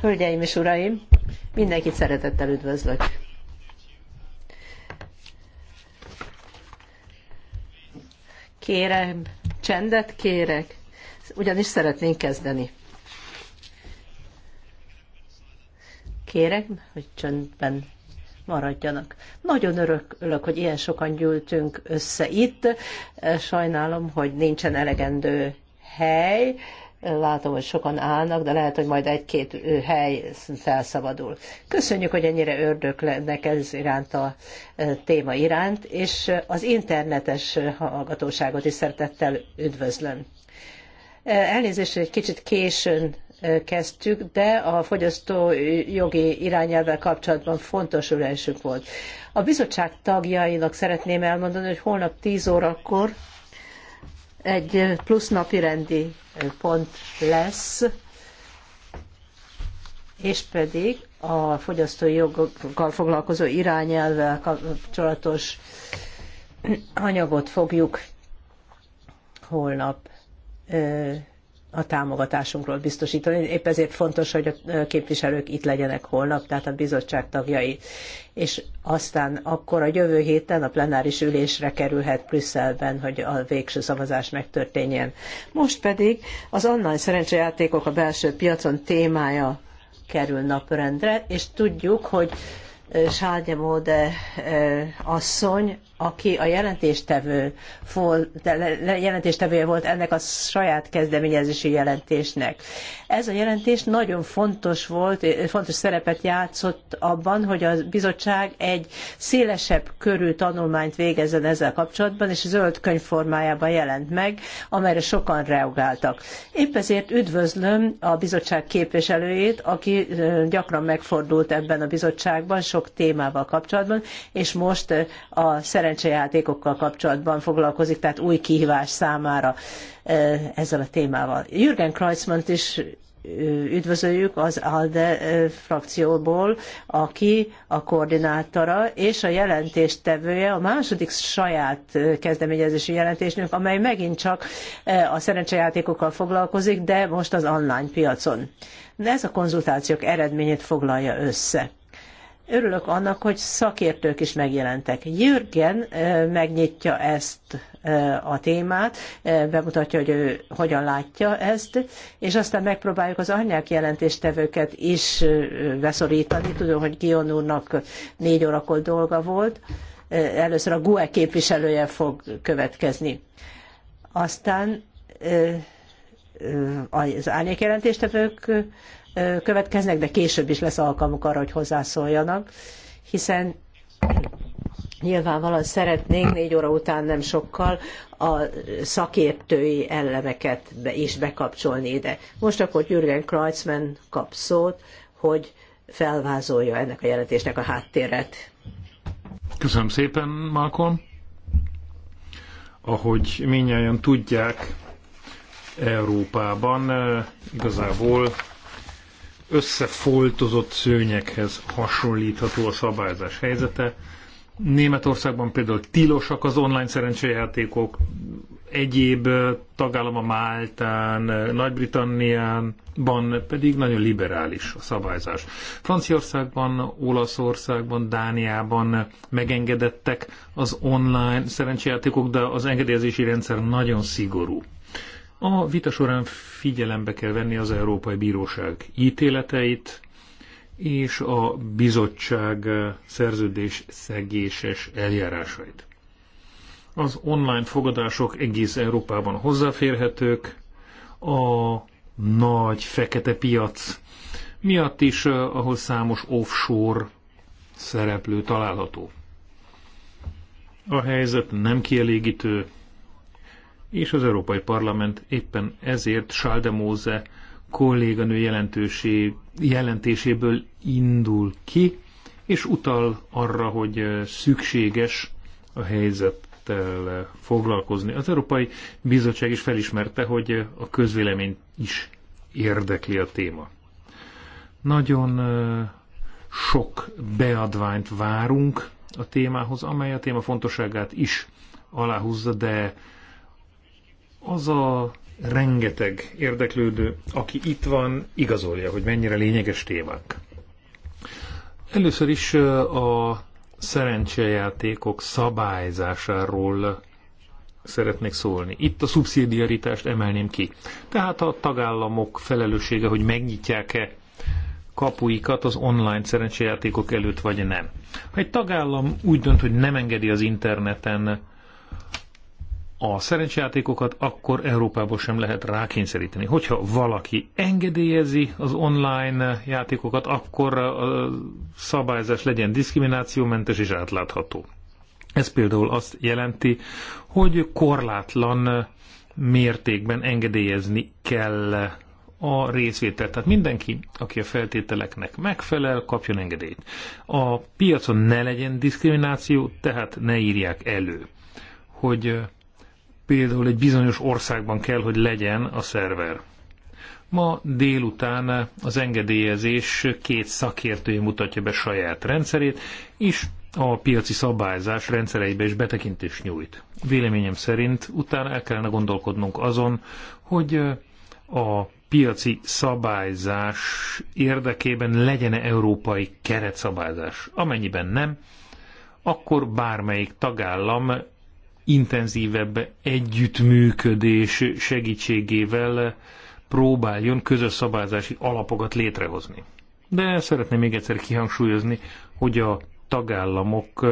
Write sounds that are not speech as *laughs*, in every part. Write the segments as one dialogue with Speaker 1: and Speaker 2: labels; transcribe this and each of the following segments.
Speaker 1: Hölgyeim és uraim, mindenkit szeretettel üdvözlök. Kérem, csendet kérek, ugyanis szeretnénk kezdeni. Kérek, hogy csöndben maradjanak. Nagyon örülök, hogy ilyen sokan gyűltünk össze itt. Sajnálom, hogy nincsen elegendő hely Látom, hogy sokan állnak, de lehet, hogy majd egy-két hely felszabadul. Köszönjük, hogy ennyire ördöklenek ez iránt a téma iránt, és az internetes hallgatóságot is szeretettel üdvözlöm. Elnézést, hogy egy kicsit későn kezdtük, de a fogyasztó jogi irányelvvel kapcsolatban fontos ülésünk volt. A bizottság tagjainak szeretném elmondani, hogy holnap 10 órakor egy plusz napi rendi pont lesz, és pedig a fogyasztói jogokkal foglalkozó irányelvvel kapcsolatos anyagot fogjuk holnap a támogatásunkról biztosítani. Épp ezért fontos, hogy a képviselők itt legyenek holnap, tehát a bizottság tagjai. És aztán akkor a jövő héten a plenáris ülésre kerülhet Brüsszelben, hogy a végső szavazás megtörténjen. Most pedig az online szerencsejátékok a belső piacon témája kerül napirendre, és tudjuk, hogy Sáldemóde eh, asszony, aki a jelentéstevő, jelentéstevője volt ennek a saját kezdeményezésű jelentésnek. Ez a jelentés nagyon fontos volt, eh, fontos szerepet játszott abban, hogy a bizottság egy szélesebb körű tanulmányt végezzen ezzel kapcsolatban, és zöld könyv formájában jelent meg, amelyre sokan reagáltak. Épp ezért üdvözlöm a bizottság képviselőjét, aki eh, gyakran megfordult ebben a bizottságban, sok témával kapcsolatban, és most a szerencsejátékokkal kapcsolatban foglalkozik, tehát új kihívás számára ezzel a témával. Jürgen kreutzmann is üdvözöljük az ALDE frakcióból, aki a koordinátora és a jelentéstevője a második saját kezdeményezésű jelentésünk, amely megint csak a szerencsejátékokkal foglalkozik, de most az online piacon. Ez a konzultációk eredményét foglalja össze. Örülök annak, hogy szakértők is megjelentek. Jürgen megnyitja ezt a témát, bemutatja, hogy ő hogyan látja ezt, és aztán megpróbáljuk az anyák jelentéstevőket is veszorítani. Tudom, hogy Gion úrnak négy órakor dolga volt. Először a GUE képviselője fog következni. Aztán az árnyékjelentéstevők következnek, de később is lesz alkalmuk arra, hogy hozzászóljanak, hiszen nyilvánvalóan szeretnénk négy óra után nem sokkal a szakértői elemeket be is bekapcsolni ide. Most akkor Jürgen Kreutzmann kap szót, hogy felvázolja ennek a jelentésnek a háttéret.
Speaker 2: Köszönöm szépen, Malcolm. Ahogy minnyáján tudják, Európában igazából összefoltozott szőnyekhez hasonlítható a szabályozás helyzete. Németországban például tilosak az online szerencsejátékok, egyéb tagállam a Máltán, Nagy-Britanniában pedig nagyon liberális a szabályzás. Franciaországban, Olaszországban, Dániában megengedettek az online szerencsejátékok, de az engedélyezési rendszer nagyon szigorú. A vita során figyelembe kell venni az Európai Bíróság ítéleteit, és a bizottság szerződés szegéses eljárásait. Az online fogadások egész Európában hozzáférhetők, a nagy fekete piac miatt is, eh, ahol számos offshore szereplő található. A helyzet nem kielégítő, és az Európai Parlament éppen ezért Saldemóze kolléganő jelentőség, jelentéséből indul ki, és utal arra, hogy szükséges a helyzettel foglalkozni. Az Európai Bizottság is felismerte, hogy a közvélemény is érdekli a téma. Nagyon sok beadványt várunk a témához, amely a téma fontosságát is aláhúzza, de az a rengeteg érdeklődő, aki itt van, igazolja, hogy mennyire lényeges témánk. Először is a szerencsejátékok szabályzásáról szeretnék szólni. Itt a szubszidiaritást emelném ki. Tehát a tagállamok felelőssége, hogy megnyitják-e kapuikat az online szerencsejátékok előtt, vagy nem. Ha egy tagállam úgy dönt, hogy nem engedi az interneten a szerencsejátékokat, akkor Európából sem lehet rákényszeríteni. Hogyha valaki engedélyezi az online játékokat, akkor a szabályzás legyen diszkriminációmentes és átlátható. Ez például azt jelenti, hogy korlátlan mértékben engedélyezni kell a részvételt. Tehát mindenki, aki a feltételeknek megfelel, kapjon engedélyt. A piacon ne legyen diszkrimináció, tehát ne írják elő, hogy például egy bizonyos országban kell, hogy legyen a szerver. Ma délután az engedélyezés két szakértője mutatja be saját rendszerét, és a piaci szabályzás rendszereibe is betekintést nyújt. Véleményem szerint utána el kellene gondolkodnunk azon, hogy a piaci szabályzás érdekében legyen -e európai keretszabályzás. Amennyiben nem, akkor bármelyik tagállam intenzívebb együttműködés segítségével próbáljon közös szabályzási alapokat létrehozni. De szeretném még egyszer kihangsúlyozni, hogy a tagállamok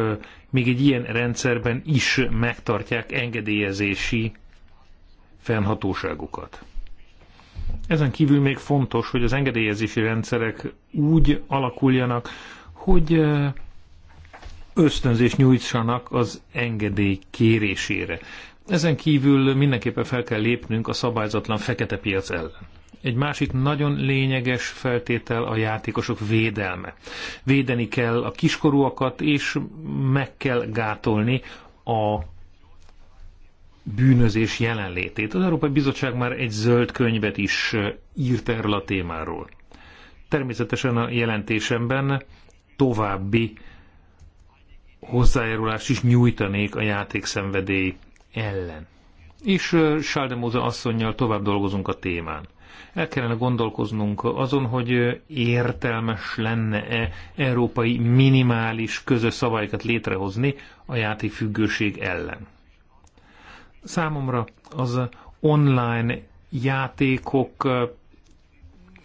Speaker 2: még egy ilyen rendszerben is megtartják engedélyezési fennhatóságukat. Ezen kívül még fontos, hogy az engedélyezési rendszerek úgy alakuljanak, hogy ösztönzés nyújtsanak az engedély kérésére. Ezen kívül mindenképpen fel kell lépnünk a szabályzatlan fekete piac ellen. Egy másik nagyon lényeges feltétel a játékosok védelme. Védeni kell a kiskorúakat, és meg kell gátolni a bűnözés jelenlétét. Az Európai Bizottság már egy zöld könyvet is írt erről a témáról. Természetesen a jelentésemben további hozzájárulást is nyújtanék a játékszenvedély ellen. És Sáldemóza asszonynal tovább dolgozunk a témán. El kellene gondolkoznunk azon, hogy értelmes lenne-e európai minimális közös szabályokat létrehozni a játékfüggőség ellen. Számomra az online játékok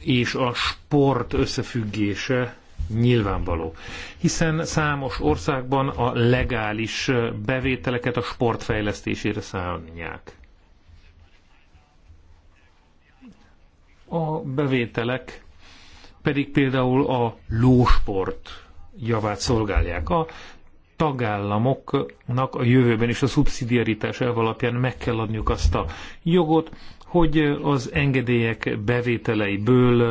Speaker 2: és a sport összefüggése nyilvánvaló. Hiszen számos országban a legális bevételeket a sportfejlesztésére szállják. A bevételek pedig például a lósport javát szolgálják. A tagállamoknak a jövőben is a szubszidiaritás elv alapján meg kell adniuk azt a jogot, hogy az engedélyek bevételeiből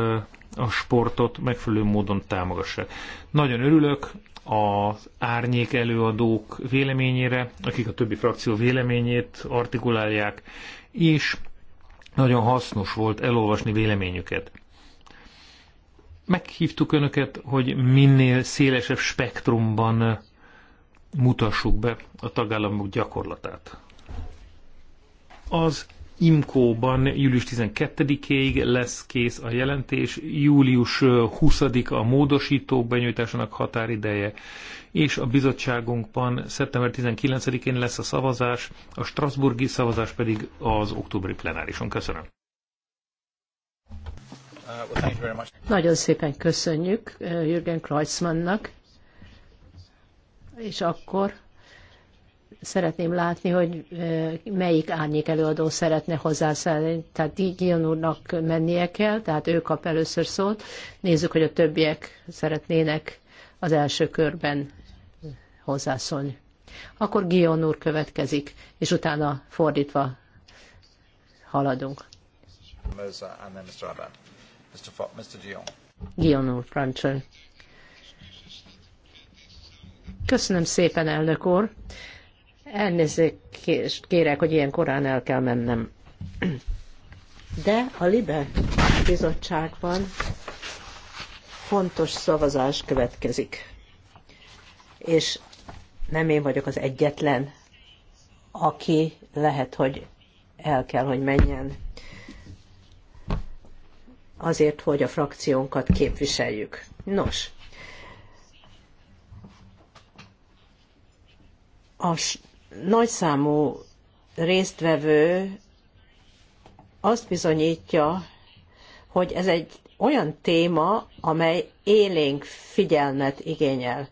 Speaker 2: a sportot megfelelő módon támogassák. Nagyon örülök az árnyék előadók véleményére, akik a többi frakció véleményét artikulálják, és nagyon hasznos volt elolvasni véleményüket. Meghívtuk Önöket, hogy minél szélesebb spektrumban mutassuk be a tagállamok gyakorlatát. Az Imkóban július 12-ig lesz kész a jelentés, július 20-a a módosítók benyújtásának határideje, és a bizottságunkban szeptember 19-én lesz a szavazás, a Strasburgi szavazás pedig az októberi plenárison. Köszönöm.
Speaker 1: Nagyon szépen köszönjük Jürgen Kreuzmannnak, és akkor szeretném látni, hogy melyik árnyék előadó szeretne hozzászállni. Tehát Gion úrnak mennie kell, tehát ő kap először szót. Nézzük, hogy a többiek szeretnének az első körben hozzászólni. Akkor Gion úr következik, és utána fordítva haladunk. Gion úr, Francsön. Köszönöm szépen, elnök úr. Elnézést kérek, hogy ilyen korán el kell mennem. De a Libe bizottságban fontos szavazás következik. És nem én vagyok az egyetlen, aki lehet, hogy el kell, hogy menjen azért, hogy a frakciónkat képviseljük. Nos, a nagyszámú résztvevő azt bizonyítja, hogy ez egy olyan téma, amely élénk figyelmet igényel.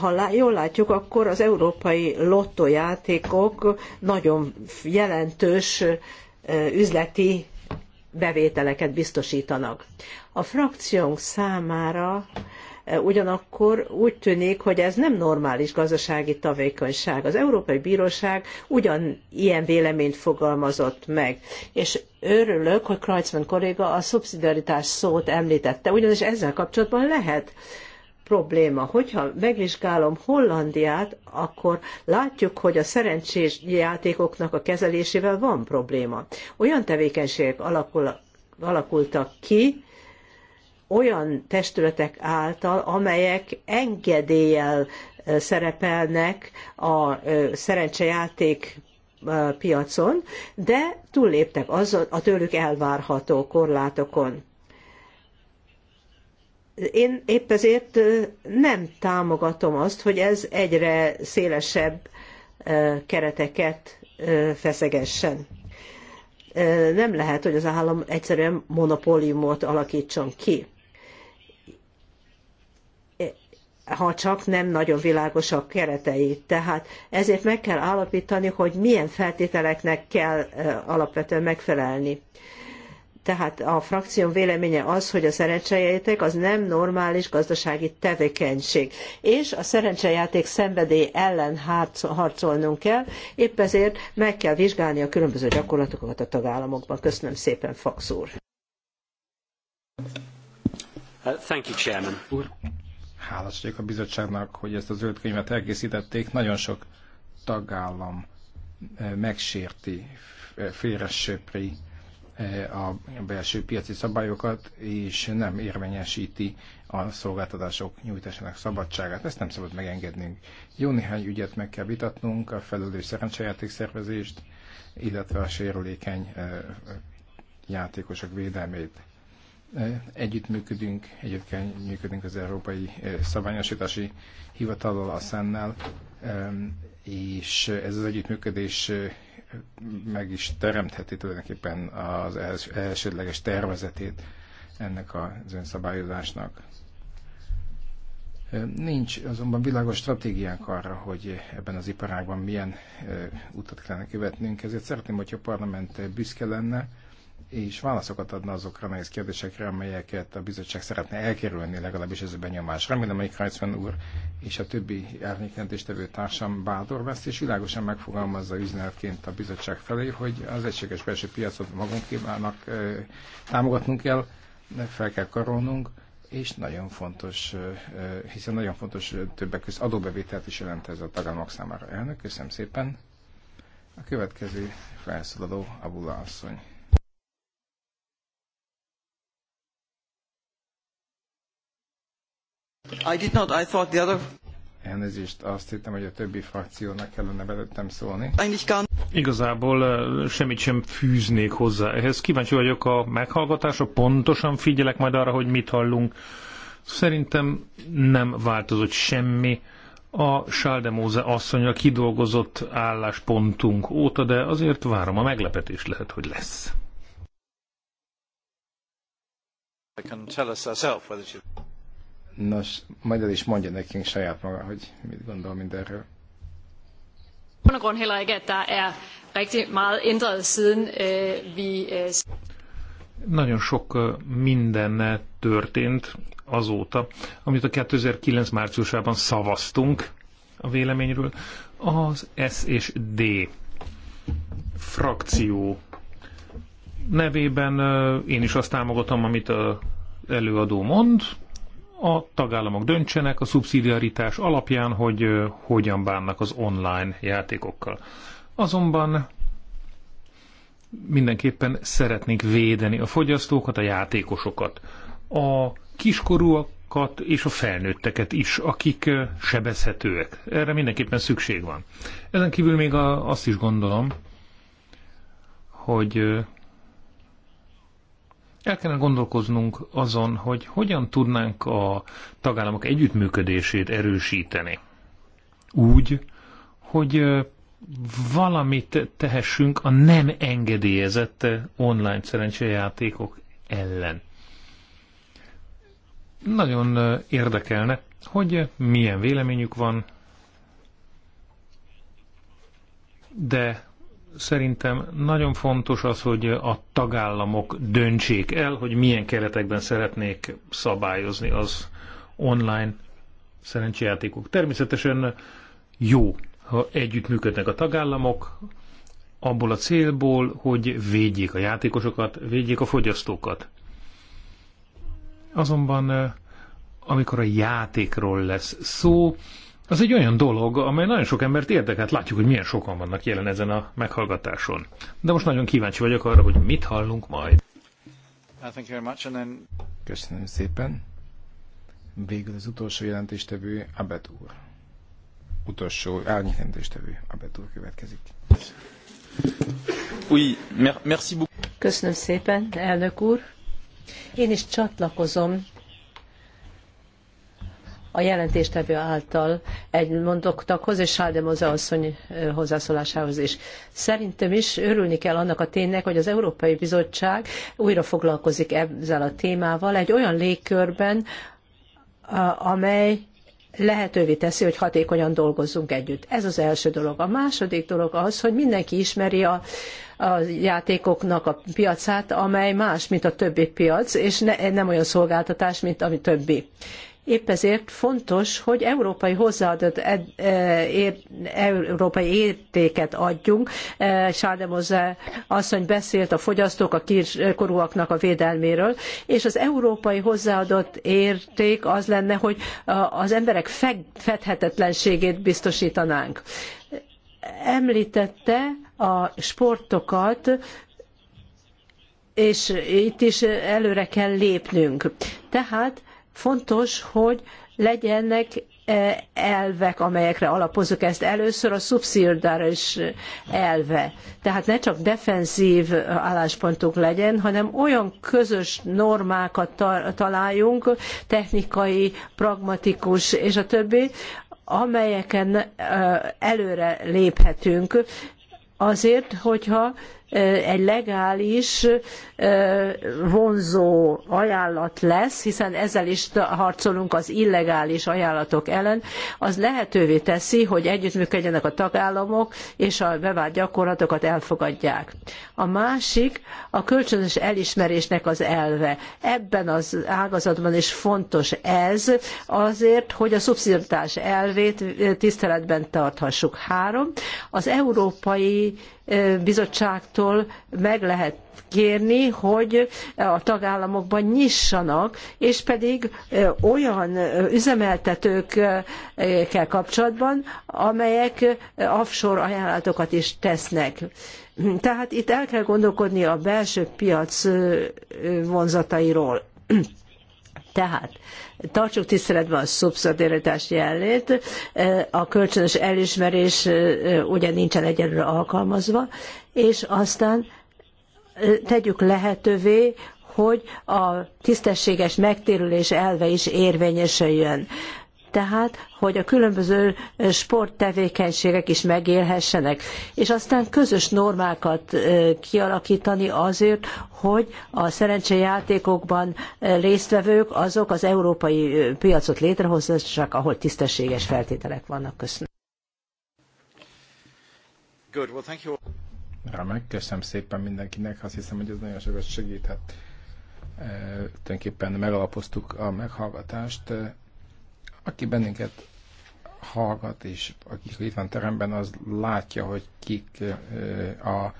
Speaker 1: Ha jól látjuk, akkor az európai lottójátékok nagyon jelentős üzleti bevételeket biztosítanak. A frakciónk számára Ugyanakkor úgy tűnik, hogy ez nem normális gazdasági tevékenység. Az Európai Bíróság ugyan ilyen véleményt fogalmazott meg, és örülök, hogy Kreutzmann kolléga a szubszidiaritás szót említette, ugyanis ezzel kapcsolatban lehet probléma. Hogyha megvizsgálom Hollandiát, akkor látjuk, hogy a szerencsés játékoknak a kezelésével van probléma. Olyan tevékenységek alakul, alakultak ki, olyan testületek által, amelyek engedéllyel szerepelnek a szerencsejáték piacon, de túlléptek az a tőlük elvárható korlátokon. Én épp ezért nem támogatom azt, hogy ez egyre szélesebb kereteket feszegessen. Nem lehet, hogy az állam egyszerűen monopóliumot alakítson ki ha csak nem nagyon világosak keretei. Tehát ezért meg kell állapítani, hogy milyen feltételeknek kell alapvetően megfelelni. Tehát a frakcióm véleménye az, hogy a szerencsejáték az nem normális gazdasági tevékenység. És a szerencsejáték szenvedély ellen harcolnunk kell, épp ezért meg kell vizsgálni a különböző gyakorlatokat a tagállamokban. Köszönöm szépen, Fax úr!
Speaker 2: Uh, thank you, Chairman. Úr.
Speaker 3: Hálás vagyok a bizottságnak, hogy ezt a zöld könyvet elkészítették. Nagyon sok tagállam eh, megsérti, eh, félresöpri eh, a belső piaci szabályokat, és nem érvényesíti a szolgáltatások nyújtásának szabadságát. Ezt nem szabad megengednünk. Jó néhány ügyet meg kell vitatnunk, a felelős szerencsejáték szervezést, illetve a sérülékeny játékosok védelmét együttműködünk, együttműködünk az Európai Szabványosítási Hivatallal, a szennel, és ez az együttműködés meg is teremtheti tulajdonképpen az elsődleges tervezetét ennek az önszabályozásnak. Nincs azonban világos stratégiánk arra, hogy ebben az iparágban milyen utat kellene követnünk, ezért szeretném, hogyha a parlament büszke lenne, és válaszokat adna azokra nehéz kérdésekre, amelyeket a bizottság szeretne elkerülni, legalábbis ez a benyomás. Remélem, hogy Kreitzmann úr és a többi árnyékentéstevő társam bátor lesz, és világosan megfogalmazza üzenetként a bizottság felé, hogy az egységes belső piacot magunk támogatnunk kell, fel kell karolnunk, és nagyon fontos, hiszen nagyon fontos többek között adóbevételt is jelent ez a tagállamok számára. Elnök, köszönöm szépen. A következő felszólaló Abula asszony.
Speaker 1: I did not, I thought the other...
Speaker 3: Elnézést, azt hittem, hogy a többi frakciónak kellene belőttem szólni.
Speaker 2: Igazából semmit sem fűznék hozzá. Ehhez kíváncsi vagyok a meghallgatásra, pontosan figyelek majd arra, hogy mit hallunk. Szerintem nem változott semmi a Sáldemóze asszonya kidolgozott álláspontunk óta, de azért várom, a meglepetés lehet, hogy lesz.
Speaker 3: Nos, majd el is mondja nekünk saját maga, hogy mit gondol mindenről.
Speaker 1: Undergrund heller ikke, at der er rigtig meget ændret siden øh, vi... Øh...
Speaker 2: Nagyon sok minden történt azóta, amit a 2009 márciusában szavaztunk a véleményről. Az S és D frakció nevében én is azt támogatom, amit a előadó mond, a tagállamok döntsenek a szubszidiaritás alapján, hogy hogyan bánnak az online játékokkal. Azonban mindenképpen szeretnénk védeni a fogyasztókat, a játékosokat, a kiskorúakat és a felnőtteket is, akik sebezhetőek. Erre mindenképpen szükség van. Ezen kívül még azt is gondolom, hogy el kellene gondolkoznunk azon, hogy hogyan tudnánk a tagállamok együttműködését erősíteni. Úgy, hogy valamit tehessünk a nem engedélyezett online szerencsejátékok ellen. Nagyon érdekelne, hogy milyen véleményük van, de Szerintem nagyon fontos az, hogy a tagállamok döntsék el, hogy milyen keretekben szeretnék szabályozni az online szerencsejátékok. Természetesen jó, ha együttműködnek a tagállamok, abból a célból, hogy védjék a játékosokat, védjék a fogyasztókat. Azonban eh, amikor a játékról lesz szó, az egy olyan dolog, amely nagyon sok embert érdekel. Hát látjuk, hogy milyen sokan vannak jelen ezen a meghallgatáson. De most nagyon kíváncsi vagyok arra, hogy mit hallunk majd. Köszönöm
Speaker 3: szépen. Végül az utolsó jelentéstevő Abed úr. Utolsó elnyitentéstevő Abed úr következik.
Speaker 1: Oui, merci beaucoup. Köszönöm szépen, elnök úr. Én is csatlakozom a jelentéstevő által egy egymondoktakhoz és Sáldemoza asszony hozzászólásához is. Szerintem is örülni kell annak a ténynek, hogy az Európai Bizottság újra foglalkozik ezzel a témával egy olyan légkörben, amely lehetővé teszi, hogy hatékonyan dolgozzunk együtt. Ez az első dolog. A második dolog az, hogy mindenki ismeri a, a játékoknak a piacát, amely más, mint a többi piac, és ne, nem olyan szolgáltatás, mint ami többi. Épp ezért fontos, hogy európai hozzáadott e, európai értéket adjunk. E, Sárdemoze asszony beszélt a fogyasztók, a kiskorúaknak a védelméről, és az európai hozzáadott érték az lenne, hogy az emberek fedhetetlenségét biztosítanánk. Említette a sportokat, és itt is előre kell lépnünk. Tehát Fontos, hogy legyenek e, elvek, amelyekre alapozunk ezt. Először a szubszidiáris e, elve. Tehát ne csak defenzív álláspontunk legyen, hanem olyan közös normákat találjunk, technikai, pragmatikus és a többi, amelyeken e, előre léphetünk azért, hogyha egy legális, vonzó ajánlat lesz, hiszen ezzel is harcolunk az illegális ajánlatok ellen, az lehetővé teszi, hogy együttműködjenek a tagállamok, és a bevált gyakorlatokat elfogadják. A másik a kölcsönös elismerésnek az elve. Ebben az ágazatban is fontos ez, azért, hogy a szubszidiaritás elvét tiszteletben tarthassuk. Három, az európai bizottságtól meg lehet kérni, hogy a tagállamokban nyissanak, és pedig olyan üzemeltetőkkel kapcsolatban, amelyek offshore ajánlatokat is tesznek. Tehát itt el kell gondolkodni a belső piac vonzatairól. Tehát tartsuk tiszteletben a szubszidiaritás jelét, e, a kölcsönös elismerés e, ugye nincsen egyelőre alkalmazva, és aztán e, tegyük lehetővé, hogy a tisztességes megtérülés elve is érvényesüljön tehát, hogy a különböző sporttevékenységek is megélhessenek. És aztán közös normákat kialakítani azért, hogy a szerencsejátékokban résztvevők azok az európai piacot létrehozzák, ahol tisztességes feltételek vannak. Köszönöm.
Speaker 3: Good. Well, thank you. Remek, köszönöm szépen mindenkinek, azt hiszem, hogy ez nagyon sokat segíthet. E, tulajdonképpen megalapoztuk a meghallgatást. E, aki bennünket hallgat, és aki itt van teremben, az látja, hogy kik a,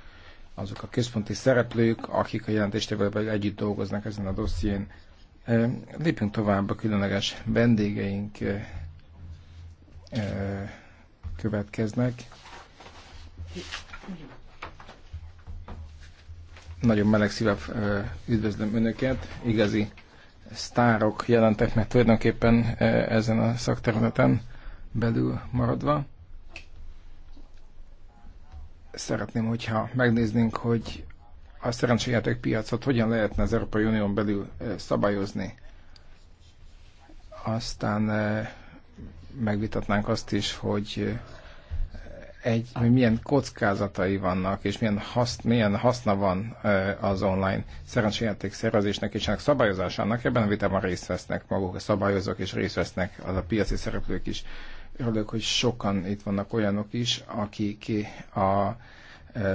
Speaker 3: azok a központi szereplők, akik a jelentéstevővel együtt dolgoznak ezen a dosszién. Lépjünk tovább a különleges vendégeink következnek. Nagyon meleg szívem üdvözlöm Önöket, igazi sztárok jelentek meg tulajdonképpen e, ezen a szakterületen belül maradva. Szeretném, hogyha megnéznénk, hogy a szerencséjáték piacot hogyan lehetne az Európai Unión belül e, szabályozni. Aztán e, megvitatnánk azt is, hogy egy, hogy milyen kockázatai vannak, és milyen, hasz, milyen haszna van az online szerencséjáték szervezésnek és ennek szabályozásának. Ebben a vitában részt vesznek maguk a szabályozók, és részt vesznek az a piaci szereplők is. Örülök, hogy sokan itt vannak olyanok is, akik a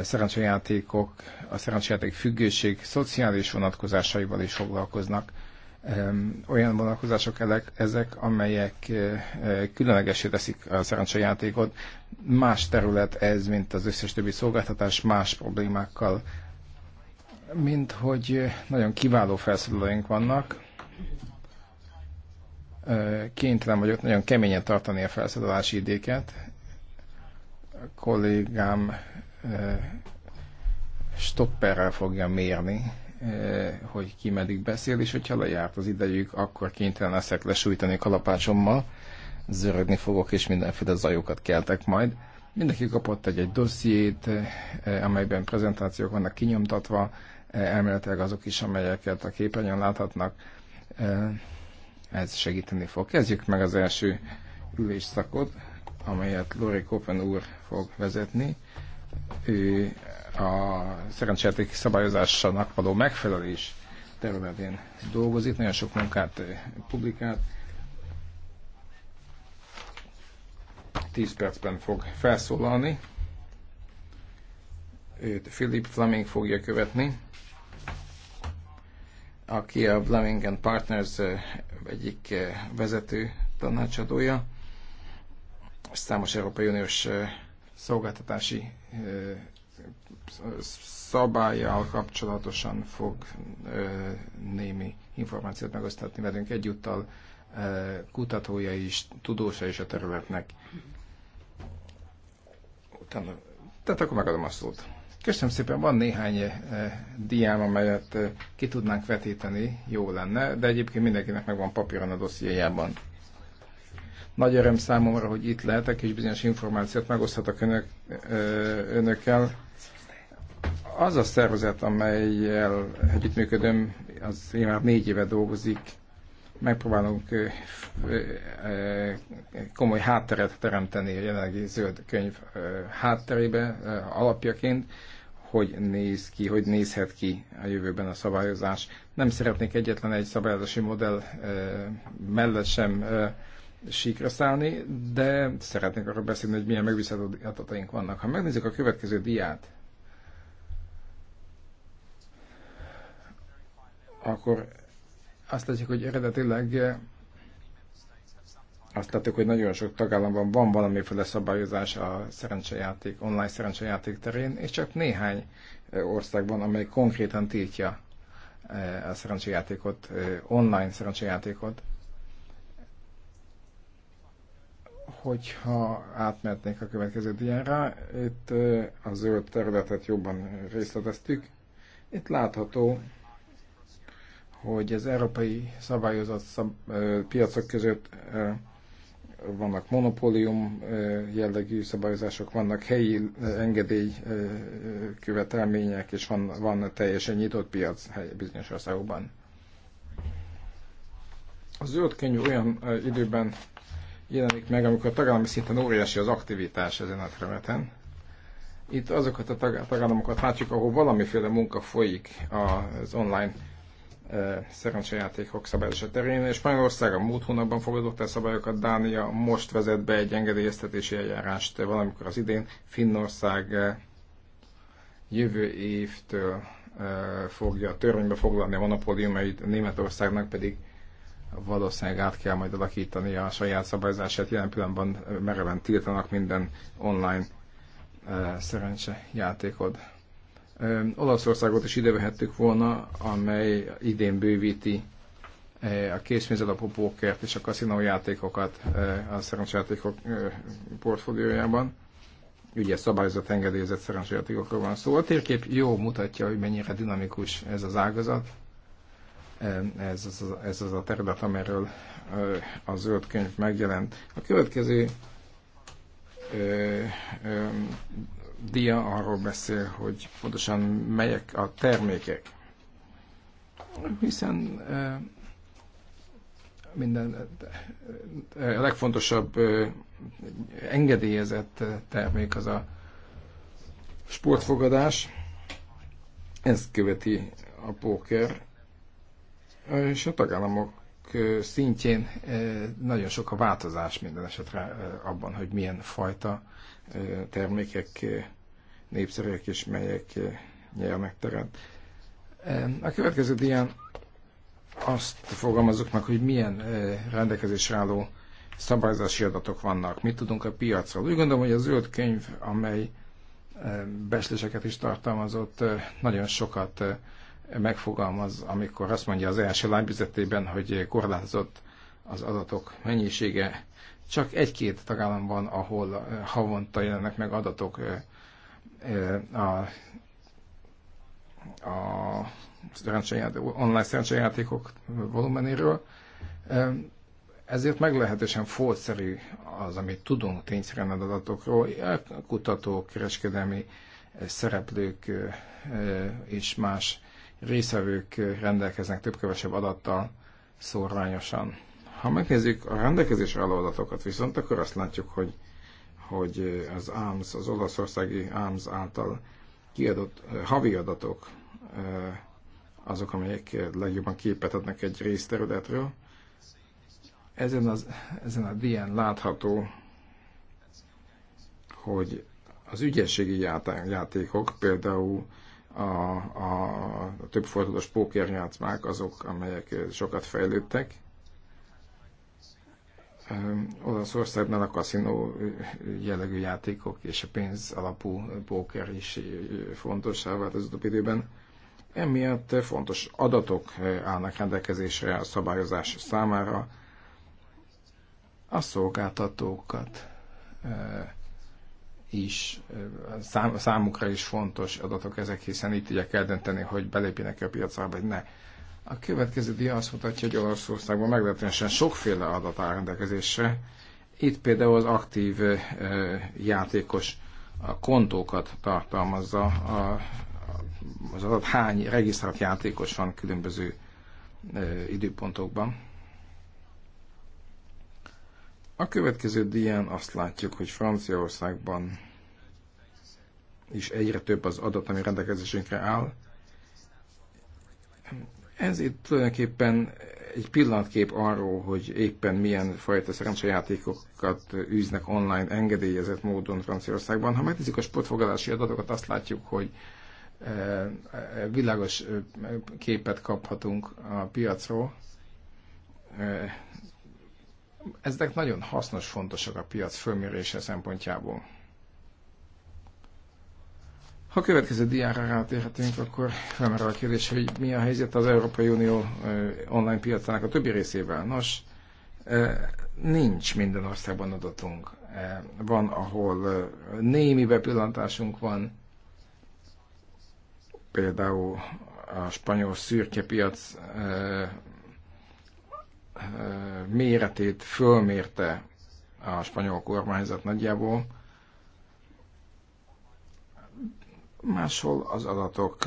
Speaker 3: szerencsejátékok, a szerencsejáték függőség szociális vonatkozásaival is foglalkoznak olyan vonatkozások ezek, amelyek különlegesé teszik a szerencsejátékot, Más terület ez, mint az összes többi szolgáltatás, más problémákkal, mint hogy nagyon kiváló felszólalóink vannak. Kénytelen vagyok nagyon keményen tartani a felszólalási idéket. A kollégám stopperrel fogja mérni, hogy ki meddig beszél, és hogyha lejárt az idejük, akkor kénytelen leszek lesújtani kalapácsommal zörögni fogok, és mindenféle zajokat keltek majd. Mindenki kapott egy-egy dossziét, eh, amelyben prezentációk vannak kinyomtatva, eh, elméletileg azok is, amelyeket a képernyőn láthatnak. Eh, ez segíteni fog. Kezdjük meg az első ülésszakot, amelyet Lori Kopen úr fog vezetni. Ő a szerencsejáték szabályozásának való megfelelés területén dolgozik, nagyon sok munkát publikált, 10 percben fog felszólalni. Őt Philip Fleming fogja követni, aki a Fleming and Partners egyik vezető tanácsadója. Számos Európai Uniós szolgáltatási szabályjal kapcsolatosan fog némi információt megosztatni velünk egyúttal kutatója is, tudósa is a területnek. Utána, tehát akkor megadom a szót. Köszönöm szépen, van néhány diám, amelyet ki tudnánk vetíteni, jó lenne, de egyébként mindenkinek megvan papíron a dossziéjában. Nagy öröm számomra, hogy itt lehetek, és bizonyos információt megoszthatok önök, önökkel. Az a szervezet, amelyel együttműködöm, az én már négy éve dolgozik, megpróbálunk komoly hátteret teremteni a jelenlegi zöld könyv hátterébe alapjaként, hogy néz ki, hogy nézhet ki a jövőben a szabályozás. Nem szeretnék egyetlen egy szabályozási modell mellett sem síkra szállni, de szeretnék arról beszélni, hogy milyen megbízható adataink vannak. Ha megnézzük a következő diát, akkor azt látjuk, hogy eredetileg eh, azt látjuk, hogy nagyon sok tagállamban van valamiféle szabályozás a szerencsejáték, online szerencsejáték terén, és csak néhány eh, országban, amely konkrétan tiltja eh, a szerencsejátékot, online szerencsejátékot. Hogyha átmentnék a következő diára, itt a zöld területet jobban részleteztük. Itt látható, hogy az európai szabályozott szab, ö, piacok között ö, vannak monopólium ö, jellegű szabályozások, vannak helyi engedély követelmények, és van, van teljesen nyitott piac bizonyos országokban. A zöld könyv olyan időben jelenik meg, amikor a tagállami szinten óriási az aktivitás ezen a területen. Itt azokat a tagállamokat látjuk, ahol valamiféle munka folyik az online szerencsejátékok szabályozása terén. Spanyolország a múlt hónapban fogadott el szabályokat, Dánia most vezet be egy engedélyeztetési eljárást valamikor az idén, Finnország jövő évtől fogja törvénybe foglalni a monopóliumait, Németországnak pedig valószínűleg át kell majd alakítani a saját szabályzását. Jelen pillanatban mereven tiltanak minden online szerencsejátékod. játékod Olaszországot is idevehettük volna, amely idén bővíti a készpénzalapú pókert és a kaszinójátékokat a szerencsejátékok portfóliójában. Ugye szabályozott, engedélyezett szerencsejátékokról van szó. A térkép jó mutatja, hogy mennyire dinamikus ez az ágazat. Ez az, ez az a terület, amiről a zöld könyv megjelent. A következő dia arról beszél, hogy pontosan melyek a termékek. Hiszen minden a legfontosabb engedélyezett termék az a sportfogadás. Ezt követi a póker. És a tagállamok szintjén nagyon sok a változás minden esetre abban, hogy milyen fajta termékek népszerűek és melyek nyernek teret. A következő dián azt fogalmazok meg, hogy milyen rendelkezésre álló szabályozási adatok vannak, mit tudunk a piacról. Úgy gondolom, hogy a zöld könyv, amely besléseket is tartalmazott, nagyon sokat megfogalmaz, amikor azt mondja az első lábizetében, hogy korlátozott az adatok mennyisége, csak egy-két tagállam van, ahol eh, havonta jelennek meg adatok eh, eh, a a online szerencsejátékok volumenéről. Ezért meglehetősen fószerű az, amit tudunk tényszerűen adatokról. Kutatók, kereskedelmi szereplők és más részevők rendelkeznek több-kevesebb adattal szórványosan. Ha megnézzük a rendelkezésre álló adatokat viszont, akkor azt látjuk, hogy, hogy az AMS, az olaszországi AMS által kiadott eh, havi adatok eh, azok, amelyek legjobban képet adnak egy részterületről. Ezen, az, ezen a dián látható, hogy az ügyességi játékok, például a, a, a többfordulós pókerjátszmák azok, amelyek sokat fejlődtek, Olaszországban a kaszinó jellegű játékok és a pénz alapú póker is fontossá vált az utóbbi időben. Emiatt fontos adatok állnak rendelkezésre a szabályozás számára. A szolgáltatókat is, számukra is fontos adatok ezek, hiszen itt tudják eldönteni, hogy belépjenek a piacra, vagy ne a következő dia azt mutatja, hogy Olaszországban meglehetősen sokféle adat áll rendelkezésre. Itt például az aktív játékos a kontókat tartalmazza, a, az adat hány regisztrált játékos van különböző időpontokban. A következő dián azt látjuk, hogy Franciaországban is egyre több az adat, ami rendelkezésünkre áll. Ez itt tulajdonképpen egy pillanatkép arról, hogy éppen milyen fajta szerencsejátékokat űznek online engedélyezett módon Franciaországban. Ha megnézzük a sportfogadási adatokat, azt látjuk, hogy eh, eh, világos eh, képet kaphatunk a piacról. Ezek nagyon hasznos, fontosak a piac fölmérése szempontjából. Ha a következő diára rátérhetünk, akkor felmerül a kérdés, hogy mi a helyzet az Európai Unió online piacának a többi részével. Nos, nincs minden országban adatunk. Van, ahol némi bepillantásunk van, például a spanyol szürke piac méretét fölmérte a spanyol kormányzat nagyjából, Máshol az adatok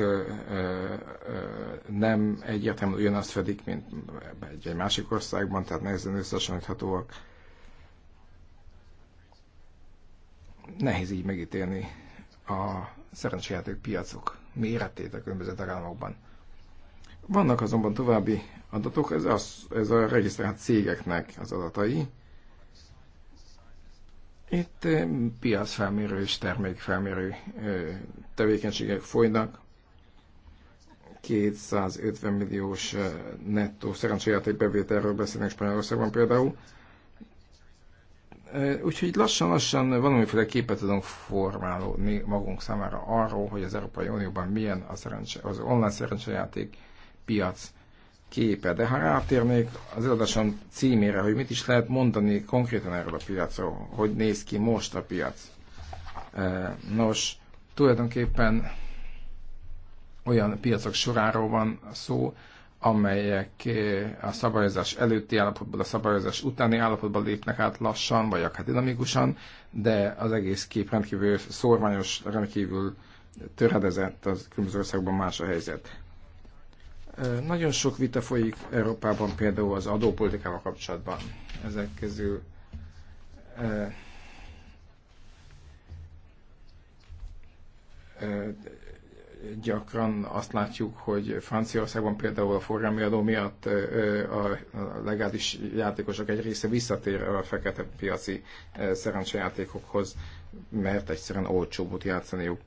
Speaker 3: nem egyértelműen ugyanazt fedik, mint egy, egy másik országban, tehát nehezen összehasonlíthatóak. Nehéz így megítélni a szerencséjáték piacok méretét a különböző tagállamokban. Vannak azonban további adatok, ez, az, ez a regisztrált cégeknek az adatai, itt piacfelmérő és termékfelmérő tevékenységek folynak. 250 milliós nettó szerencséjáték bevételről beszélnek Spanyolországban például. Úgyhogy lassan-lassan valamiféle képet tudunk formálódni magunk számára arról, hogy az Európai Unióban milyen a szerencse, az online szerencsejáték piac képe. De ha rátérnék az eladásom címére, hogy mit is lehet mondani konkrétan erről a piacról, hogy néz ki most a piac. E, nos, tulajdonképpen olyan piacok soráról van szó, amelyek e, a szabályozás előtti állapotból a szabályozás utáni állapotban lépnek át lassan, vagy akár dinamikusan, de az egész kép rendkívül szorványos, rendkívül töredezett, az különböző országban más a helyzet. Nagyon sok vita folyik Európában például az adópolitikával kapcsolatban. Ezek közül gyakran azt látjuk, hogy Franciaországban például a forgalmi adó miatt a legális játékosok egy része visszatér a fekete piaci szerencsejátékokhoz, mert egyszerűen olcsóbb játszaniuk.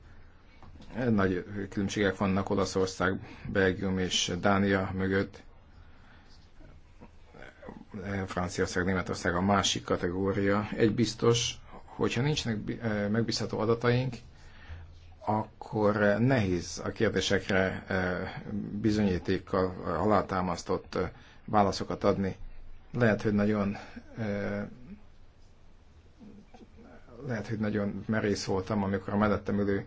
Speaker 3: Nagy különbségek vannak Olaszország, Belgium és Dánia mögött. Franciaország, Németország a másik kategória. Egy biztos, hogyha nincsenek eh, megbízható adataink, akkor nehéz a kérdésekre eh, bizonyítékkal alátámasztott eh, válaszokat adni. Lehet, hogy nagyon lehet, hogy nagyon merész voltam, amikor a mellettem ülő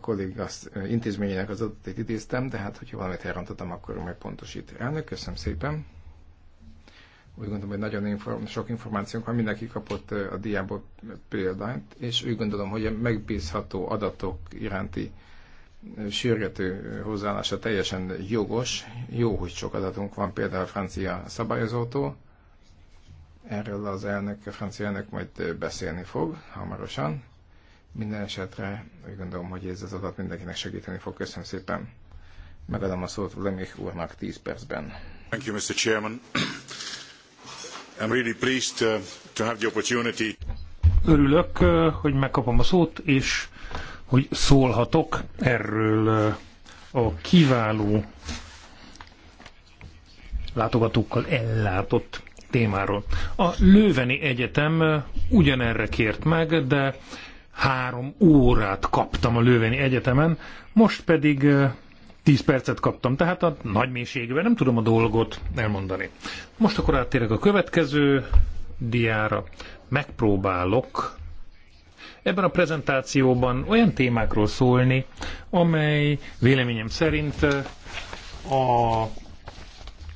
Speaker 3: kolléga intézményének az adatét idéztem, de hát, hogyha valamit elrontottam, akkor megpontosít. Elnök, köszönöm szépen. Úgy gondolom, hogy nagyon inform- sok információnk van, mindenki kapott a diából példányt, és úgy gondolom, hogy a megbízható adatok iránti sürgető hozzáállása teljesen jogos. Jó, hogy sok adatunk van, például a francia szabályozótól. Erről az elnök, a francia elnök majd beszélni fog hamarosan minden esetre úgy gondolom, hogy ez az adat mindenkinek segíteni fog. Köszönöm szépen. Megadom a szót Lemich úrnak 10 percben.
Speaker 2: Thank you, Mr. Chairman. I'm really pleased uh, to, have the opportunity. Örülök, uh, hogy megkapom a szót, és hogy szólhatok erről uh, a kiváló látogatókkal ellátott témáról. A Lőveni Egyetem ugyanerre kért meg, de három órát kaptam a Lőveni Egyetemen, most pedig 10 percet kaptam, tehát a nagy mélységben nem tudom a dolgot elmondani. Most akkor áttérek a következő diára. Megpróbálok ebben a prezentációban olyan témákról szólni, amely véleményem szerint a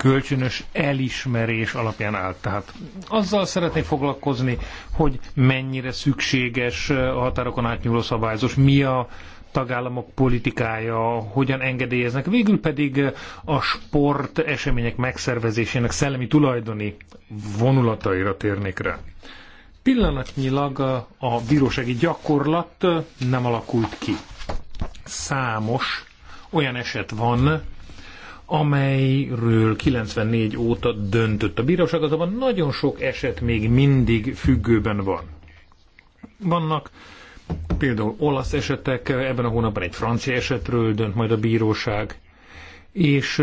Speaker 2: kölcsönös elismerés alapján állt. Tehát azzal szeretnék foglalkozni, hogy mennyire szükséges a határokon átnyúló szabályozás, mi a tagállamok politikája, hogyan engedélyeznek, végül pedig a sport események megszervezésének szellemi tulajdoni vonulataira térnék rá. Pillanatnyilag a bírósági gyakorlat nem alakult ki. Számos olyan eset van, amelyről 94 óta döntött a bíróság, azonban nagyon sok eset még mindig függőben van. Vannak például olasz esetek, ebben a hónapban egy francia esetről dönt majd a bíróság, és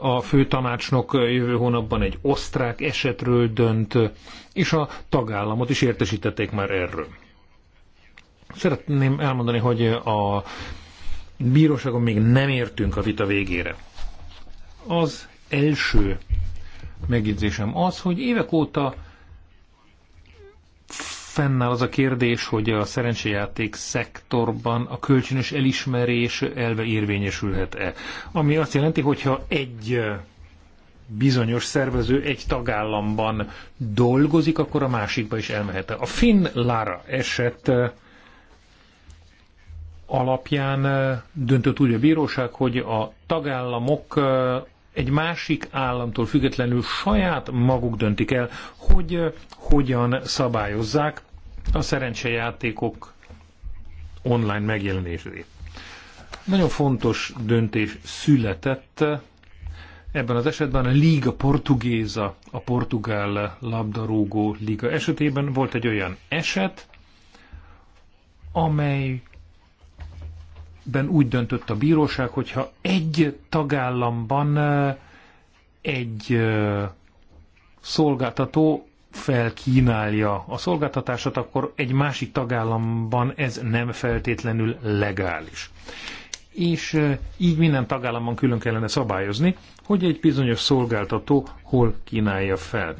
Speaker 2: a főtanácsnok jövő hónapban egy osztrák esetről dönt, és a tagállamot is értesítették már erről. Szeretném elmondani, hogy a bíróságon még nem értünk a vita végére. Az első megjegyzésem az, hogy évek óta fennáll az a kérdés, hogy a szerencsejáték szektorban a kölcsönös elismerés elve érvényesülhet-e. Ami azt jelenti, hogyha egy bizonyos szervező egy tagállamban dolgozik, akkor a másikba is elmehet. A Finn Lara eset alapján döntött úgy a bíróság, hogy a tagállamok egy másik államtól függetlenül saját maguk döntik el, hogy eh, hogyan szabályozzák a szerencsejátékok online megjelenését. Nagyon fontos döntés született eh, ebben az esetben a Liga Portugéza, a portugál labdarúgó liga esetében volt egy olyan eset, amely ben úgy döntött a bíróság, hogyha egy tagállamban egy szolgáltató felkínálja a szolgáltatását, akkor egy másik tagállamban ez nem feltétlenül legális. És így minden tagállamban külön kellene szabályozni, hogy egy bizonyos szolgáltató hol kínálja fel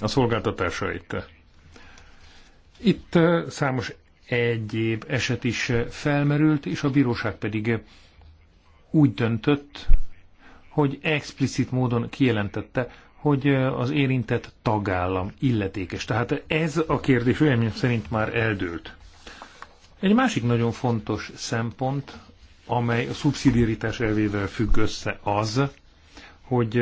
Speaker 2: a szolgáltatásait. Itt számos egyéb eset is felmerült, és a bíróság pedig úgy döntött, hogy explicit módon kijelentette, hogy az érintett tagállam illetékes. Tehát ez a kérdés véleményem szerint már eldőlt. Egy másik nagyon fontos szempont, amely a szubszidiaritás elvével függ össze az, hogy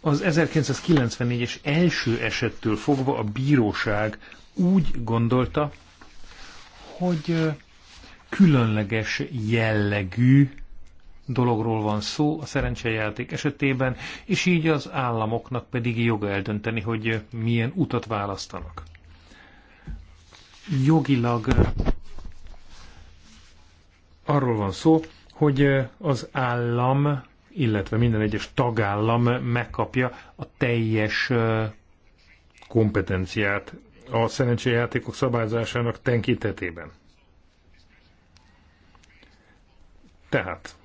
Speaker 2: az 1994-es első esettől fogva a bíróság úgy gondolta, hogy különleges jellegű dologról van szó a szerencsejáték esetében, és így az államoknak pedig joga eldönteni, hogy milyen utat választanak. Jogilag arról van szó, hogy az állam, illetve minden egyes tagállam megkapja a teljes kompetenciát a szerencséjátékok szabályzásának tenkítetében. Tehát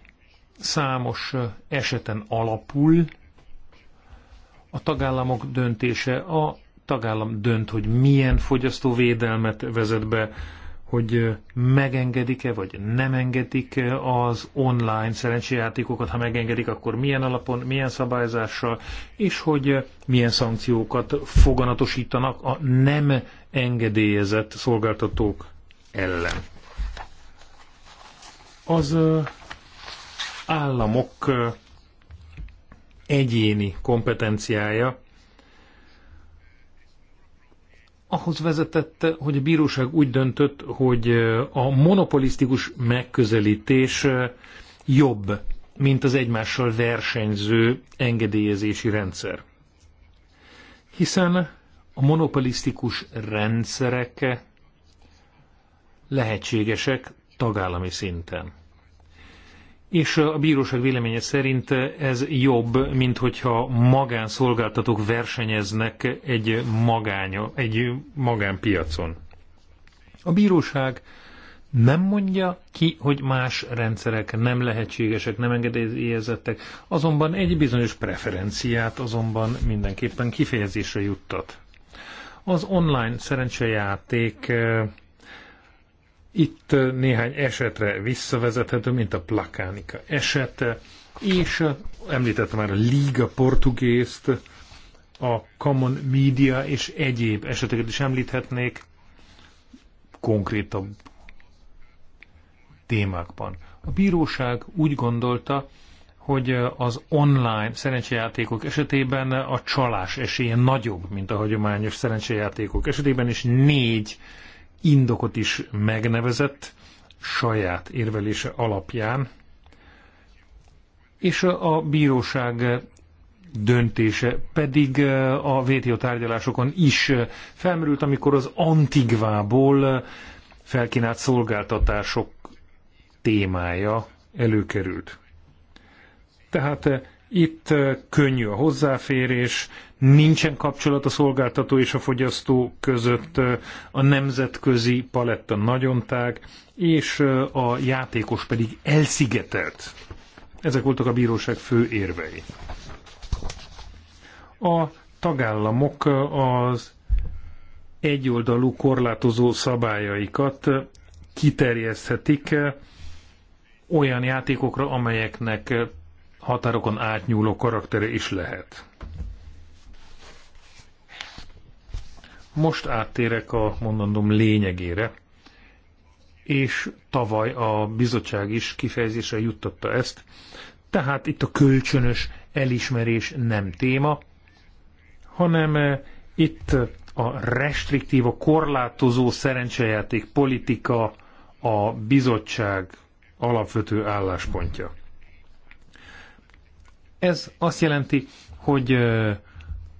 Speaker 2: számos eseten alapul a tagállamok döntése, a tagállam dönt, hogy milyen fogyasztóvédelmet vezet be, hogy megengedik-e, vagy nem engedik az online szerencséjátékokat, ha megengedik, akkor milyen alapon, milyen szabályzással, és hogy milyen szankciókat foganatosítanak a nem engedélyezett szolgáltatók ellen. Az államok egyéni kompetenciája ahhoz vezetett, hogy a bíróság úgy döntött, hogy a monopolisztikus megközelítés jobb, mint az egymással versenyző engedélyezési rendszer. Hiszen a monopolisztikus rendszerek lehetségesek tagállami szinten és a bíróság véleménye szerint ez jobb, mint hogyha magánszolgáltatók versenyeznek egy, magánya, egy magánpiacon. A bíróság nem mondja ki, hogy más rendszerek nem lehetségesek, nem engedélyezettek, azonban egy bizonyos preferenciát azonban mindenképpen kifejezésre juttat. Az online szerencsejáték itt néhány esetre visszavezethető, mint a Plakánika esete, és említettem már a Liga Portugészt, a Common Media és egyéb eseteket is említhetnék konkrétabb témákban. A bíróság úgy gondolta, hogy az online szerencsejátékok esetében a csalás esélye nagyobb, mint a hagyományos szerencsejátékok esetében, és négy indokot is megnevezett saját érvelése alapján, és a bíróság döntése pedig a VTO tárgyalásokon is felmerült, amikor az Antigvából felkínált szolgáltatások témája előkerült. Tehát itt könnyű a hozzáférés, nincsen kapcsolat a szolgáltató és a fogyasztó között, a nemzetközi paletta nagyon tág, és a játékos pedig elszigetelt. Ezek voltak a bíróság fő érvei. A tagállamok az egyoldalú korlátozó szabályaikat kiterjeszthetik olyan játékokra, amelyeknek határokon átnyúló karaktere is lehet. Most áttérek a mondandom lényegére, és tavaly a bizottság is kifejezésre juttatta ezt, tehát itt a kölcsönös elismerés nem téma, hanem eh, itt a restriktív, a korlátozó szerencsejáték politika a bizottság alapvető álláspontja. Ez azt jelenti, hogy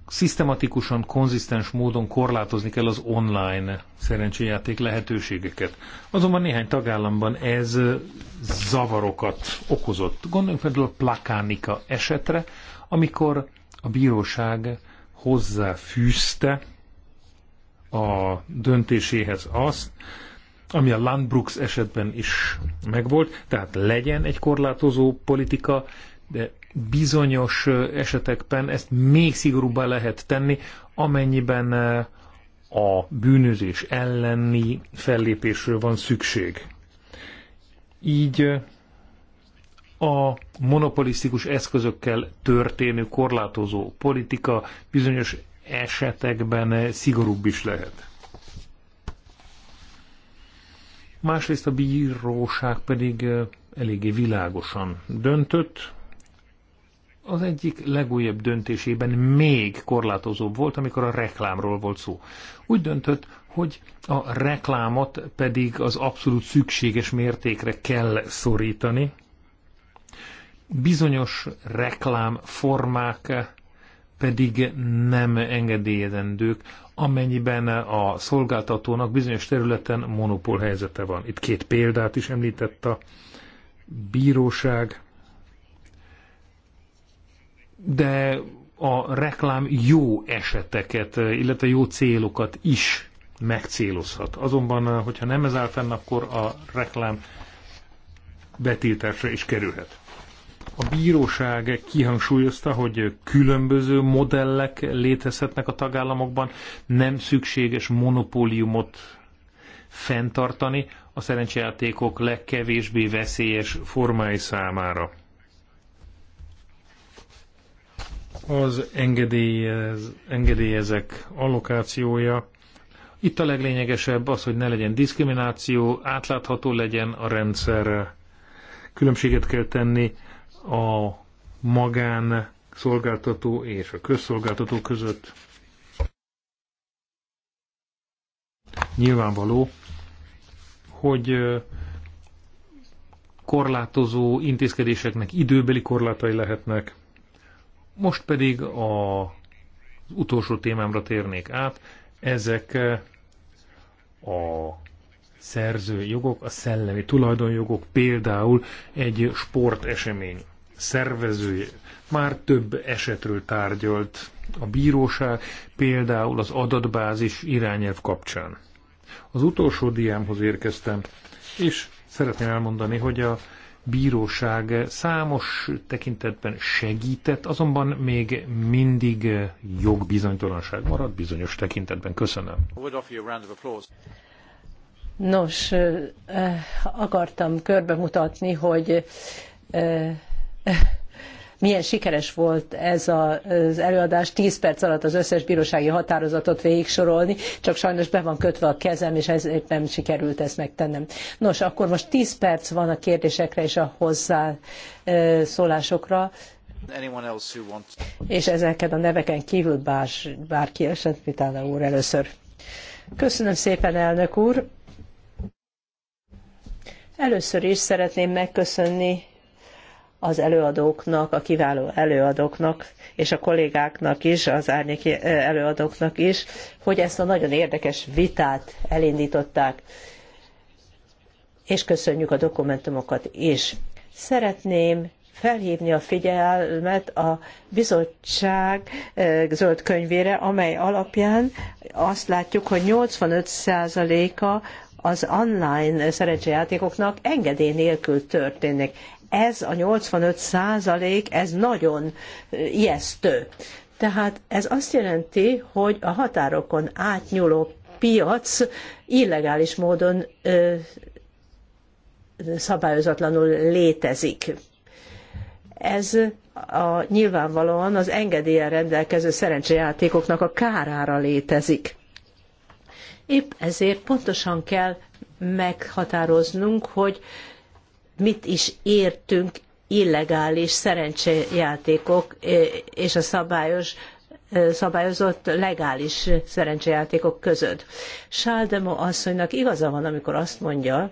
Speaker 2: szisztematikusan, konzisztens módon korlátozni kell az online szerencséjáték lehetőségeket. Azonban néhány tagállamban ez zavarokat okozott. Gondoljunk például a plakánika esetre, amikor a bíróság hozzáfűzte a döntéséhez azt, ami a Landbrux esetben is megvolt, tehát legyen egy korlátozó politika, de bizonyos esetekben ezt még szigorúbban lehet tenni, amennyiben a bűnözés elleni fellépésről van szükség. Így a monopolisztikus eszközökkel történő korlátozó politika bizonyos esetekben szigorúbb is lehet. Másrészt a bíróság pedig eléggé világosan döntött, az egyik legújabb döntésében még korlátozóbb volt, amikor a reklámról volt szó. Úgy döntött, hogy a reklámot pedig az abszolút szükséges mértékre kell szorítani. Bizonyos reklámformák pedig nem engedélyezendők, amennyiben a szolgáltatónak bizonyos területen monopól helyzete van. Itt két példát is említett a bíróság de a reklám jó eseteket, illetve jó célokat is megcélozhat. Azonban, hogyha nem ez áll fenn, akkor a reklám betiltásra is kerülhet. A bíróság kihangsúlyozta, hogy különböző modellek létezhetnek a tagállamokban, nem szükséges monopóliumot fenntartani a szerencsejátékok legkevésbé veszélyes formái számára. az engedélyez, engedélyezek allokációja. Itt a leglényegesebb az, hogy ne legyen diszkrimináció, átlátható legyen a rendszer. Különbséget kell tenni a magán szolgáltató és a közszolgáltató között. Nyilvánvaló, hogy korlátozó intézkedéseknek időbeli korlátai lehetnek, most pedig a, az utolsó témámra térnék át. Ezek eh, a szerző jogok, a szellemi tulajdonjogok, például egy sportesemény szervezője már több esetről tárgyalt a bíróság, például az adatbázis irányelv kapcsán. Az utolsó diámhoz érkeztem, és szeretném elmondani, hogy a bíróság számos tekintetben segített, azonban még mindig jogbizonytalanság marad bizonyos tekintetben. Köszönöm.
Speaker 1: Nos, eh, akartam körbemutatni, hogy eh, milyen sikeres volt ez az előadás, 10 perc alatt az összes bírósági határozatot végigsorolni, csak sajnos be van kötve a kezem, és ezért nem sikerült ezt megtennem. Nos, akkor most 10 perc van a kérdésekre és a hozzászólásokra. És ezeket a neveken kívül bár, bárki esett, Vitána úr először. Köszönöm szépen, elnök úr! Először is szeretném megköszönni az előadóknak, a kiváló előadóknak és a kollégáknak is, az árnyék előadóknak is, hogy ezt a nagyon érdekes vitát elindították, és köszönjük a dokumentumokat is. Szeretném felhívni a figyelmet a bizottság eh, zöld könyvére, amely alapján azt látjuk, hogy 85%-a az online szerencsejátékoknak engedély nélkül történik ez a 85 százalék, ez nagyon ijesztő. Tehát ez azt jelenti, hogy a határokon átnyúló piac illegális módon ö, szabályozatlanul létezik. Ez a, nyilvánvalóan az engedélyen rendelkező szerencsejátékoknak a kárára létezik. Épp ezért pontosan kell meghatároznunk, hogy mit is értünk illegális szerencsejátékok e, és a szabályos e, szabályozott legális szerencsejátékok között. Sáldemo asszonynak igaza van, amikor azt mondja,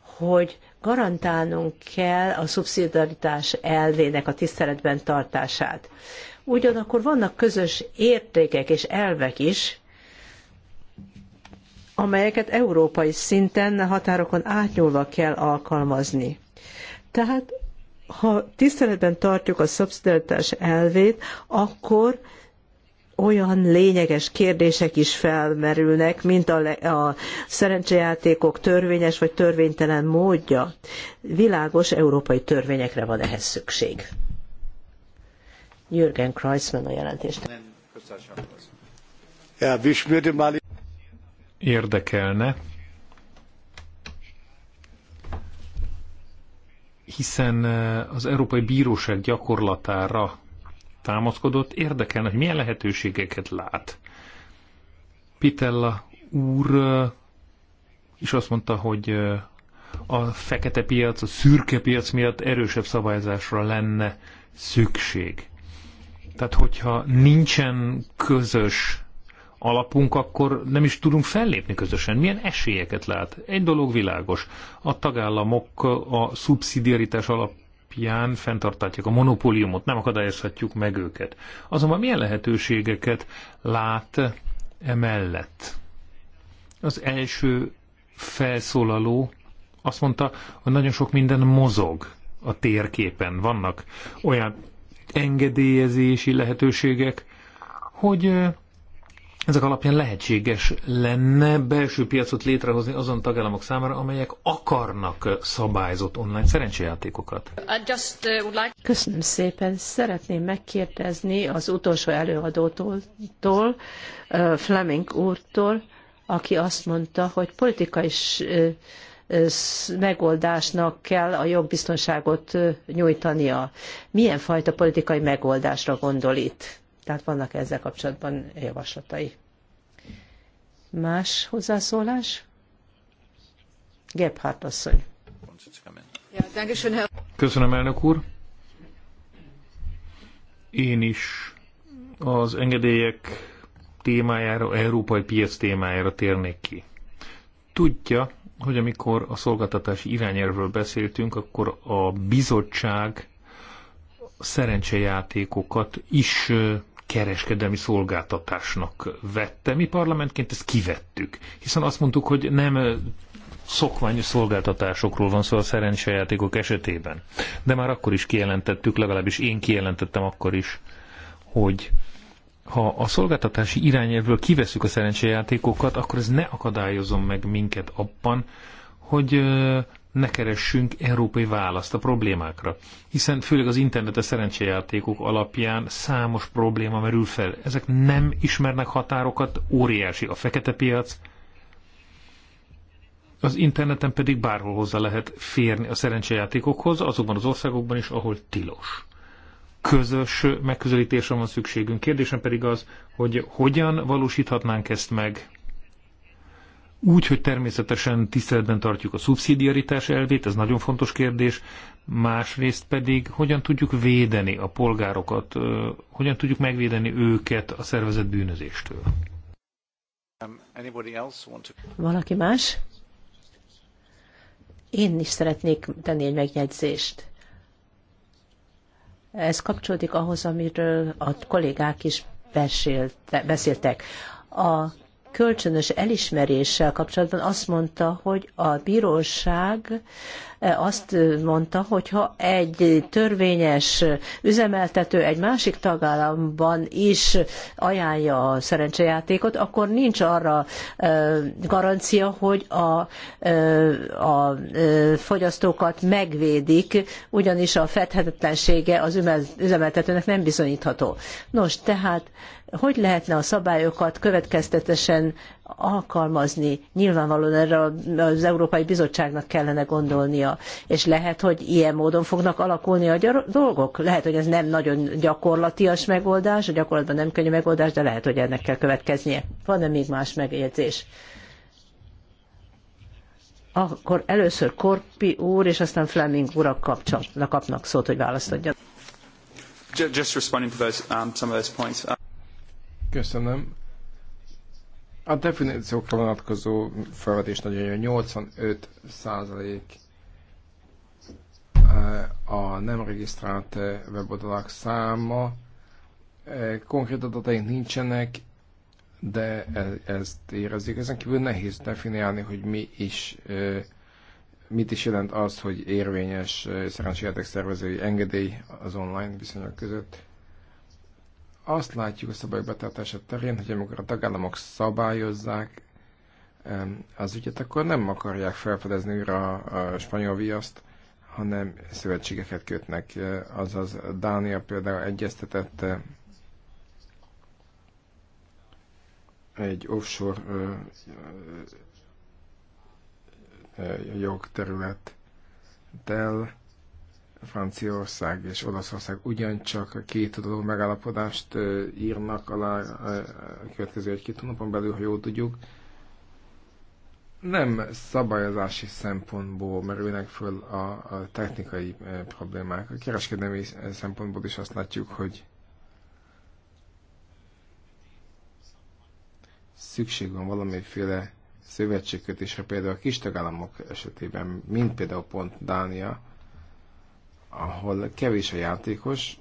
Speaker 1: hogy garantálnunk kell a szubszidaritás elvének a tiszteletben tartását. Ugyanakkor vannak közös értékek és elvek is, amelyeket európai szinten határokon átnyúlva kell alkalmazni. Tehát, ha tiszteletben tartjuk a szubszidiaritás elvét, akkor olyan lényeges kérdések is felmerülnek, mint a, a szerencsejátékok törvényes vagy törvénytelen módja. Világos európai törvényekre van ehhez szükség. Jürgen Kreisman a jelentést.
Speaker 2: Ja, érdekelne, hiszen eh, az Európai Bíróság gyakorlatára támaszkodott, érdekelne, hogy milyen lehetőségeket lát. Pitella úr eh, is azt mondta, hogy eh, a fekete piac, a szürke piac miatt erősebb szabályzásra lenne szükség. Tehát, hogyha nincsen közös alapunk, akkor nem is tudunk fellépni közösen. Milyen esélyeket lát? Egy dolog világos. A tagállamok a szubszidiaritás alapján fenntartatják a monopóliumot, nem akadályozhatjuk meg őket. Azonban milyen lehetőségeket lát emellett? Az első felszólaló azt mondta, hogy nagyon sok minden mozog a térképen. Vannak olyan engedélyezési lehetőségek, hogy ezek alapján lehetséges lenne belső piacot létrehozni azon tagállamok számára, amelyek akarnak szabályzott online szerencsejátékokat.
Speaker 1: Uh, Köszönöm szépen. Szeretném megkérdezni az utolsó előadótól, uh, Fleming úrtól, aki azt mondta, hogy politikai uh, megoldásnak kell a jogbiztonságot nyújtania. Milyen fajta politikai megoldásra gondol itt? Tehát vannak ezzel kapcsolatban javaslatai. Más hozzászólás? Gebhardt asszony.
Speaker 2: Köszönöm, elnök úr. Én is az engedélyek témájára, európai piac témájára térnék ki. Tudja, hogy amikor a szolgáltatási irányelvről beszéltünk, akkor a bizottság szerencsejátékokat is kereskedelmi szolgáltatásnak vette. Mi parlamentként ezt kivettük, hiszen azt mondtuk, hogy nem szokványos szolgáltatásokról van szó a szerencsejátékok esetében. De már akkor is kijelentettük, legalábbis én kijelentettem akkor is, hogy ha a szolgáltatási irányelvből kiveszük a szerencsejátékokat, akkor ez ne akadályozom meg minket abban, hogy ne keressünk európai választ a problémákra, hiszen főleg az a szerencsejátékok alapján számos probléma merül fel. Ezek nem ismernek határokat, óriási a fekete piac, az interneten pedig bárhol hozzá lehet férni a szerencsejátékokhoz, azokban az országokban is, ahol tilos. Közös megközelítésre van szükségünk. Kérdésem pedig az, hogy hogyan valósíthatnánk ezt meg úgy, hogy természetesen tiszteletben tartjuk a szubszidiaritás elvét, ez nagyon fontos kérdés, másrészt pedig hogyan tudjuk védeni a polgárokat, hogyan tudjuk megvédeni őket a szervezet bűnözéstől.
Speaker 1: Valaki más? Én is szeretnék tenni egy megjegyzést. Ez kapcsolódik ahhoz, amiről a kollégák is beszéltek. A kölcsönös elismeréssel kapcsolatban azt mondta, hogy a bíróság e, azt mondta, hogy ha egy törvényes üzemeltető egy másik tagállamban is ajánlja a szerencsejátékot, akkor nincs arra e, garancia, hogy a, e, a fogyasztókat megvédik, ugyanis a fedhetetlensége az üzemeltetőnek nem bizonyítható. Nos, tehát hogy lehetne a szabályokat következtetesen alkalmazni? Nyilvánvalóan erre az Európai Bizottságnak kellene gondolnia, és lehet, hogy ilyen módon fognak alakulni a dolgok. Lehet, hogy ez nem nagyon gyakorlatias megoldás, a gyakorlatban nem könnyű megoldás, de lehet, hogy ennek kell következnie. Van-e még más megjegyzés? Akkor először Korpi úr, és aztán Fleming urak kapcsol, kapnak szót, hogy választ adjanak. Just responding to those, um, some of those points.
Speaker 3: Köszönöm. A definíciókra vonatkozó felvetés nagyon jó. 85 százalék eh, a nem regisztrált eh, weboldalak száma. Eh, konkrét adataink nincsenek, de e, ezt érezzük. Ezen kívül nehéz definiálni, hogy mi is, mit is jelent az, hogy érvényes szerencséjáték szervezői engedély az online viszonyok között azt látjuk a szabályok betartása terén, hogy amikor a tagállamok szabályozzák az ügyet, akkor nem akarják felfedezni újra a spanyol viaszt, hanem szövetségeket kötnek. Azaz Dánia például egyeztetett egy offshore jogterülettel, Franciaország és Olaszország ugyancsak két adó megállapodást írnak alá a következő egy-két hónapon belül, ha jól tudjuk. Nem szabályozási szempontból merülnek föl a, a technikai problémák. A kereskedelmi szempontból is azt látjuk, hogy szükség van valamiféle szövetségkötésre, például a kis tagállamok esetében, mint például pont Dánia, ahol kevés a játékos,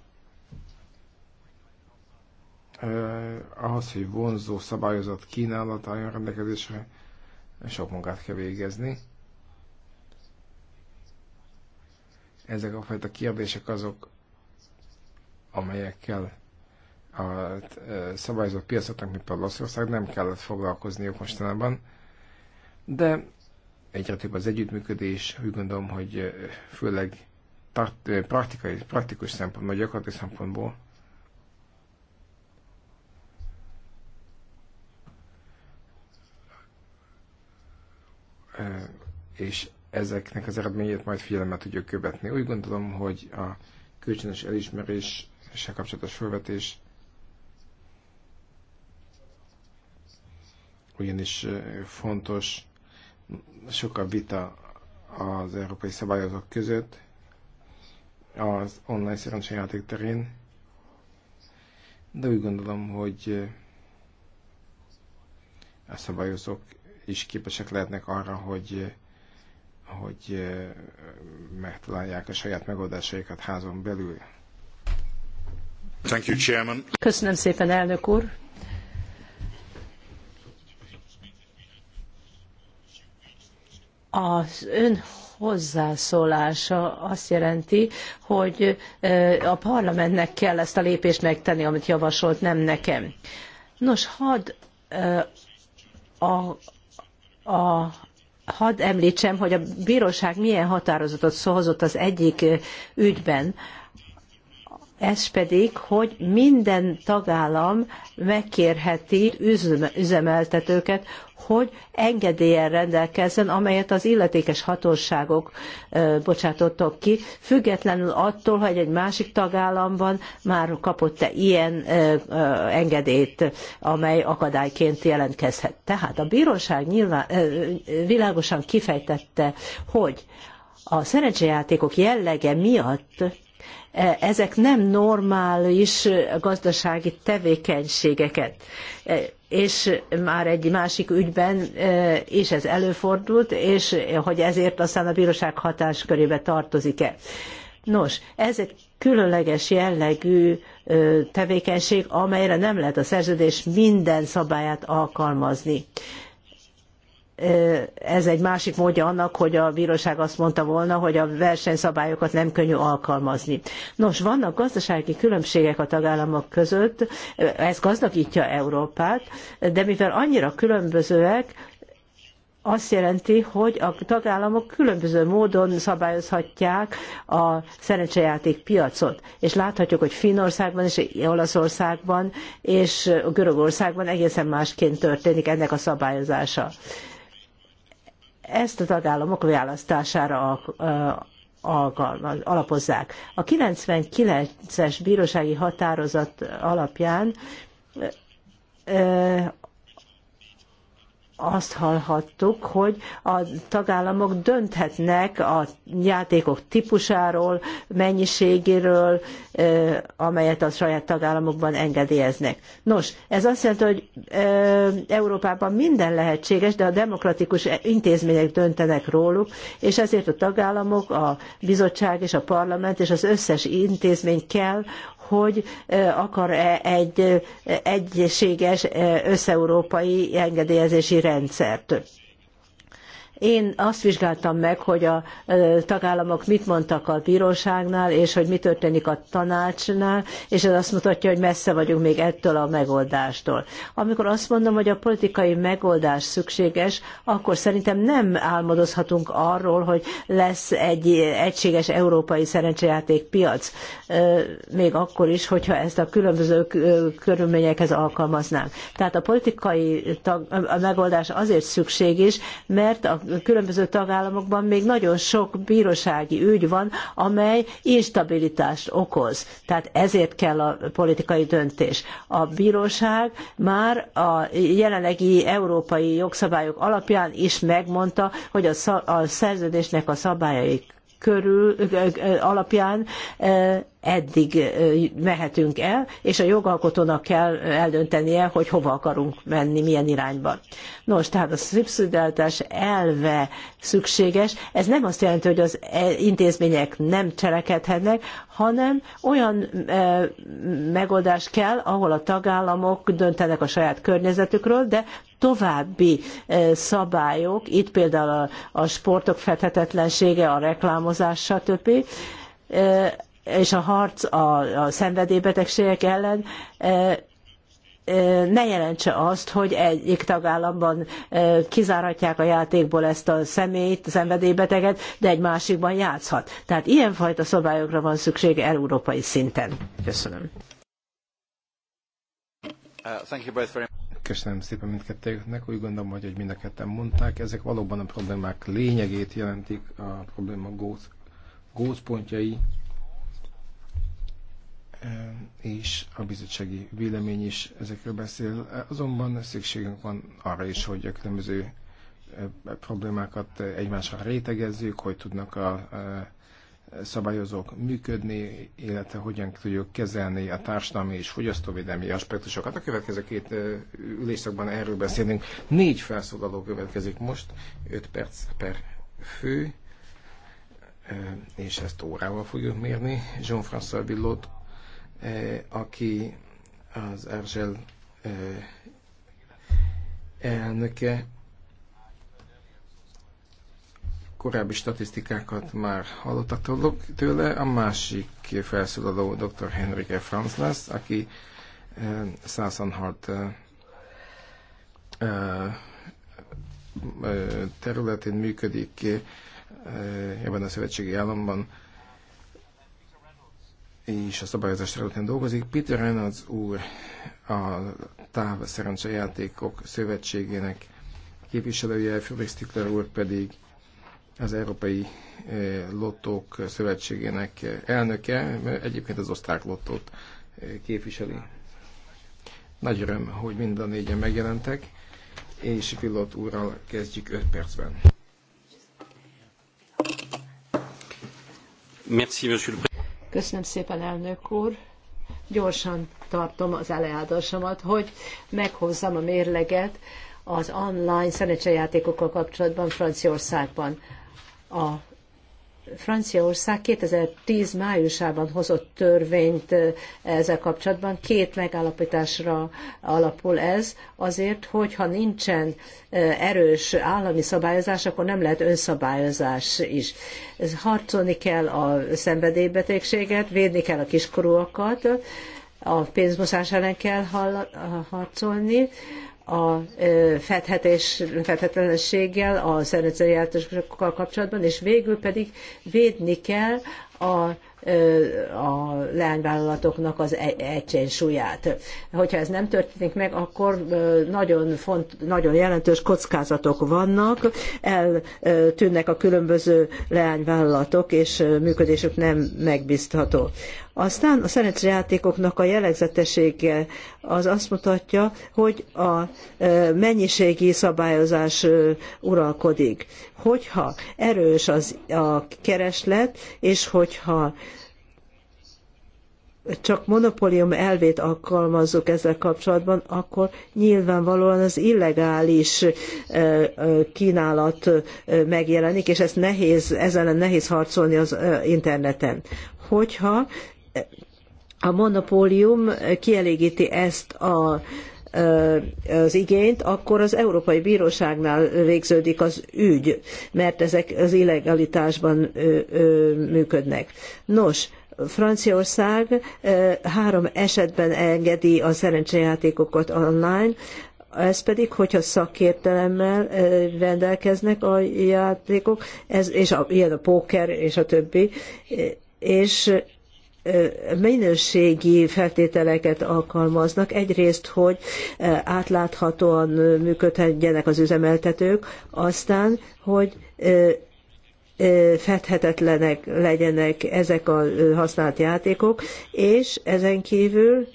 Speaker 3: eh, ahhoz, hogy vonzó, szabályozott kínálat álljon rendelkezésre, sok munkát kell végezni. Ezek a fajta kérdések azok, amelyekkel a szabályozott piacoknak, mint például Olaszország, nem kellett foglalkozniuk mostanában. De egyre több az együttműködés, úgy gondolom, hogy főleg Eh, praktikai, praktikus szempontból, gyakorlati szempontból eh, és ezeknek az eredményét majd figyelemmel tudjuk követni. Úgy gondolom, hogy a kölcsönös elismerés és a kapcsolatos felvetés ugyanis eh, fontos, sok a vita az európai szabályozók között, az online szerencsejáték terén, de úgy gondolom, hogy eh, a szabályozók is képesek lehetnek arra, hogy, eh, hogy eh, megtalálják a saját megoldásaikat házon belül. Thank you, Chairman.
Speaker 1: Köszönöm szépen, elnök úr! Az ön hozzászólása azt jelenti, hogy a parlamentnek kell ezt a lépést megtenni, amit javasolt, nem nekem. Nos, hadd a, a, hadd említsem, hogy a bíróság milyen határozatot hozott az egyik ügyben, ez pedig, hogy minden tagállam megkérheti üzemeltetőket, hogy engedélyen rendelkezzen, amelyet az illetékes hatóságok bocsátottak ki, függetlenül attól, hogy egy másik tagállamban már kapott-e ilyen engedélyt, amely akadályként jelentkezhet. Tehát a bíróság nyilván, világosan kifejtette, hogy a szerencsejátékok jellege miatt E, ezek nem normális gazdasági tevékenységeket. E, és már egy másik ügyben e, is ez előfordult, és hogy ezért aztán a bíróság hatáskörébe tartozik-e. Nos, ez egy különleges jellegű tevékenység, amelyre nem lehet a szerződés minden szabályát alkalmazni ez egy másik módja annak, hogy a bíróság azt mondta volna, hogy a versenyszabályokat nem könnyű alkalmazni. Nos, vannak gazdasági különbségek a tagállamok között, ez gazdagítja Európát, de mivel annyira különbözőek, azt jelenti, hogy a tagállamok különböző módon szabályozhatják a szerencsejáték piacot. És láthatjuk, hogy Finnországban és Olaszországban és Görögországban egészen másként történik ennek a szabályozása ezt a tagállamok választására alkalmaz, alapozzák. A 99-es bírósági határozat alapján azt hallhattuk, hogy a tagállamok dönthetnek a játékok típusáról, mennyiségéről, amelyet a saját tagállamokban engedélyeznek. Nos, ez azt jelenti, hogy Európában minden lehetséges, de a demokratikus intézmények döntenek róluk, és ezért a tagállamok, a bizottság és a parlament és az összes intézmény kell, hogy akar-e egy egységes összeurópai engedélyezési rendszert én azt vizsgáltam meg, hogy a tagállamok mit mondtak a bíróságnál, és hogy mi történik a tanácsnál, és ez azt mutatja, hogy messze vagyunk még ettől a megoldástól. Amikor azt mondom, hogy a politikai megoldás szükséges, akkor szerintem nem álmodozhatunk arról, hogy lesz egy egységes európai szerencsejáték piac, még akkor is, hogyha ezt a különböző körülményekhez alkalmaznánk. Tehát a politikai tag, a megoldás azért szükséges, mert a különböző tagállamokban még nagyon sok bírósági ügy van, amely instabilitást okoz. Tehát ezért kell a politikai döntés. A bíróság már a jelenlegi európai jogszabályok alapján is megmondta, hogy a, a szerződésnek a szabályai körül alapján eddig mehetünk el, és a jogalkotónak kell eldöntenie, hogy hova akarunk menni, milyen irányba. Nos, tehát a szubszidiáltás elve szükséges. Ez nem azt jelenti, hogy az e, intézmények nem cselekedhetnek, hanem olyan megoldás kell, ahol a tagállamok döntenek a saját környezetükről, de további eh, szabályok, itt például a, a sportok fethetetlensége, a reklámozás, stb., eh, és a harc a, a szenvedélybetegségek ellen eh, ne jelentse azt, hogy egyik tagállamban kizárhatják a játékból ezt a személyt, a szenvedélybeteget, de egy másikban játszhat. Tehát ilyen fajta szabályokra van szükség európai szinten. Köszönöm.
Speaker 2: Uh,
Speaker 3: Köszönöm szépen mindkettőjüknek, úgy gondolom, hogy, hogy mind a ketten mondták, ezek valóban a problémák lényegét jelentik, a probléma góc, gócpontjai, eh, és a bizottsági vélemény is ezekről beszél. Azonban szükségünk van arra is, hogy a különböző eh, problémákat egymásra rétegezzük, hogy tudnak a, a eh, szabályozók működni, illetve hogyan tudjuk kezelni a társadalmi és fogyasztóvédelmi aspektusokat. A következő két ülésszakban erről beszélünk. Négy felszólaló következik most, 5 perc per fő, és ezt órával fogjuk mérni. Jean-François Billot, aki az Erzsel elnöke, korábbi statisztikákat már hallottatok tőle. A másik felszólaló dr. Henrike Franz lesz, aki 106 eh, eh, eh, területén működik ebben a szövetségi államban és a szabályozás területén dolgozik. Peter Reynolds úr a Táv Szerencsejátékok Szövetségének képviselője, Félix Stikler úr pedig az Európai eh, Lottók Szövetségének elnöke, egyébként az osztrák lottót eh, képviseli. Nagy öröm, hogy mind a négyen megjelentek, és Pilot úrral kezdjük 5 percben.
Speaker 1: Köszönöm szépen, elnök úr. Gyorsan tartom az eleáldásomat, hogy meghozzam a mérleget az online szerencsejátékokkal kapcsolatban Franciaországban. A Franciaország 2010 májusában hozott törvényt ezzel kapcsolatban. Két megállapításra alapul ez, azért, hogyha nincsen erős állami szabályozás, akkor nem lehet önszabályozás is. harcolni kell a szenvedélybetegséget, védni kell a kiskorúakat, a pénzmosás ellen kell harcolni, a fethetés, fedhetetlenséggel, a szervezetjártásokkal kapcsolatban, és végül pedig védni kell a a leányvállalatoknak az e, egyensúlyát. Hogyha ez nem történik meg, akkor nagyon, font, nagyon jelentős kockázatok vannak, eltűnnek a különböző leányvállalatok, és működésük nem megbízható. Aztán a szerencsejátékoknak a jellegzetessége az azt mutatja, hogy a mennyiségi szabályozás uralkodik. Hogyha erős az a kereslet, és hogyha csak monopólium elvét alkalmazzuk ezzel kapcsolatban, akkor nyilvánvalóan az illegális kínálat megjelenik, és ezt nehéz, ezzel nehéz harcolni az interneten. Hogyha a monopólium kielégíti ezt a az igényt, akkor az Európai Bíróságnál végződik az ügy, mert ezek az illegalitásban működnek. Nos, Franciaország három esetben engedi a szerencsejátékokat online, ez pedig, hogyha szakértelemmel rendelkeznek a játékok, ez, és a, ilyen a póker és a többi, és minőségi feltételeket alkalmaznak. Egyrészt, hogy átláthatóan működjenek az üzemeltetők, aztán, hogy fedhetetlenek legyenek ezek a használt játékok, és ezen kívül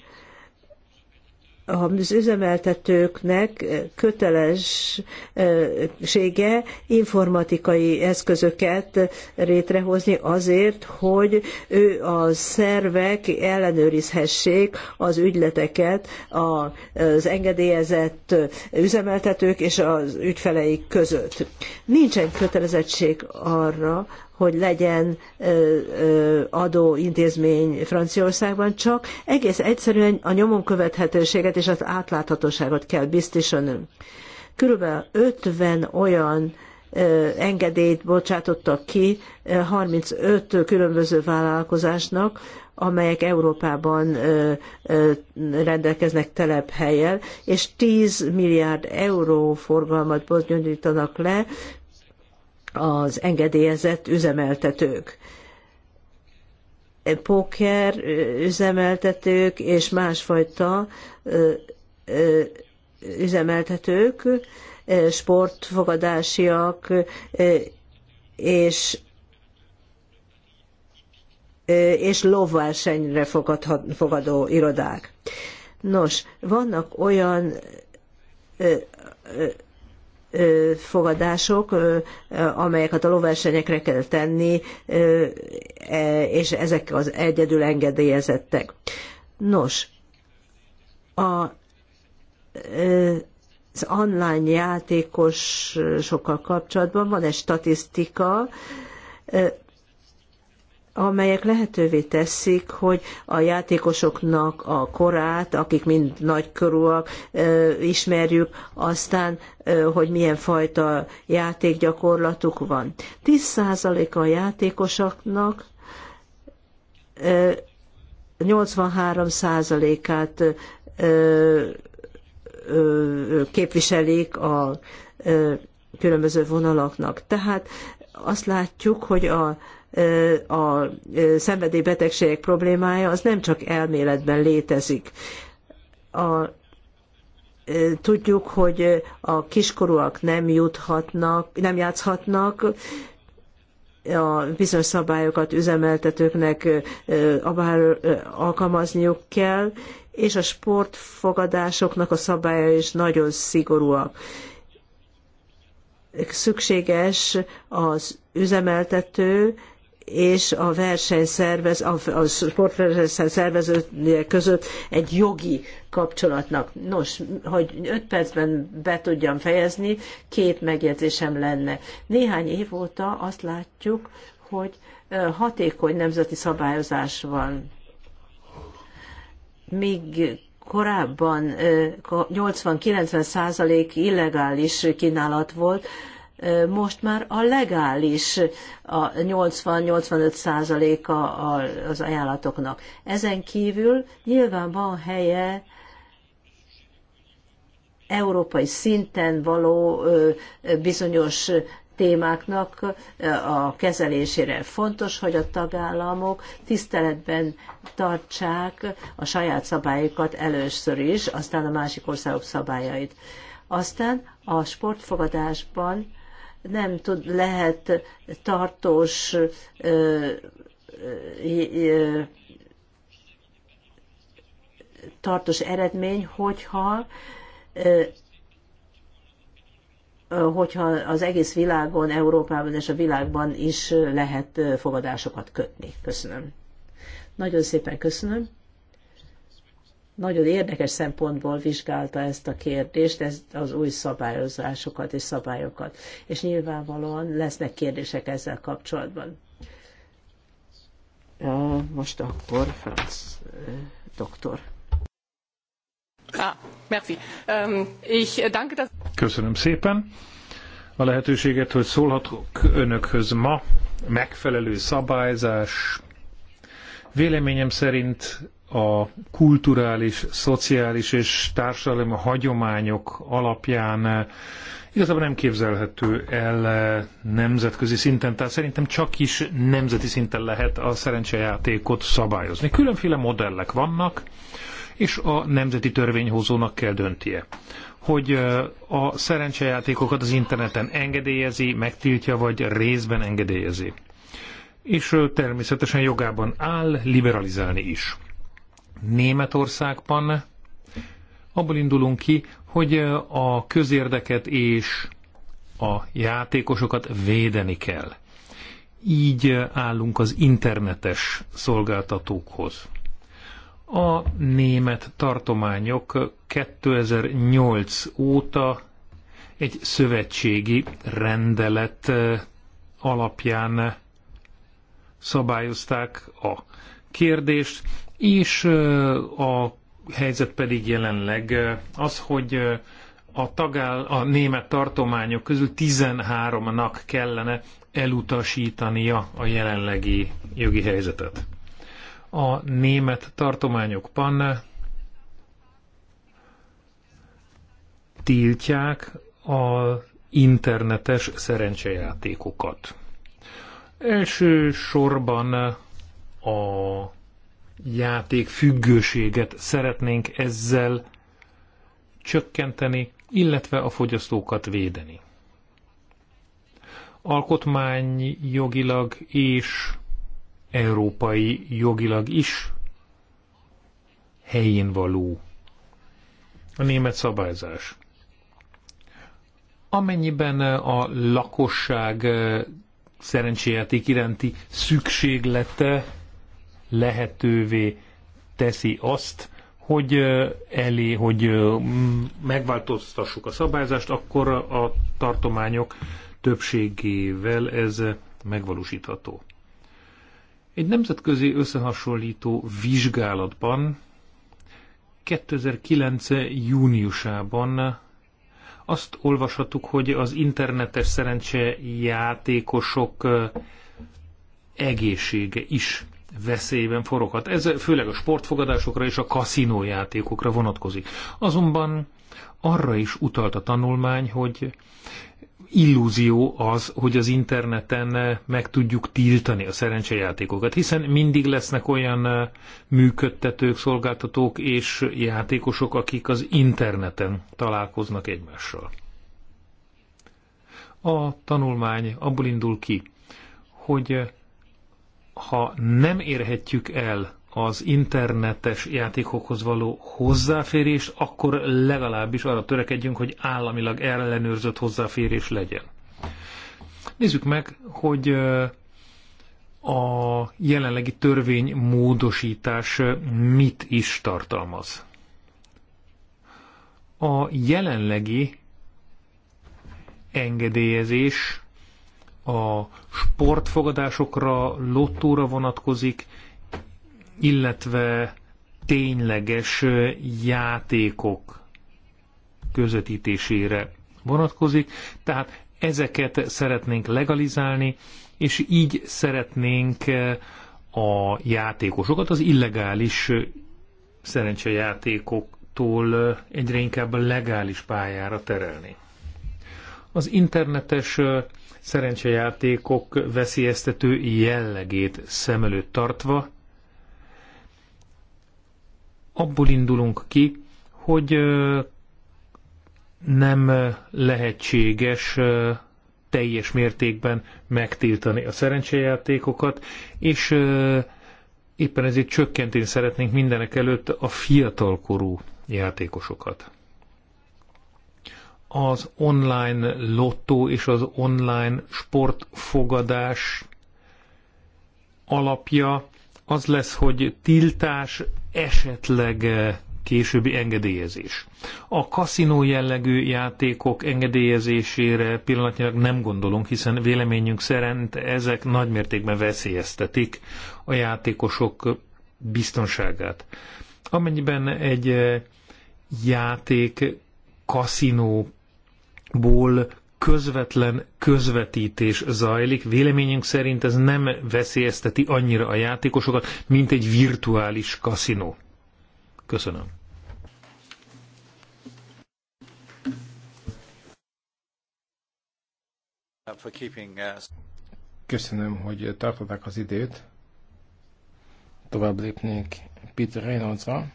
Speaker 1: az üzemeltetőknek kötelessége informatikai eszközöket rétrehozni azért, hogy ő a szervek ellenőrizhessék az ügyleteket az engedélyezett üzemeltetők és az ügyfeleik között. Nincsen kötelezettség arra, hogy legyen adóintézmény Franciaországban, csak egész egyszerűen a nyomon követhetőséget és az átláthatóságot kell biztosítanunk. Körülbelül 50 olyan engedélyt bocsátottak ki 35 különböző vállalkozásnak, amelyek Európában rendelkeznek telephelyel, és 10 milliárd euró forgalmat bonyolítanak le, az engedélyezett üzemeltetők. Póker üzemeltetők és másfajta üzemeltetők, sportfogadásiak és és lovversenyre fogadó irodák. Nos, vannak olyan fogadások, amelyeket a lóversenyekre kell tenni, e, és ezek az egyedül engedélyezettek. Nos, a, az online játékosokkal kapcsolatban van egy statisztika, amelyek lehetővé teszik, hogy a játékosoknak a korát, akik mind nagykorúak, ismerjük, aztán, hogy milyen fajta játékgyakorlatuk van. 10% a játékosoknak 83%-át képviselik a különböző vonalaknak. Tehát azt látjuk, hogy a a szenvedélybetegségek problémája az nem csak elméletben létezik. A, tudjuk, hogy a kiskorúak nem juthatnak, nem játszhatnak, a bizonyos szabályokat üzemeltetőknek alkalmazniuk kell, és a sportfogadásoknak a szabályai is nagyon szigorúak szükséges az üzemeltető és a versenyszervez, a, a sportverseny szervezője között egy jogi kapcsolatnak. Nos, hogy öt percben be tudjam fejezni, két megjegyzésem lenne. Néhány év óta azt látjuk, hogy hatékony nemzeti szabályozás van. Míg korábban 80-90 százalék illegális kínálat volt, most már a legális a 80-85 százaléka az ajánlatoknak. Ezen kívül nyilván van helye európai szinten való bizonyos témáknak a kezelésére. Fontos, hogy a tagállamok tiszteletben tartsák a saját szabályokat először is, aztán a másik országok szabályait. Aztán a sportfogadásban nem tud, lehet tartós tartós eredmény, hogyha hogyha az egész világon, Európában és a világban is lehet fogadásokat kötni. Köszönöm. Nagyon szépen köszönöm nagyon érdekes szempontból vizsgálta ezt a kérdést, ezt az új szabályozásokat és szabályokat. És nyilvánvalóan lesznek kérdések ezzel kapcsolatban. Ja, Most akkor Franz eh, doktor. Ah, um,
Speaker 2: Köszönöm szépen a lehetőséget, hogy szólhatok önökhöz ma. Megfelelő szabályzás. Véleményem szerint a kulturális, szociális és társadalmi hagyományok alapján eh, igazából nem képzelhető el eh, nemzetközi szinten, tehát szerintem csak is nemzeti szinten lehet a szerencsejátékot szabályozni. Különféle modellek vannak, és a nemzeti törvényhozónak kell döntie hogy eh, a szerencsejátékokat az interneten engedélyezi, megtiltja, vagy részben engedélyezi. És természetesen jogában áll liberalizálni is. Németországban abból indulunk ki, hogy a közérdeket és a játékosokat védeni kell. Így állunk az internetes szolgáltatókhoz. A német tartományok 2008 óta egy szövetségi rendelet alapján szabályozták a kérdést, és a helyzet pedig jelenleg az, hogy a, tagáll, a német tartományok közül 13-nak kellene elutasítania a jelenlegi jogi helyzetet. A német tartományokban tiltják a internetes szerencsejátékokat. Elsősorban a játék függőséget szeretnénk ezzel csökkenteni, illetve a fogyasztókat védeni. Alkotmány jogilag és európai jogilag is helyén való a német szabályzás. Amennyiben a lakosság eh, szerencséjáték iránti szükséglete lehetővé teszi azt, hogy elé, hogy megváltoztassuk a szabályzást, akkor a tartományok többségével ez megvalósítható. Egy nemzetközi összehasonlító vizsgálatban 2009. júniusában azt olvashattuk, hogy az internetes szerencsejátékosok egészsége is veszélyben foroghat. Ez főleg a sportfogadásokra és a kaszinójátékokra vonatkozik. Azonban arra is utalt a tanulmány, hogy illúzió az, hogy az interneten meg tudjuk tiltani a szerencsejátékokat, hiszen mindig lesznek olyan eh, működtetők, szolgáltatók és játékosok, akik az interneten találkoznak egymással. A tanulmány abból indul ki, hogy ha nem érhetjük el az internetes játékokhoz való hozzáférést, akkor legalábbis arra törekedjünk, hogy államilag ellenőrzött hozzáférés legyen. Nézzük meg, hogy a jelenlegi törvény módosítás mit is tartalmaz. A jelenlegi engedélyezés a sportfogadásokra, lottóra vonatkozik, illetve tényleges játékok közvetítésére vonatkozik. Tehát ezeket szeretnénk legalizálni, és így szeretnénk a játékosokat az illegális szerencsejátékoktól egyre inkább legális pályára terelni. Az internetes szerencsejátékok veszélyeztető jellegét szem előtt tartva, abból indulunk ki, hogy nem lehetséges teljes mértékben megtiltani a szerencsejátékokat, és éppen ezért csökkenteni szeretnénk mindenek előtt a fiatalkorú játékosokat az online lottó és az online sportfogadás alapja az lesz, hogy tiltás esetleg eh, későbbi engedélyezés. A kaszinó jellegű játékok engedélyezésére pillanatnyilag nem gondolunk, hiszen véleményünk szerint ezek nagymértékben veszélyeztetik a játékosok biztonságát. Amennyiben egy eh, játék kaszinó ból közvetlen közvetítés zajlik. Véleményünk szerint ez nem veszélyezteti annyira a játékosokat, mint egy virtuális kaszinó. Köszönöm.
Speaker 3: Köszönöm, hogy tartották az időt. Tovább lépnék Peter Reynoldsra,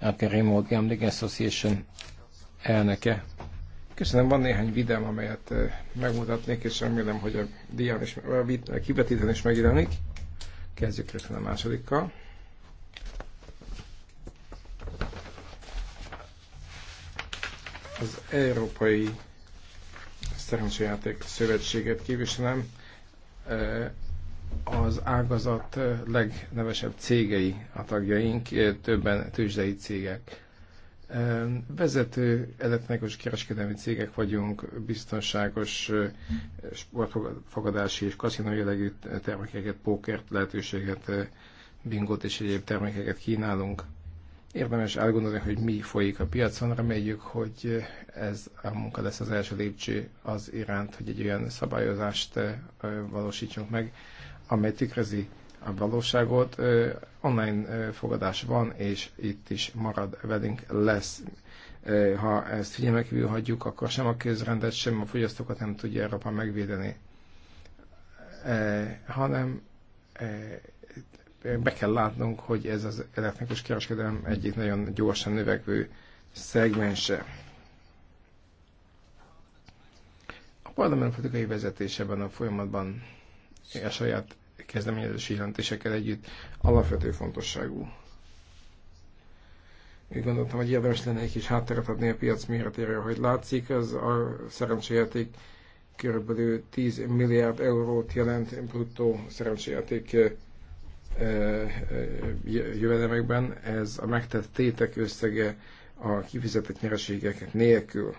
Speaker 3: a Remote Gambling Association elnöke. Köszönöm, van néhány videóm, amelyet megmutatnék, és remélem, hogy a dián is, a kivetítőn is megjelenik. Kezdjük rögtön a másodikkal. Az Európai Szerencsejáték Szövetséget képviselem. Az ágazat legnevesebb cégei a tagjaink, többen tőzsdei cégek Vezető elektronikus kereskedelmi cégek vagyunk, biztonságos sportfogadási és kaszinó jellegű termékeket, pókert, lehetőséget, bingot és egyéb termékeket kínálunk. Érdemes elgondolni, hogy mi folyik a piacon. Reméljük, hogy ez a munka lesz az első lépcső az iránt, hogy egy olyan szabályozást valósítsunk meg, amely tükrözi a valóságot. Online fogadás van, és itt is marad velünk lesz. Ha ezt figyelme hagyjuk, akkor sem a közrendet, sem a fogyasztókat nem tudja Európa megvédeni, hanem be kell látnunk, hogy ez az elektronikus kereskedelem egyik nagyon gyorsan növekvő szegmense. A parlament politikai vezetés ebben a folyamatban a saját kezdeményezési jelentésekkel együtt alapvető fontosságú. Úgy gondoltam, hogy érdemes lenne egy kis hátteret adni a piac méretére, hogy látszik, az a szerencséjáték körülbelül 10 milliárd eurót jelent bruttó szerencséjáték jövedelmekben, ez a megtett tétek összege a kifizetett nyereségek nélkül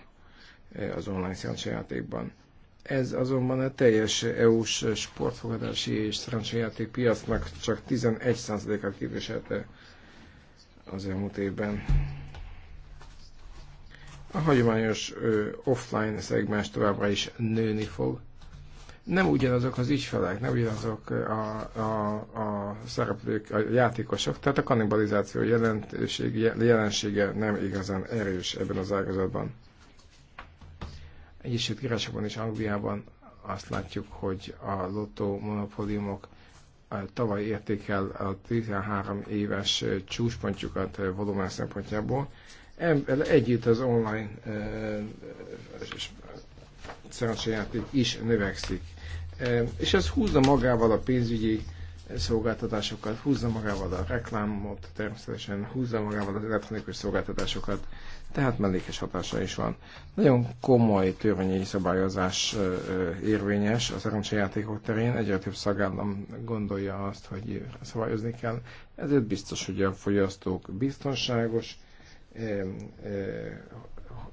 Speaker 3: az online szerencséjátékban. Ez azonban a teljes EU-s sportfogadási és szerencsejáték piacnak csak 11%-a képviselte az elmúlt évben. A hagyományos ö, offline szegmens továbbra is nőni fog. Nem ugyanazok az ügyfelek, nem ugyanazok a, a, a szereplők, a játékosok, tehát a kannibalizáció jelentőség, jelensége nem igazán erős ebben az ágazatban. Egyesült Királyságban és Angliában azt látjuk, hogy a lottó monopóliumok tavaly érték el a 13 éves csúcspontjukat eh, volumen szempontjából. Együtt az online eh, szerencsejáték is növekszik. Eh, és ez húzza magával a pénzügyi szolgáltatásokat, húzza magával a reklámot, természetesen húzza magával az elektronikus szolgáltatásokat tehát mellékes hatása is van. Nagyon komoly törvényi szabályozás érvényes az szerencsejátékok terén, egyre több szagállam gondolja azt, hogy szabályozni kell, ezért biztos, hogy a fogyasztók biztonságos,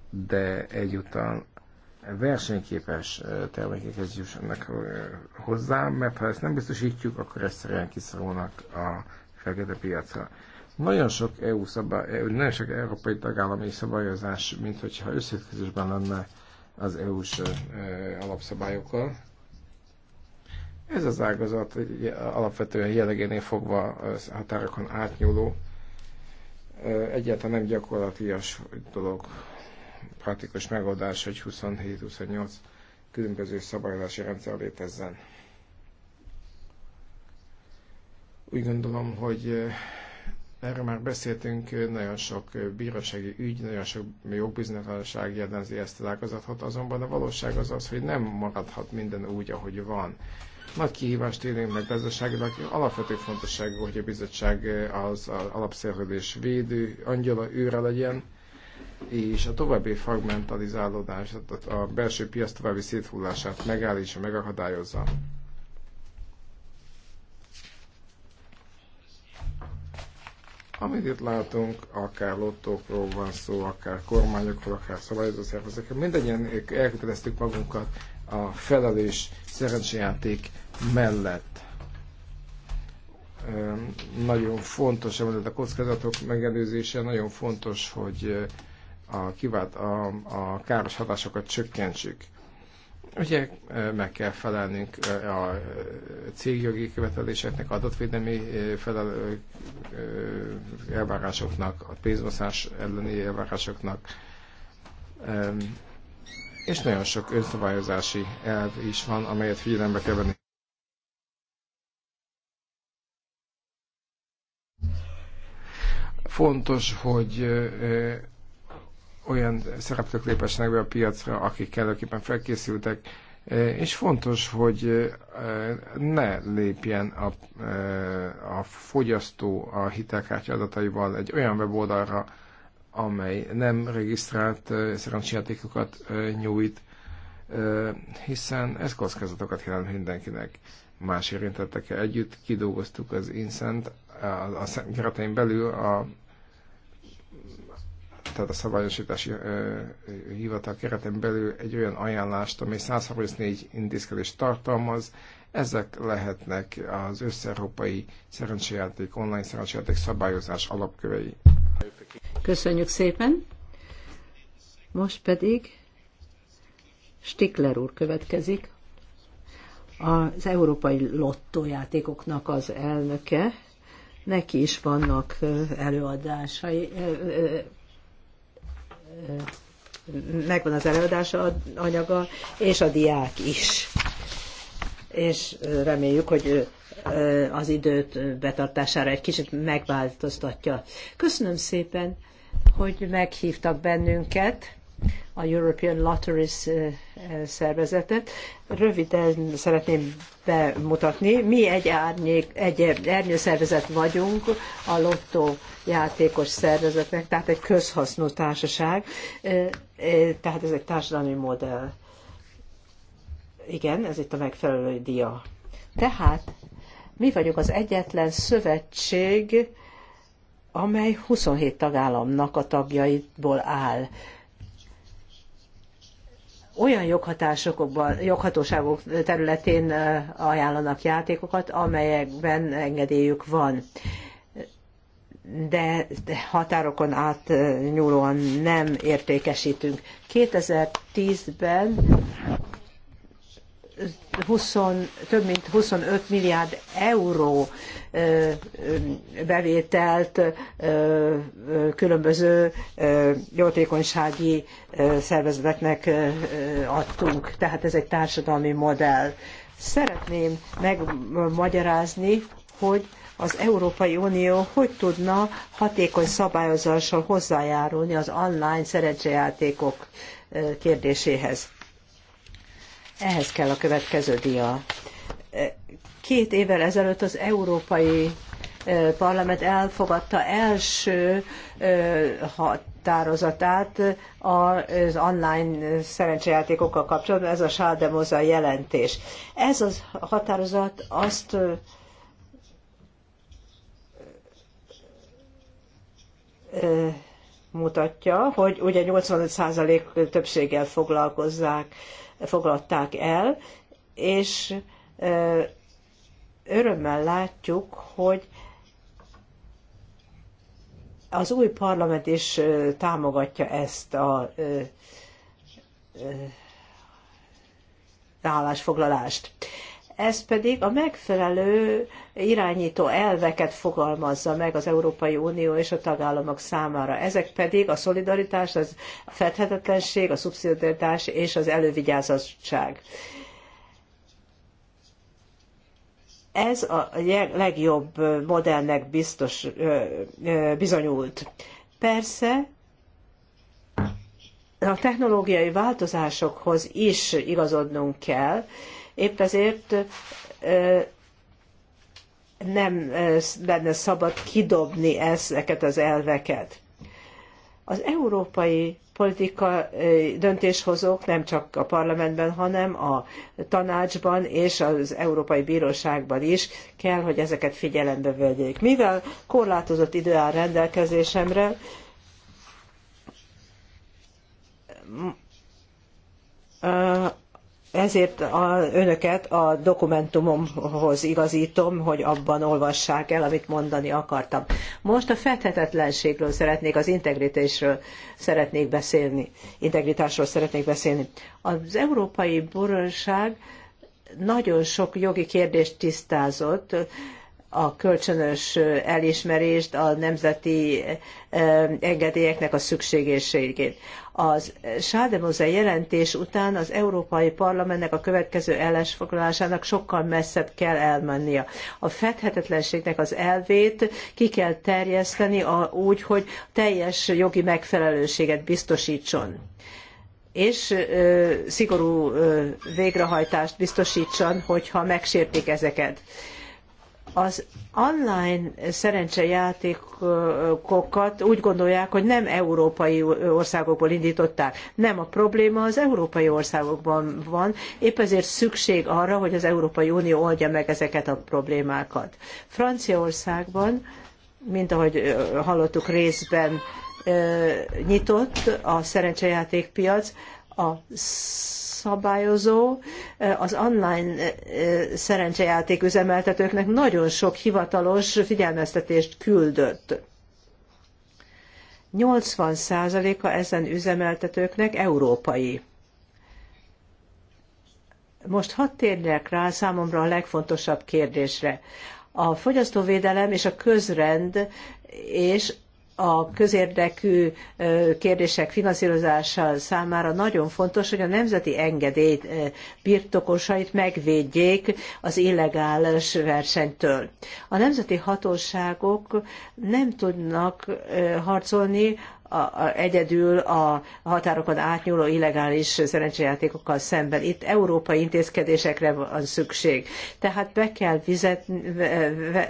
Speaker 3: de egyúttal versenyképes termékekhez jussanak hozzá, mert ha ezt nem biztosítjuk, akkor egyszerűen kiszorulnak a fekete piacra. Nagyon sok EU szabály, eh, nagyon sok európai tagállami szabályozás, mint hogyha összefüggésben lenne az EU-s eh, alapszabályokkal. Ez az ágazat alapvetően jellegénél fogva határokon átnyúló, eh, egyáltalán nem gyakorlatias dolog, praktikus megoldás, hogy 27-28 különböző szabályozási rendszer létezzen. Úgy gondolom, hogy Erről már beszéltünk, nagyon sok bírósági ügy, nagyon sok jogbizonytalanság jellemzi ezt az ágazatot, azonban a valóság az az, hogy nem maradhat minden úgy, ahogy van. Nagy kihívást élünk meg gazdaságilag, alapvető fontosságú, hogy a bizottság eh, az, az alapszerződés védő, angyala őre legyen, és a további fragmentalizálódás, a belső piac további széthullását megállítsa, megakadályozza. Amit itt látunk, akár lottókról van szó, akár kormányokról, akár szabályozó szervezetekről, mindegyen elköteleztük magunkat a felelős szerencsejáték mellett. Nagyon fontos, amit a kockázatok megelőzése, nagyon fontos, hogy a, kivált, a, a káros hatásokat csökkentsük. Ugye meg kell felelnünk a cégjogi követeléseknek, adatvédelmi felel, elvárásoknak, a pénzmoszás elleni elvárásoknak, és nagyon sok önszabályozási elv is van, amelyet figyelembe kell venni. Fontos, hogy olyan szereplők lépesnek be a piacra, akik kellőképpen felkészültek, e, és fontos, hogy e, ne lépjen a, e, a fogyasztó a hitelkártya adataival egy olyan weboldalra, amely nem regisztrált szerencsejátékokat nyújt, hiszen ez kockázatokat jelent mindenkinek. Más érintettek együtt kidolgoztuk az Incent a, a keretein belül a tehát a szabályosítási hivatal kereten belül egy olyan ajánlást, ami 134 intézkedést tartalmaz, ezek lehetnek az összeurópai szerencséjáték, online szerencséjáték szabályozás alapkövei.
Speaker 1: Köszönjük szépen! Most pedig Stikler úr következik, az európai lottójátékoknak az elnöke. Neki is vannak előadásai, megvan az előadása anyaga, és a diák is. És reméljük, hogy az időt betartására egy kicsit megváltoztatja. Köszönöm szépen, hogy meghívtak bennünket a European Lotteries szervezetet. Röviden szeretném bemutatni. Mi egy, árnyék, egy szervezet vagyunk a Lotto játékos szervezetnek, tehát egy közhasznú társaság, tehát ez egy társadalmi modell. Igen, ez itt a megfelelő dia. Tehát mi vagyunk az egyetlen szövetség, amely 27 tagállamnak a tagjaiból áll olyan joghatóságok területén ajánlanak játékokat, amelyekben engedélyük van. De határokon átnyúlóan nem értékesítünk. 2010-ben 20, több mint 25 milliárd euró bevételt különböző jótékonysági szervezeteknek adtunk. Tehát ez egy társadalmi modell. Szeretném megmagyarázni, hogy az Európai Unió hogy tudna hatékony szabályozással hozzájárulni az online szerencsejátékok kérdéséhez. Ehhez kell a következő dia. Két évvel ezelőtt az Európai Parlament elfogadta első határozatát az online szerencsejátékokkal kapcsolatban, ez a Sáldemoza jelentés. Ez a határozat azt mutatja, hogy ugye 85% többséggel foglalkozzák, foglalták el, és örömmel látjuk, hogy az új parlament is támogatja ezt a állásfoglalást. Ez pedig a megfelelő irányító elveket fogalmazza meg az Európai Unió és a tagállamok számára. Ezek pedig a szolidaritás, az a fedhetetlenség, a szubszidiaritás és az elővigyázatság. Ez a legjobb modellnek biztos bizonyult. Persze a technológiai változásokhoz is igazodnunk kell, épp ezért nem lenne szabad kidobni ezeket az elveket. Az európai politikai eh, döntéshozók nem csak a parlamentben, hanem a tanácsban és az Európai Bíróságban is kell, hogy ezeket figyelembe vegyék. Mivel korlátozott idő áll rendelkezésemre, eh, ezért a, önöket a dokumentumomhoz igazítom, hogy abban olvassák el, amit mondani akartam. Most a fedhetetlenségről szeretnék, az integritásról szeretnék beszélni. Integritásról szeretnék beszélni. Az Európai Boroság nagyon sok jogi kérdést tisztázott, a kölcsönös elismerést, a nemzeti eh, engedélyeknek a szükségességét. Az Sádemoze jelentés után az Európai Parlamentnek a következő ellensfoglalásának sokkal messzebb kell elmennie. A fedhetetlenségnek az elvét ki kell terjeszteni a, úgy, hogy teljes jogi megfelelőséget biztosítson és ö, szigorú ö, végrehajtást biztosítson, hogyha megsértik ezeket az online szerencsejátékokat úgy gondolják, hogy nem európai országokból indították. Nem, a probléma az európai országokban van, épp ezért szükség arra, hogy az Európai Unió oldja meg ezeket a problémákat. Franciaországban, mint ahogy hallottuk részben, nyitott a szerencsejátékpiac, a szabályozó eh, az online eh, eh, szerencsejáték üzemeltetőknek nagyon sok hivatalos figyelmeztetést küldött. 80%-a ezen üzemeltetőknek európai. Most hadd térjek rá számomra a legfontosabb kérdésre. A fogyasztóvédelem és a közrend és a közérdekű kérdések finanszírozása számára nagyon fontos, hogy a nemzeti engedély birtokosait megvédjék az illegális versenytől. A nemzeti hatóságok nem tudnak harcolni a, egyedül a határokon átnyúló illegális szerencsejátékokkal szemben. Itt európai intézkedésekre van szükség. Tehát be kell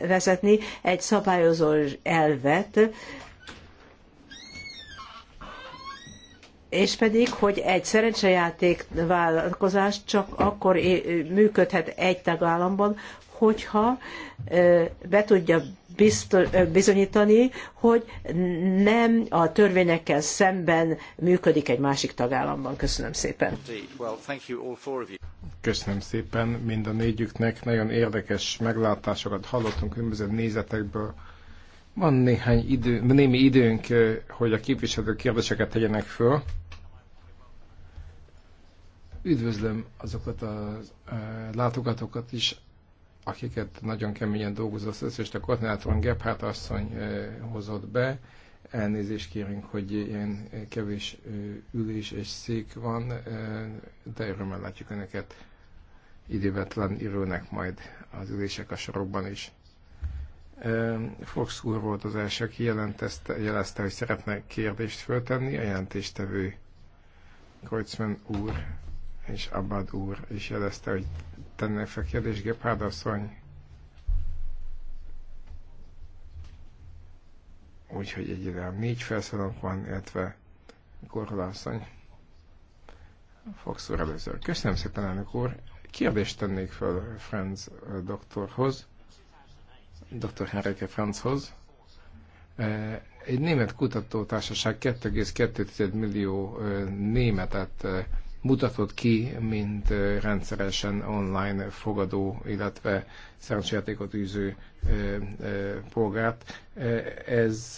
Speaker 1: vezetni egy szabályozó elvet, és pedig, hogy egy szerencsejáték vállalkozás csak akkor működhet egy tagállamban, hogyha be tudja bizonyítani, hogy nem a törvényekkel szemben működik egy másik tagállamban. Köszönöm szépen.
Speaker 3: Köszönöm szépen mind a négyüknek. Nagyon érdekes meglátásokat hallottunk különböző nézetekből van néhány idő, némi időnk, hogy a képviselők kérdéseket tegyenek föl. Üdvözlöm azokat a látogatókat is, akiket nagyon keményen dolgozott az összes a koordinátoron Gebhardt asszony hozott be. Elnézést kérünk, hogy ilyen kevés ülés és szék van, de örömmel látjuk Önöket. idővetlen talán majd az ülések a sorokban is. Fox úr volt az első, aki jelezte, hogy szeretne kérdést föltenni, a jelentéstevő Kreutzmann úr és Abad úr is jelezte, hogy tenne fel kérdést. Gephardt asszony úgyhogy egyre négy felszólalónk van, illetve Gorla asszony. Fox úr először. Köszönöm szépen, elnök úr. Kérdést tennék fel Franz doktorhoz dr. Henrike Franzhoz. E, egy német kutatótársaság 2,2 millió e, németet e, mutatott ki, mint rendszeresen online fogadó, illetve szerencsejátékot űző polgárt. Ez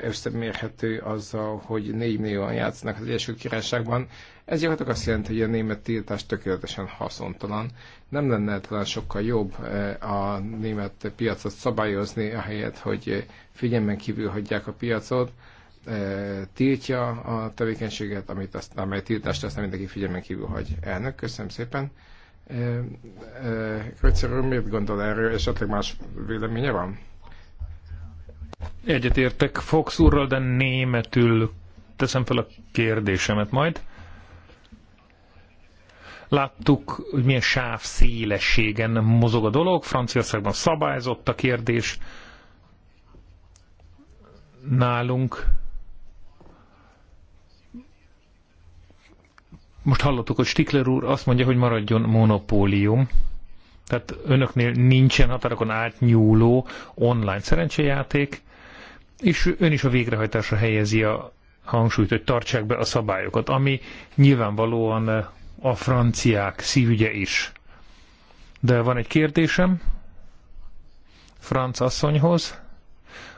Speaker 3: összemérhető azzal, hogy 4 millióan játsznak az Egyesült Királyságban, ez gyakorlatilag hát azt jelenti, hogy a német tiltás tökéletesen haszontalan. Nem lenne talán sokkal jobb eh, a német piacot szabályozni, ahelyett, hogy figyelmen kívül hagyják a piacot, eh, tiltja a tevékenységet, amit azt, amely tiltást aztán mindenki figyelmen kívül hagy. Elnök, köszönöm szépen. Eh, Kötszerűen miért gondol erről, esetleg más véleménye van?
Speaker 2: Egyetértek Fox úrral, de németül teszem fel a kérdésemet majd. Láttuk, hogy milyen sáv szélességen mozog a dolog, Franciaországban szabályzott a kérdés. Nálunk most hallottuk, hogy Stikler úr azt mondja, hogy maradjon monopólium. Tehát önöknél nincsen határokon átnyúló online szerencsejáték, és ön is a végrehajtásra helyezi a hangsúlyt, hogy tartsák be a szabályokat, ami nyilvánvalóan a franciák szívügye is. De van egy kérdésem Franc asszonyhoz.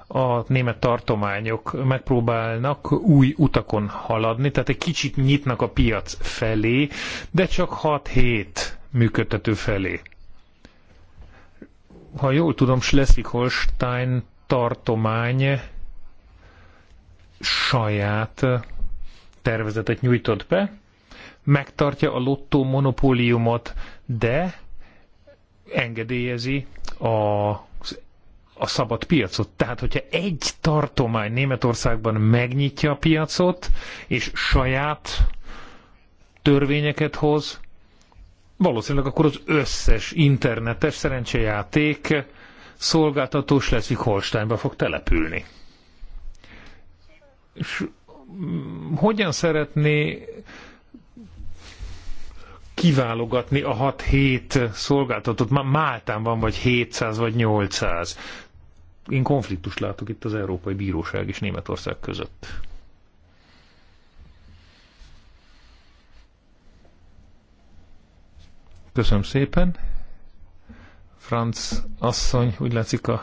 Speaker 2: A német tartományok megpróbálnak új utakon haladni, tehát egy kicsit nyitnak a piac felé, de csak 6-7 működtető felé. Ha jól tudom, Schleswig-Holstein tartomány saját tervezetet nyújtott be, megtartja a lottó monopóliumot, de engedélyezi a, a szabad piacot. Tehát, hogyha egy tartomány Németországban megnyitja a piacot, és saját törvényeket hoz, valószínűleg akkor az összes internetes szerencsejáték szolgáltató Schleswig-Holsteinba fog települni. És mm, hogyan szeretné kiválogatni a 6-7 szolgáltatót. Már Máltán van vagy 700 vagy 800. Én konfliktust látok itt az Európai Bíróság és Németország között. Köszönöm szépen. Franz asszony, úgy látszik a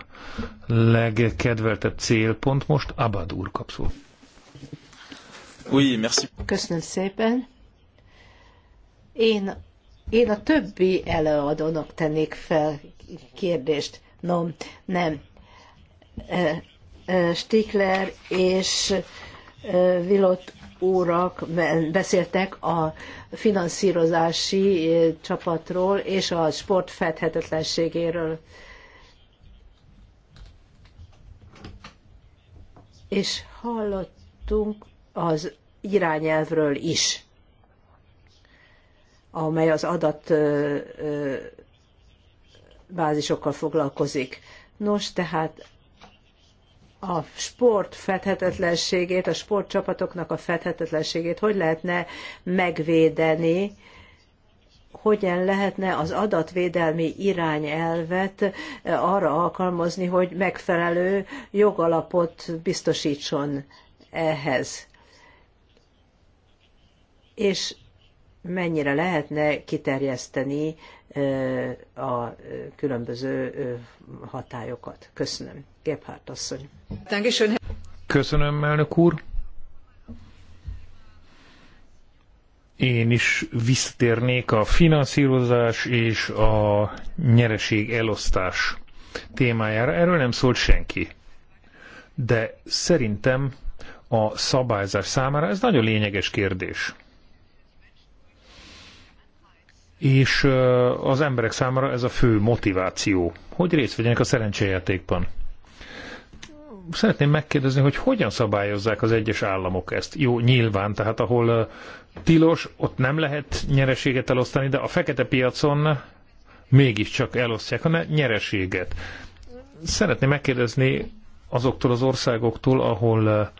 Speaker 2: legkedveltebb célpont most, Abad úr kapszul. Oui, merci.
Speaker 1: Köszönöm szépen. Én, én a többi előadónak tennék fel kérdést. No, nem. Stikler és Vilott úrak beszéltek a finanszírozási csapatról és a sport fedhetetlenségéről. És hallottunk az irányelvről is amely az adatbázisokkal foglalkozik. Nos, tehát a sport fedhetetlenségét, a sportcsapatoknak a fedhetetlenségét hogy lehetne megvédeni, hogyan lehetne az adatvédelmi irányelvet arra alkalmazni, hogy megfelelő jogalapot biztosítson ehhez. És mennyire lehetne kiterjeszteni a különböző hatályokat. Köszönöm. Gebhardt asszony.
Speaker 2: Köszönöm, elnök úr. Én is visszatérnék a finanszírozás és a nyereség elosztás témájára. Erről nem szólt senki. De szerintem a szabályzás számára ez nagyon lényeges kérdés és az emberek számára ez a fő motiváció, hogy részt vegyenek a szerencséjátékban. Szeretném megkérdezni, hogy hogyan szabályozzák az egyes államok ezt. Jó, nyilván, tehát ahol tilos, ott nem lehet nyereséget elosztani, de a fekete piacon mégiscsak elosztják a nyereséget. Szeretném megkérdezni azoktól az országoktól, ahol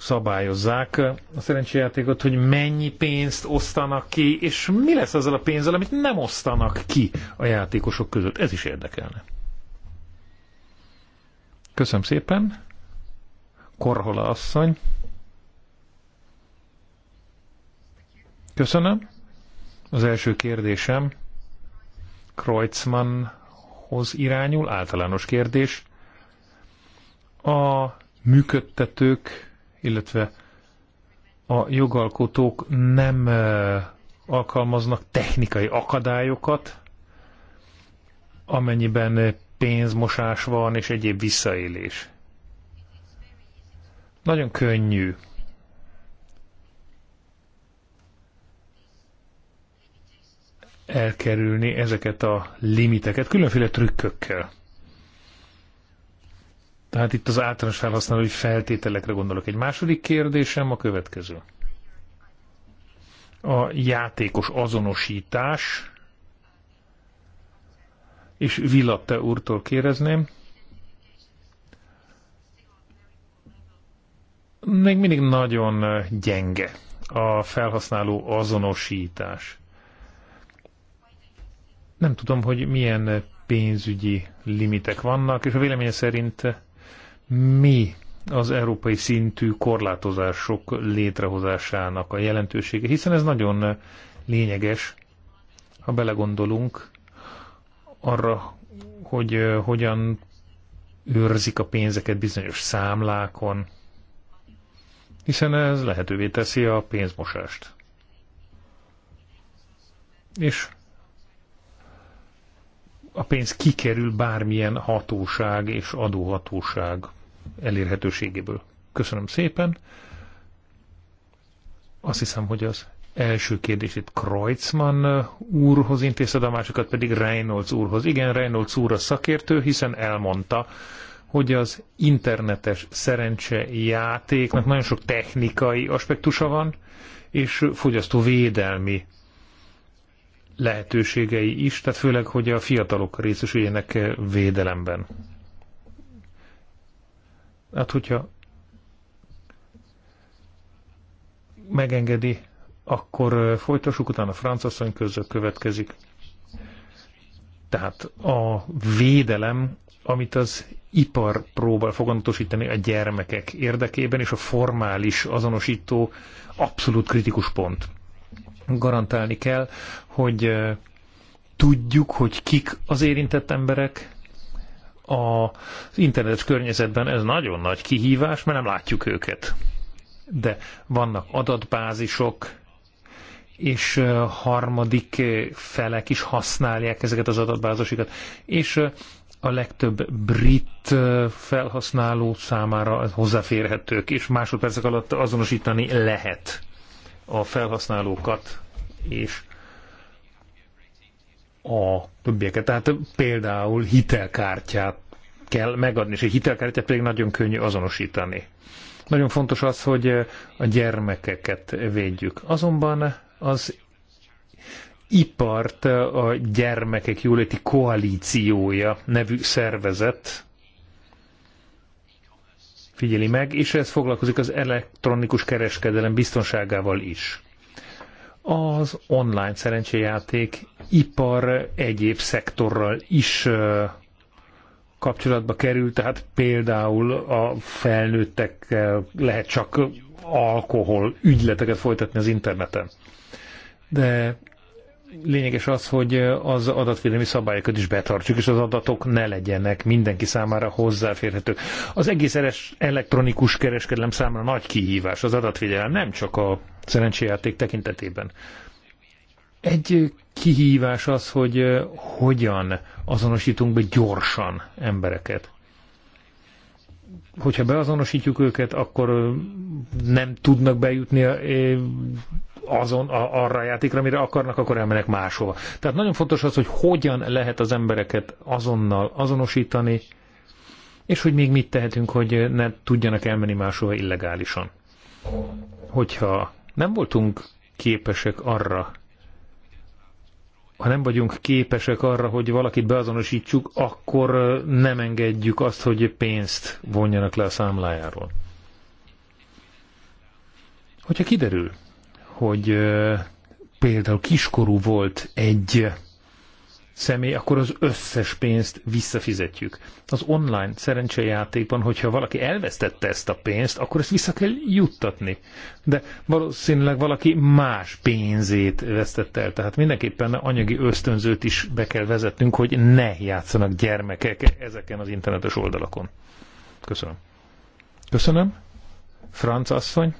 Speaker 2: szabályozzák a szerencséjátékot, hogy mennyi pénzt osztanak ki, és mi lesz azzal a pénzzel, amit nem osztanak ki a játékosok között. Ez is érdekelne. Köszönöm szépen. Korhola asszony. Köszönöm. Az első kérdésem Kreutzmannhoz irányul, általános kérdés. A működtetők illetve a jogalkotók nem alkalmaznak technikai akadályokat, amennyiben pénzmosás van és egyéb visszaélés. Nagyon könnyű elkerülni ezeket a limiteket különféle trükkökkel. Tehát itt az általános felhasználói feltételekre gondolok. Egy második kérdésem a következő. A játékos azonosítás, és Villatte úrtól kérezném. még mindig nagyon gyenge a felhasználó azonosítás. Nem tudom, hogy milyen pénzügyi limitek vannak, és a véleménye szerint mi az európai szintű korlátozások létrehozásának a jelentősége, hiszen ez nagyon lényeges, ha belegondolunk arra, hogy hogyan őrzik a pénzeket bizonyos számlákon, hiszen ez lehetővé teszi a pénzmosást. És a pénz kikerül bármilyen hatóság és adóhatóság elérhetőségéből. Köszönöm szépen. Azt hiszem, hogy az első kérdését Kreutzmann úrhoz intézted, a másikat pedig Reynolds úrhoz. Igen, Reynolds úr a szakértő, hiszen elmondta, hogy az internetes szerencsejátéknak nagyon sok technikai aspektusa van, és védelmi lehetőségei is, tehát főleg, hogy a fiatalok részesüljenek védelemben hát hogyha megengedi, akkor folytassuk, utána francasszony közök következik. Tehát a védelem, amit az ipar próbál fogantosítani a gyermekek érdekében, és a formális azonosító abszolút kritikus pont. Garantálni kell, hogy tudjuk, hogy kik az érintett emberek, az internetes környezetben ez nagyon nagy kihívás, mert nem látjuk őket. De vannak adatbázisok, és harmadik felek is használják ezeket az adatbázisokat. És a legtöbb brit felhasználó számára hozzáférhetők, és másodpercek alatt azonosítani lehet a felhasználókat és a többieket. Tehát például hitelkártyát kell megadni, és egy hitelkártyát pedig nagyon könnyű azonosítani. Nagyon fontos az, hogy a gyermekeket védjük. Azonban az ipart a Gyermekek Jóléti Koalíciója nevű szervezet figyeli meg, és ez foglalkozik az elektronikus kereskedelem biztonságával is az online szerencséjáték ipar egyéb szektorral is kapcsolatba kerül, tehát például a felnőttek lehet csak alkohol ügyleteket folytatni az interneten. De lényeges az, hogy az adatvédelmi szabályokat is betartsuk, és az adatok ne legyenek mindenki számára hozzáférhetők. Az egész elektronikus kereskedelem számára nagy kihívás az adatvédelem, nem csak a szerencséjáték tekintetében. Egy kihívás az, hogy hogyan azonosítunk be gyorsan embereket. Hogyha beazonosítjuk őket, akkor nem tudnak bejutni azon a, arra a játékra, amire akarnak, akkor elmenek máshova. Tehát nagyon fontos az, hogy hogyan lehet az embereket azonnal azonosítani, és hogy még mit tehetünk, hogy ne tudjanak elmenni máshova illegálisan. Hogyha nem voltunk képesek arra, ha nem vagyunk képesek arra, hogy valakit beazonosítsuk, akkor nem engedjük azt, hogy pénzt vonjanak le a számlájáról. Hogyha kiderül, hogy például kiskorú volt egy személy, akkor az összes pénzt visszafizetjük. Az online szerencsejátékban, hogyha valaki elvesztette ezt a pénzt, akkor ezt vissza kell juttatni. De valószínűleg valaki más pénzét vesztette el. Tehát mindenképpen anyagi ösztönzőt is be kell vezetnünk, hogy ne játszanak gyermekek ezeken az internetes oldalakon. Köszönöm. Köszönöm. Franc asszony.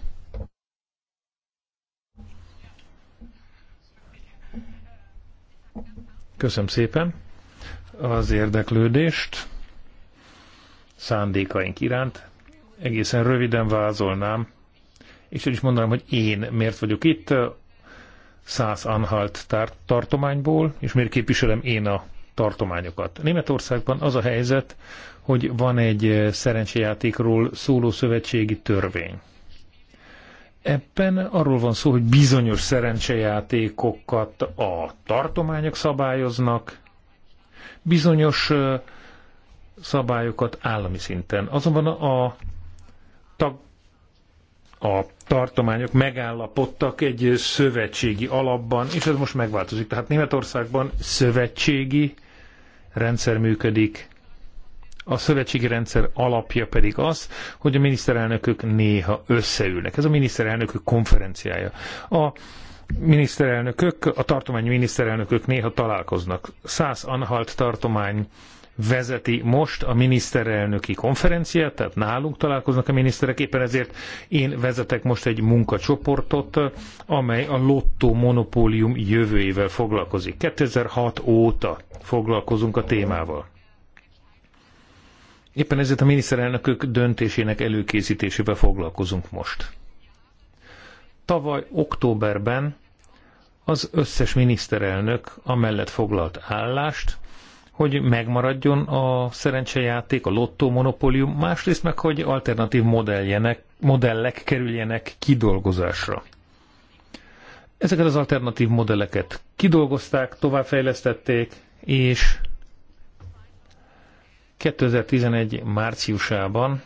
Speaker 2: Köszönöm szépen az érdeklődést szándékaink iránt. Egészen röviden vázolnám, és úgy is mondanám, hogy én miért vagyok itt, száz anhalt tartományból, és miért képviselem én a tartományokat. Németországban az a helyzet, hogy van egy szerencsejátékról szóló szövetségi törvény. Ebben arról van szó, hogy bizonyos szerencsejátékokat a tartományok szabályoznak, bizonyos szabályokat állami szinten. Azonban a, tag, a tartományok megállapodtak egy szövetségi alapban, és ez most megváltozik. Tehát Németországban szövetségi rendszer működik, a szövetségi rendszer alapja pedig az, hogy a miniszterelnökök néha összeülnek. Ez a miniszterelnökök konferenciája. A miniszterelnökök, a tartományi miniszterelnökök néha találkoznak. Száz Anhalt tartomány vezeti most a miniszterelnöki konferenciát, tehát nálunk találkoznak a miniszterek, éppen ezért én vezetek most egy munkacsoportot, amely a lottó monopólium jövőjével foglalkozik. 2006 óta foglalkozunk a témával. Éppen ezért a miniszterelnökök döntésének előkészítésével foglalkozunk most. Tavaly októberben az összes miniszterelnök amellett foglalt állást, hogy megmaradjon a szerencsejáték, a lottó monopólium, másrészt meg, hogy alternatív modellek kerüljenek kidolgozásra. Ezeket az alternatív modelleket kidolgozták, továbbfejlesztették, és 2011 márciusában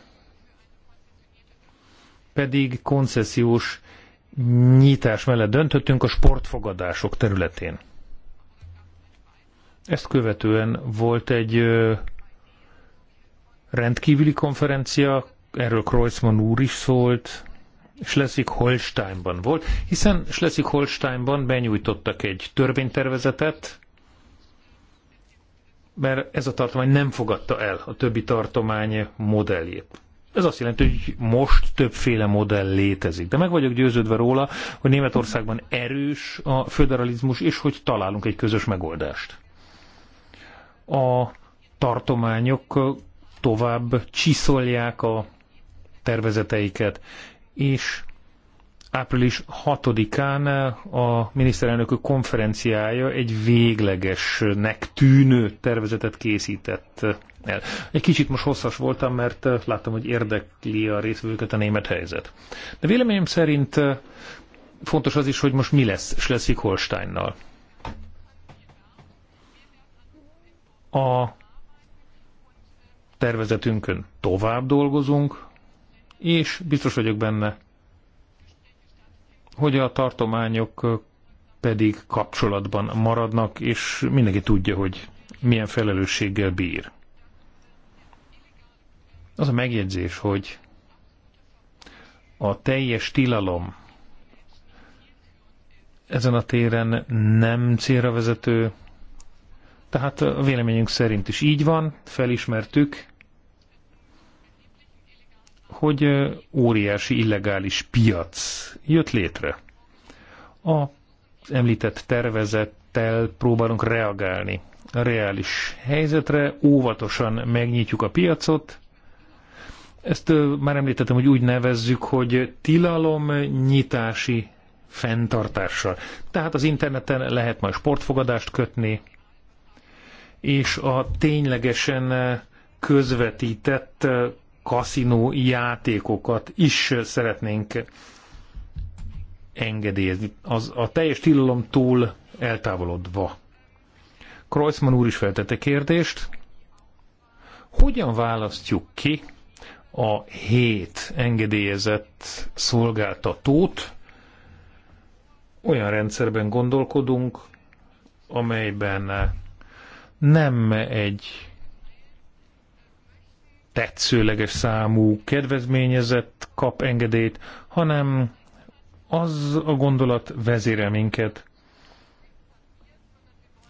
Speaker 2: pedig koncesziós nyitás mellett döntöttünk a sportfogadások területén. Ezt követően volt egy rendkívüli konferencia, erről Kreuzmann úr is szólt, Schleswig-Holsteinban volt, hiszen Schleswig-Holsteinban benyújtottak egy törvénytervezetet, mert ez a tartomány nem fogadta el a többi tartomány modelljét. Ez azt jelenti, hogy most többféle modell létezik. De meg vagyok győződve róla, hogy Németországban erős a föderalizmus, és hogy találunk egy közös megoldást. A tartományok tovább csiszolják a tervezeteiket, és április 6-án eh, a miniszterelnökök konferenciája egy véglegesnek tűnő tervezetet készített eh, el. Egy kicsit most hosszas voltam, mert eh, láttam, hogy érdekli a részvőket a német helyzet. De véleményem szerint fontos az is, hogy most mi lesz Schleswig-Holsteinnal. A tervezetünkön tovább dolgozunk, és biztos vagyok benne, hogy a tartományok pedig kapcsolatban maradnak, és mindenki tudja, hogy milyen felelősséggel bír. Az a megjegyzés, hogy a teljes tilalom ezen a téren nem célra vezető, tehát a véleményünk szerint is így van, felismertük, hogy óriási illegális piac jött létre. A említett tervezettel próbálunk reagálni a reális helyzetre, óvatosan megnyitjuk a piacot. Ezt már említettem, hogy úgy nevezzük, hogy tilalom nyitási fenntartással. Tehát az interneten lehet majd sportfogadást kötni, és a ténylegesen közvetített kaszinó játékokat is szeretnénk engedélyezni, az a teljes tilalomtól eltávolodva. Kreuzmann úr is feltette kérdést, hogyan választjuk ki a hét engedélyezett szolgáltatót, olyan rendszerben gondolkodunk, amelyben nem egy tetszőleges számú kedvezményezett kap engedélyt, hanem az a gondolat vezére minket,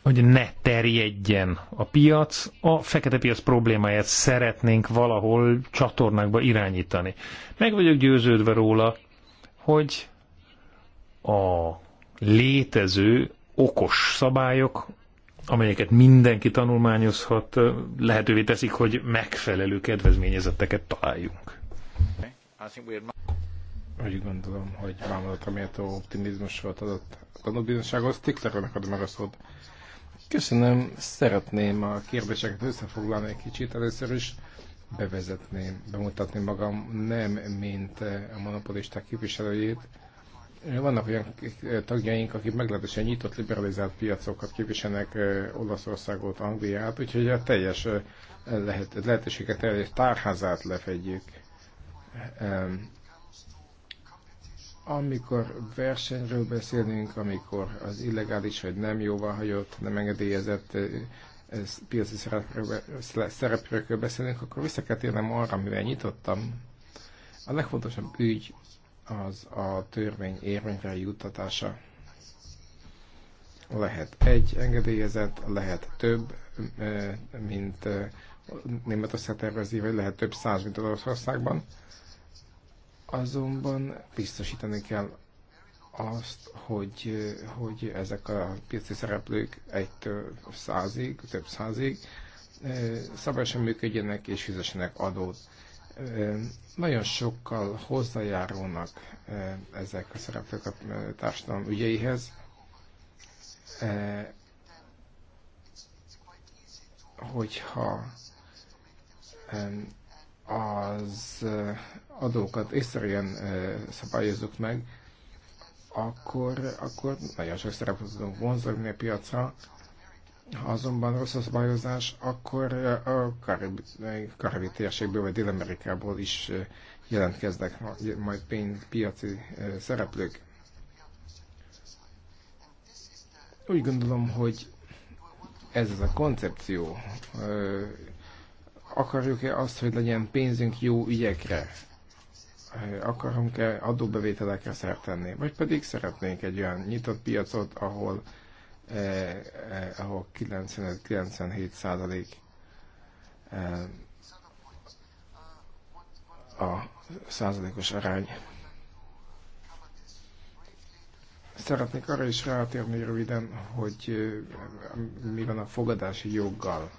Speaker 2: hogy ne terjedjen a piac, a fekete piac problémáját szeretnénk valahol csatornákba irányítani. Meg vagyok győződve róla, hogy a létező okos szabályok amelyeket mindenki tanulmányozhat, lehetővé teszik, hogy megfelelő kedvezményezetteket találjunk.
Speaker 3: Úgy gondolom, hogy bámulatom, méltó optimizmus volt adott a tanulbizonsághoz. Tiklerőnek adom meg a szót. Köszönöm, szeretném a kérdéseket összefoglalni egy kicsit. Először is bevezetném, bemutatni magam nem, mint a monopolisták képviselőjét, vannak olyan tagjaink, akik meglehetősen nyitott, liberalizált piacokat képviselnek Olaszországot, Angliát, úgyhogy a teljes lehet, lehetőséget, teljes tárházát lefedjük. Amikor versenyről beszélünk, amikor az illegális vagy nem hagyott, nem engedélyezett piaci szereplőkről beszélünk, akkor vissza kell térnem arra, mivel nyitottam. A legfontosabb ügy az a törvény érvényre juttatása. Lehet egy engedélyezett, lehet több, mint Németország tervezi, vagy lehet több száz, mint országban, Azonban biztosítani kell azt, hogy, hogy ezek a piaci szereplők egytől százig, több százig szabályosan működjenek és fizessenek adót nagyon sokkal hozzájárulnak ezek a szereplők a társadalom ügyeihez. Hogyha az adókat észszerűen szabályozzuk meg, akkor, akkor nagyon sok szereplőt tudunk vonzolni a piacra, ha azonban rossz az bajozás, akkor eh, a karibi, karibi térségből vagy Dél-Amerikából is eh, jelentkeznek majd pénzpiaci eh, szereplők. Úgy gondolom, hogy ez az a koncepció. Akarjuk-e azt, hogy legyen pénzünk jó ügyekre? Akarunk-e adóbevételekre szert tenni? Vagy pedig szeretnénk egy olyan nyitott piacot, ahol eh, eh, ahol 95-97 százalék eh, a százalékos arány. Szeretnék arra is rátérni röviden, hogy eh, mi van a fogadási joggal,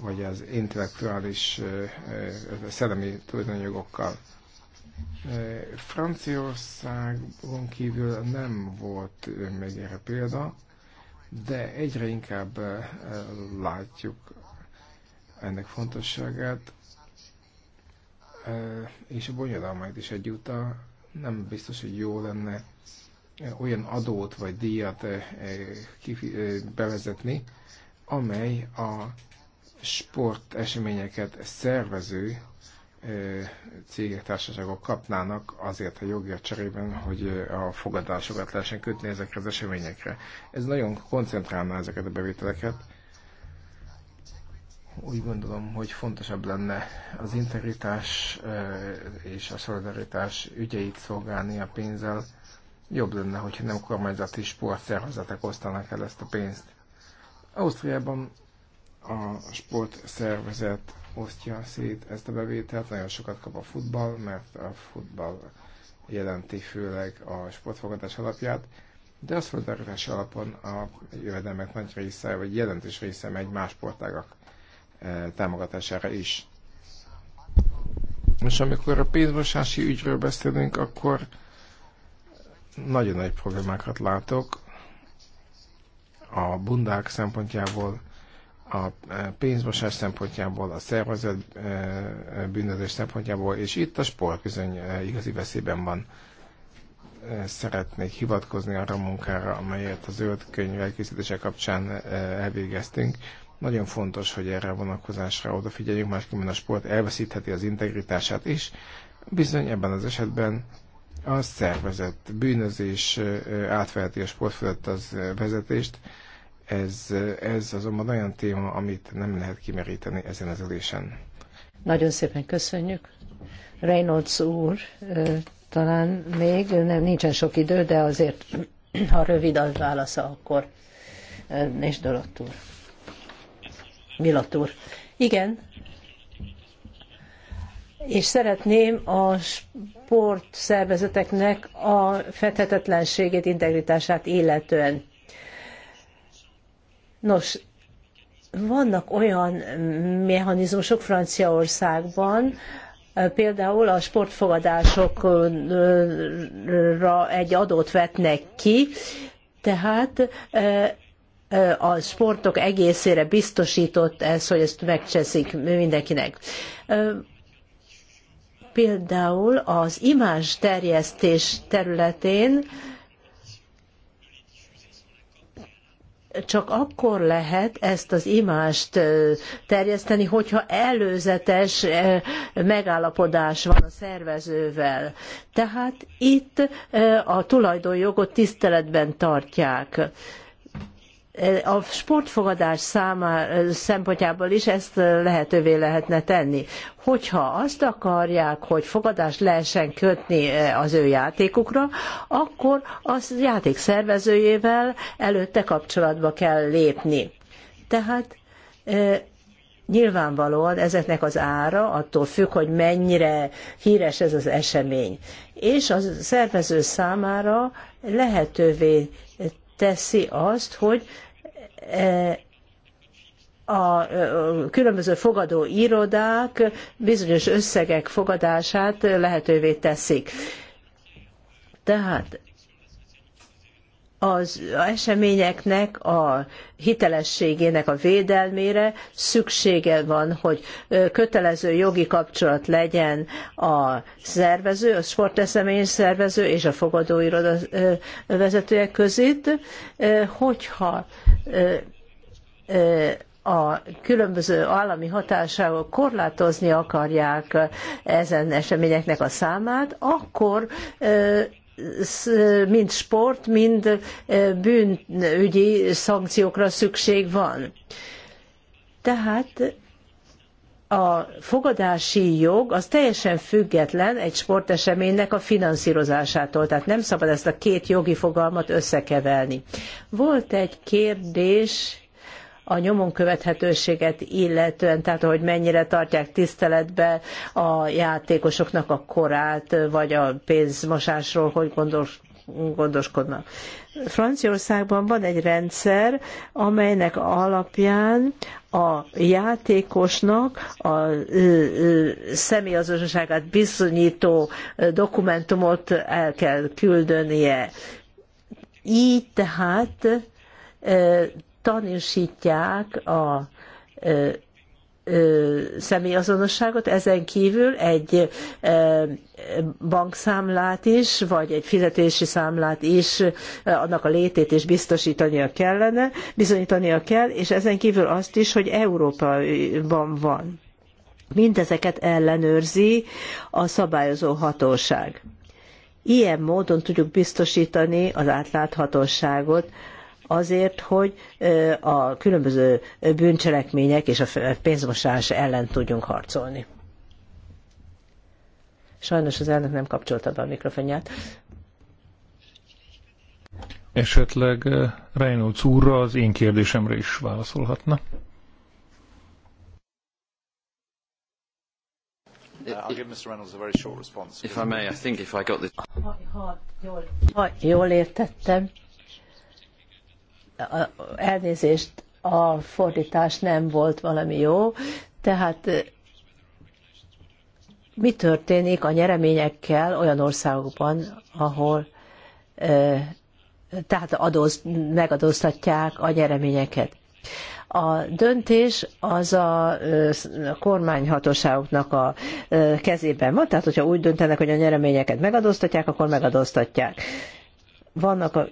Speaker 3: vagy az intellektuális eh, eh, szellemi tulajdonjogokkal. Franciaországon kívül nem volt még erre példa, de egyre inkább látjuk ennek fontosságát, és a bonyodalmait is egyúttal. Nem biztos, hogy jó lenne olyan adót vagy díjat bevezetni, amely a sporteseményeket szervező cégek, társaságok kapnának azért a a cserében, hogy a fogadásokat lehessen kötni ezekre az eseményekre. Ez nagyon koncentrálná ezeket a bevételeket. Úgy gondolom, hogy fontosabb lenne az integritás és a szolidaritás ügyeit szolgálni a pénzzel. Jobb lenne, hogyha nem kormányzati sportszervezetek osztanak el ezt a pénzt. Ausztriában a sportszervezet osztja szét ezt a bevételt, nagyon sokat kap a futball, mert a futball jelenti főleg a sportfogadás alapját, de a szolidaritás alapon a jövedelmek nagy része, vagy jelentős része megy más sportágak eh, támogatására is. És amikor a pénzmosási ügyről beszélünk, akkor nagyon nagy problémákat látok a bundák szempontjából, a pénzmosás szempontjából, a szervezet e, e, bűnözés szempontjából, és itt a sport bizony e, igazi veszélyben van. Szeretnék hivatkozni arra a munkára, amelyet a zöld könyv elkészítése kapcsán elvégeztünk. Nagyon fontos, hogy erre a vonatkozásra odafigyeljünk, másképpen a sport elveszítheti az integritását is. Bizony ebben az esetben a szervezet bűnözés átveheti a sport fölött az vezetést, ez, ez azonban olyan téma, amit nem lehet kimeríteni ezen az ülésen.
Speaker 1: Nagyon szépen köszönjük. Reynolds úr, talán még nem, nincsen sok idő, de azért, *clears throat* ha rövid a válasza, akkor és Dolott úr. Milott úr. Igen, és szeretném a sportszervezeteknek a fethetetlenségét, integritását illetően Nos, vannak olyan mechanizmusok Franciaországban, eh, például a sportfogadásokra egy adót vetnek ki, tehát eh, eh, a sportok egészére biztosított ez, hogy ezt megcseszik mindenkinek. Például az imás terjesztés területén csak akkor lehet ezt az imást terjeszteni, hogyha előzetes megállapodás van a szervezővel. Tehát itt a tulajdonjogot tiszteletben tartják a sportfogadás száma szempontjából is ezt lehetővé lehetne tenni. Hogyha azt akarják, hogy fogadást lehessen kötni az ő játékukra, akkor az játék szervezőjével előtte kapcsolatba kell lépni. Tehát Nyilvánvalóan ezeknek az ára attól függ, hogy mennyire híres ez az esemény. És a szervező számára lehetővé teszi azt, hogy e, a e, különböző fogadó irodák bizonyos összegek fogadását lehetővé teszik. Tehát az eseményeknek a hitelességének a védelmére szüksége van, hogy kötelező jogi kapcsolat legyen a szervező, a sportesemény szervező és a fogadóiroda vezetője között, hogyha a különböző állami hatáságok korlátozni akarják ezen eseményeknek a számát, akkor mind sport, mind e, bűnügyi szankciókra szükség van. Tehát a fogadási jog az teljesen független egy sporteseménynek a finanszírozásától, tehát nem szabad ezt a két jogi fogalmat összekeverni. Volt egy kérdés a nyomon követhetőséget illetően, tehát hogy mennyire tartják tiszteletbe a játékosoknak a korát, vagy a pénzmosásról, hogy gondos, gondoskodnak. Franciaországban van egy rendszer, amelynek alapján a játékosnak a személyazonosságát bizonyító dokumentumot el kell küldönie. Így tehát tanúsítják a ö, ö, személyazonosságot, ezen kívül egy ö, bankszámlát is, vagy egy fizetési számlát is, annak a létét is biztosítania kellene, bizonyítania kell, és ezen kívül azt is, hogy Európában van. Mindezeket ellenőrzi a szabályozó hatóság. Ilyen módon tudjuk biztosítani az átláthatóságot azért, hogy a különböző bűncselekmények és a pénzmosás ellen tudjunk harcolni. Sajnos az elnök nem kapcsolta be a mikrofonját.
Speaker 2: Esetleg Reynolds úrra az én kérdésemre is válaszolhatna.
Speaker 1: Ha jól értettem, elnézést, a fordítás nem volt valami jó, tehát eh, mi történik a nyereményekkel olyan országokban, ahol eh, tehát adóz, megadóztatják a nyereményeket. A döntés az a, eh, kormányhatóságoknak a kezében van, tehát hogyha úgy döntenek, hogy a nyereményeket megadóztatják, akkor megadóztatják vannak a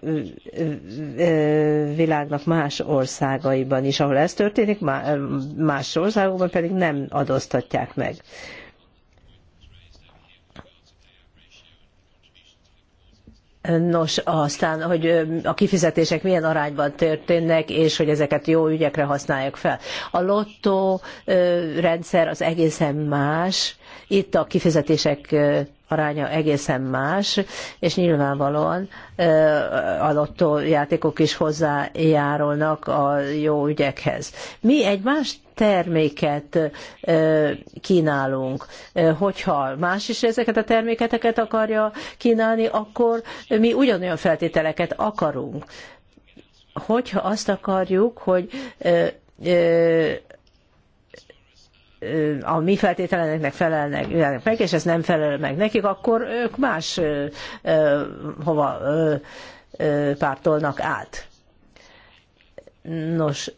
Speaker 1: világnak más országaiban is, ahol ez történik, más országokban pedig nem adóztatják meg. Nos, aztán, hogy a kifizetések milyen arányban történnek, és hogy ezeket jó ügyekre használják fel. A lottó rendszer az egészen más. Itt a kifizetések aránya egészen más, és nyilvánvalóan a lottó játékok is hozzájárulnak a jó ügyekhez. Mi egy más terméket kínálunk. Hogyha más is ezeket a terméketeket akarja kínálni, akkor mi ugyanolyan feltételeket akarunk. Hogyha azt akarjuk, hogy a mi feltételeneknek felelnek meg, és ez nem felel meg nekik, akkor ők más hova pártolnak át. Nos,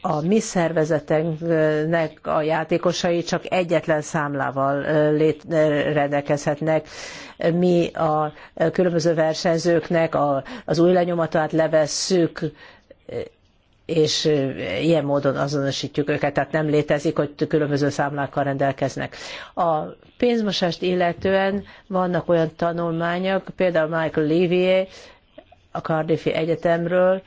Speaker 1: a mi szervezetünknek a játékosai csak egyetlen számlával lét, rendelkezhetnek. Mi a különböző versenyzőknek a, az új lenyomatát levesszük, és ilyen módon azonosítjuk őket, tehát nem létezik, hogy különböző számlákkal rendelkeznek. A pénzmosást illetően vannak olyan tanulmányok, például Michael Levy a Cardiffi Egyetemről,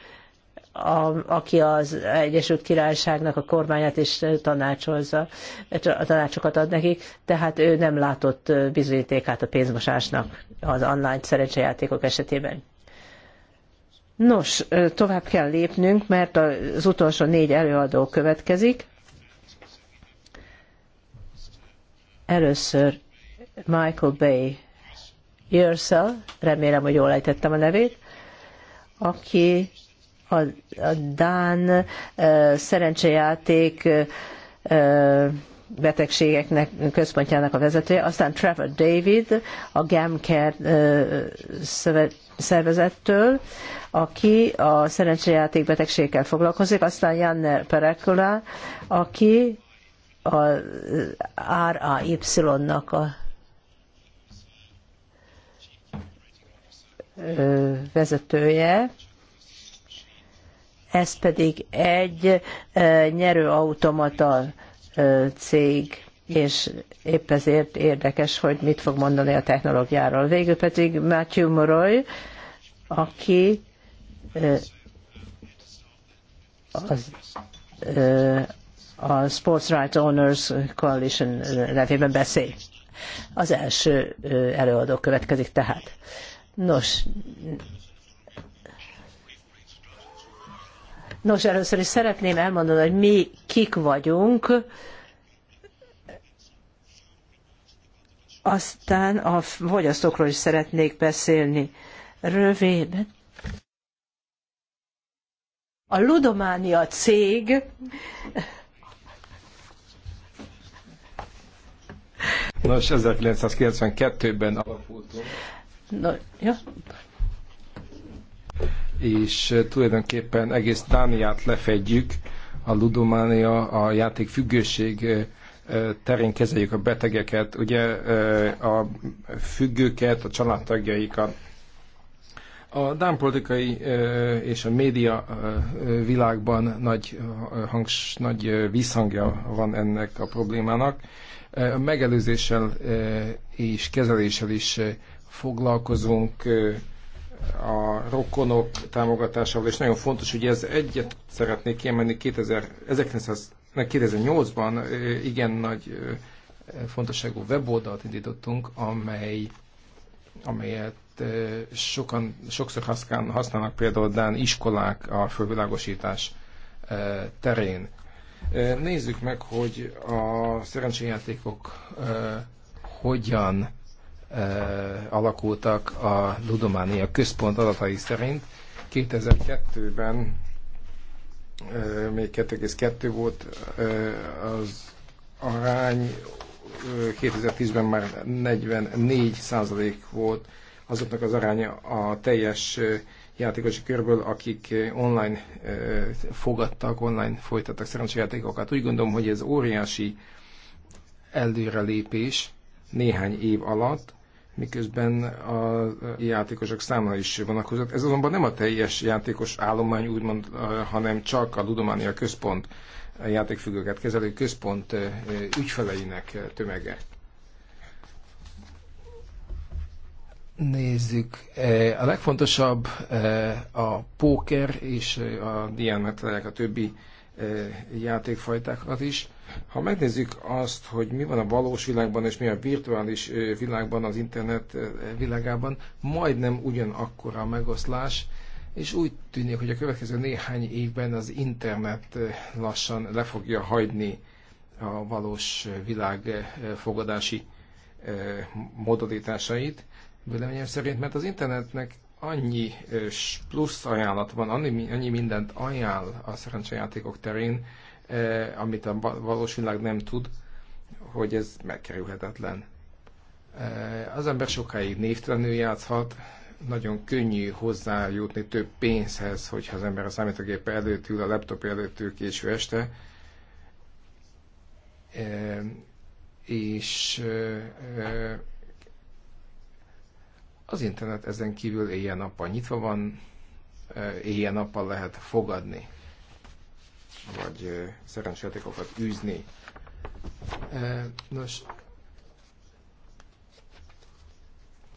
Speaker 1: a, aki az Egyesült Királyságnak a kormányát is tanácsolza, a tanácsokat ad nekik, tehát ő nem látott bizonyítékát a pénzmosásnak az online szerencsejátékok esetében. Nos, tovább kell lépnünk, mert az utolsó négy előadó következik. Először Michael Bay Yersel, remélem, hogy jól ejtettem a nevét, aki a, a Dán uh, szerencsejáték uh, betegségeknek központjának a vezetője, aztán Trevor David, a Gamcare uh, szövet, szervezettől, aki a szerencsejáték betegségekkel foglalkozik, aztán Janne Perekula, aki a RAY-nak a vezetője, ez pedig egy nyerőautomata cég és épp ezért érdekes, hogy mit fog mondani a technológiáról. Végül pedig Matthew Moroy, aki az, a Sports Rights Owners Coalition nevében beszél. Az első előadó következik tehát. Nos, Nos, először is szeretném elmondani, hogy mi kik vagyunk, Aztán a fogyasztókról is szeretnék beszélni. Röviden. A Ludománia cég
Speaker 3: Nos, 1992-ben alapultunk.
Speaker 1: No, ja.
Speaker 3: És tulajdonképpen egész Dániát lefedjük, a ludománia, a játék függőség terén kezeljük a betegeket, ugye a függőket, a családtagjaikat. A dámpolitikai és a média világban nagy, hangs, nagy visszhangja van ennek a problémának. A megelőzéssel és kezeléssel is foglalkozunk a rokonok támogatásával, és nagyon fontos, hogy ez egyet szeretnék kiemelni, 2000, 1900 2008-ban igen nagy fontosságú weboldalt indítottunk, amely, amelyet sokan, sokszor használnak például Dán iskolák a fölvilágosítás terén. Nézzük meg, hogy a szerencséjátékok hogyan alakultak a Ludománia központ adatai szerint. 2002-ben még 2,2 volt az arány, 2010-ben már 44 százalék volt azoknak az aránya a teljes játékosi körből, akik online fogadtak, online folytattak szerencsejátékokat. Úgy gondolom, hogy ez óriási előrelépés néhány év alatt, miközben a játékosok száma is vonakozott. Ez azonban nem a teljes játékos állomány, úgymond, hanem csak a Ludománia központ, a játékfüggőket kezelő központ ügyfeleinek tömege. Nézzük. A legfontosabb a póker és a diánmetrelek a többi játékfajtákat is. Ha megnézzük azt, hogy mi van a valós világban és mi a virtuális világban, az internet világában, majdnem ugyanakkora a megoszlás, és úgy tűnik, hogy a következő néhány évben az internet lassan le fogja hagyni a valós világ fogadási modalitásait, véleményem szerint, mert az internetnek annyi plusz ajánlat van, annyi, annyi mindent ajánl a szerencsejátékok terén, E, amit a valós nem tud, hogy ez megkerülhetetlen. E, az ember sokáig névtelenül játszhat, nagyon könnyű hozzájutni több pénzhez, hogyha az ember a számítógép előtt ül, a laptop előtt ül késő este, e, és az internet ezen kívül éjjel-nappal nyitva van, éjjel-nappal lehet fogadni vagy szerencsejátékokat űzni. Nos,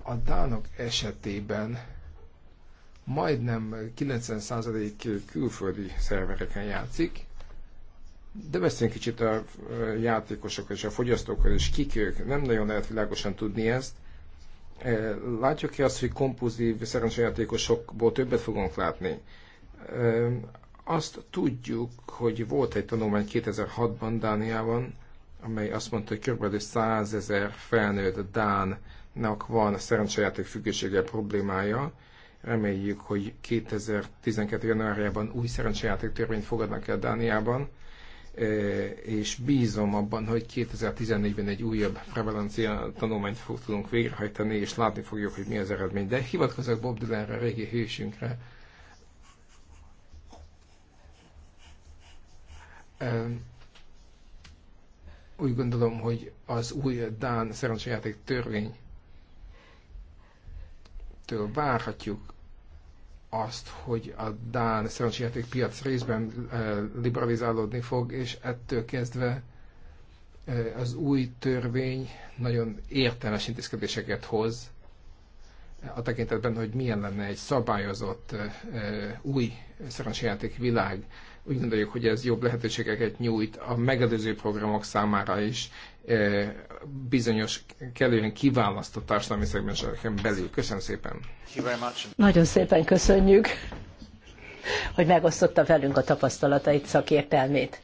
Speaker 3: a dánok esetében majdnem 90% külföldi szervereken játszik, de beszéljünk kicsit a játékosokkal és a fogyasztókkal és kik ők. Nem nagyon lehet világosan tudni ezt. Látjuk ki azt, hogy kompozív szerencsejátékosokból többet fogunk látni. Azt tudjuk, hogy volt egy tanulmány 2006-ban Dániában, amely azt mondta, hogy kb. 100 ezer felnőtt Dánnak van szerencsejáték függősége problémája. Reméljük, hogy 2012. januárjában új szerencsejáték törvényt fogadnak el Dániában, e, és bízom abban, hogy 2014-ben egy újabb prevalencia tanulmányt fog, tudunk végrehajtani, és látni fogjuk, hogy mi az eredmény. De hivatkozok Bob Dylanre, régi hősünkre, Úgy gondolom, hogy az új Dán szerencsejáték törvény től várhatjuk azt, hogy a Dán szerencsejáték piac részben liberalizálódni fog, és ettől kezdve az új törvény nagyon értelmes intézkedéseket hoz a tekintetben, hogy milyen lenne egy szabályozott új szerencsejáték világ. Úgy gondoljuk, hogy ez jobb lehetőségeket nyújt a megelőző programok számára is e, bizonyos kellően kiválasztott társadalmi szegmenseken belül. Köszönöm szépen!
Speaker 1: Nagyon szépen köszönjük, hogy megosztotta velünk a tapasztalatait, szakértelmét.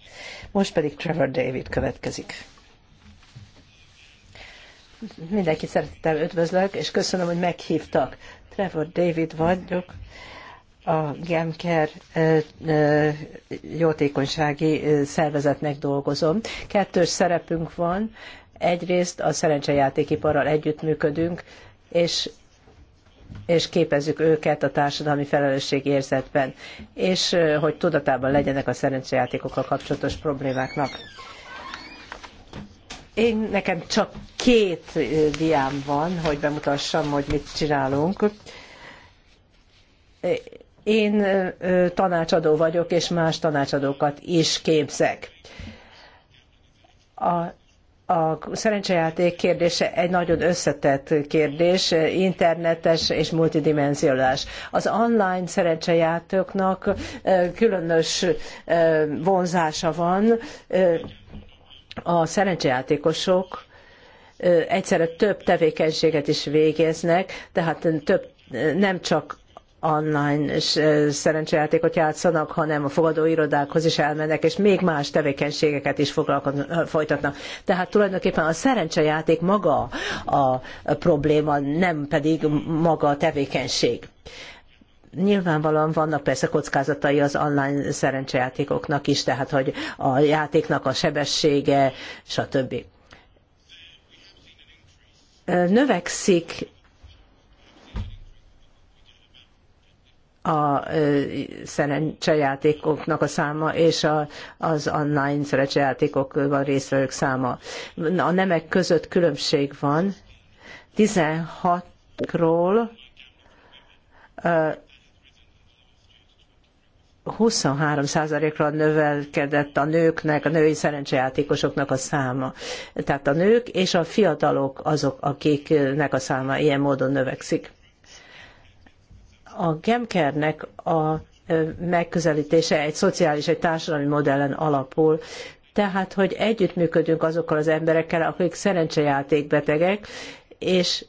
Speaker 1: Most pedig Trevor David következik. Mindenki szeretettel üdvözlök, és köszönöm, hogy meghívtak. Trevor David vagyok, a GEMKER jótékonysági szervezetnek dolgozom. Kettős szerepünk van. Egyrészt a szerencsejátékiparral együttműködünk, és és képezzük őket a társadalmi felelősség érzetben, és hogy tudatában legyenek a szerencsejátékokkal kapcsolatos problémáknak. Én nekem csak két diám van, hogy bemutassam, hogy mit csinálunk én tanácsadó vagyok, és más tanácsadókat is képzek. A a szerencsejáték kérdése egy nagyon összetett kérdés, internetes és multidimenziolás. Az online szerencsejátékoknak különös vonzása van. A szerencsejátékosok egyszerre több tevékenységet is végeznek, tehát több nem csak online szerencsejátékot játszanak, hanem a fogadóirodákhoz is elmennek, és még más tevékenységeket is folytatnak. Tehát tulajdonképpen a szerencsejáték maga a probléma, nem pedig maga a tevékenység. Nyilvánvalóan vannak persze kockázatai az online szerencsejátékoknak is, tehát hogy a játéknak a sebessége, stb. Növekszik a szerencsejátékoknak a száma és a, az online szerencsejátékokban résztvevők száma. A nemek között különbség van. 16-ról 23%-ra növelkedett a nőknek, a női szerencsejátékosoknak a száma. Tehát a nők és a fiatalok azok, akiknek a száma ilyen módon növekszik. A Gemkernek a megközelítése egy szociális, egy társadalmi modellen alapul, tehát, hogy együttműködünk azokkal az emberekkel, akik szerencsejátékbetegek, és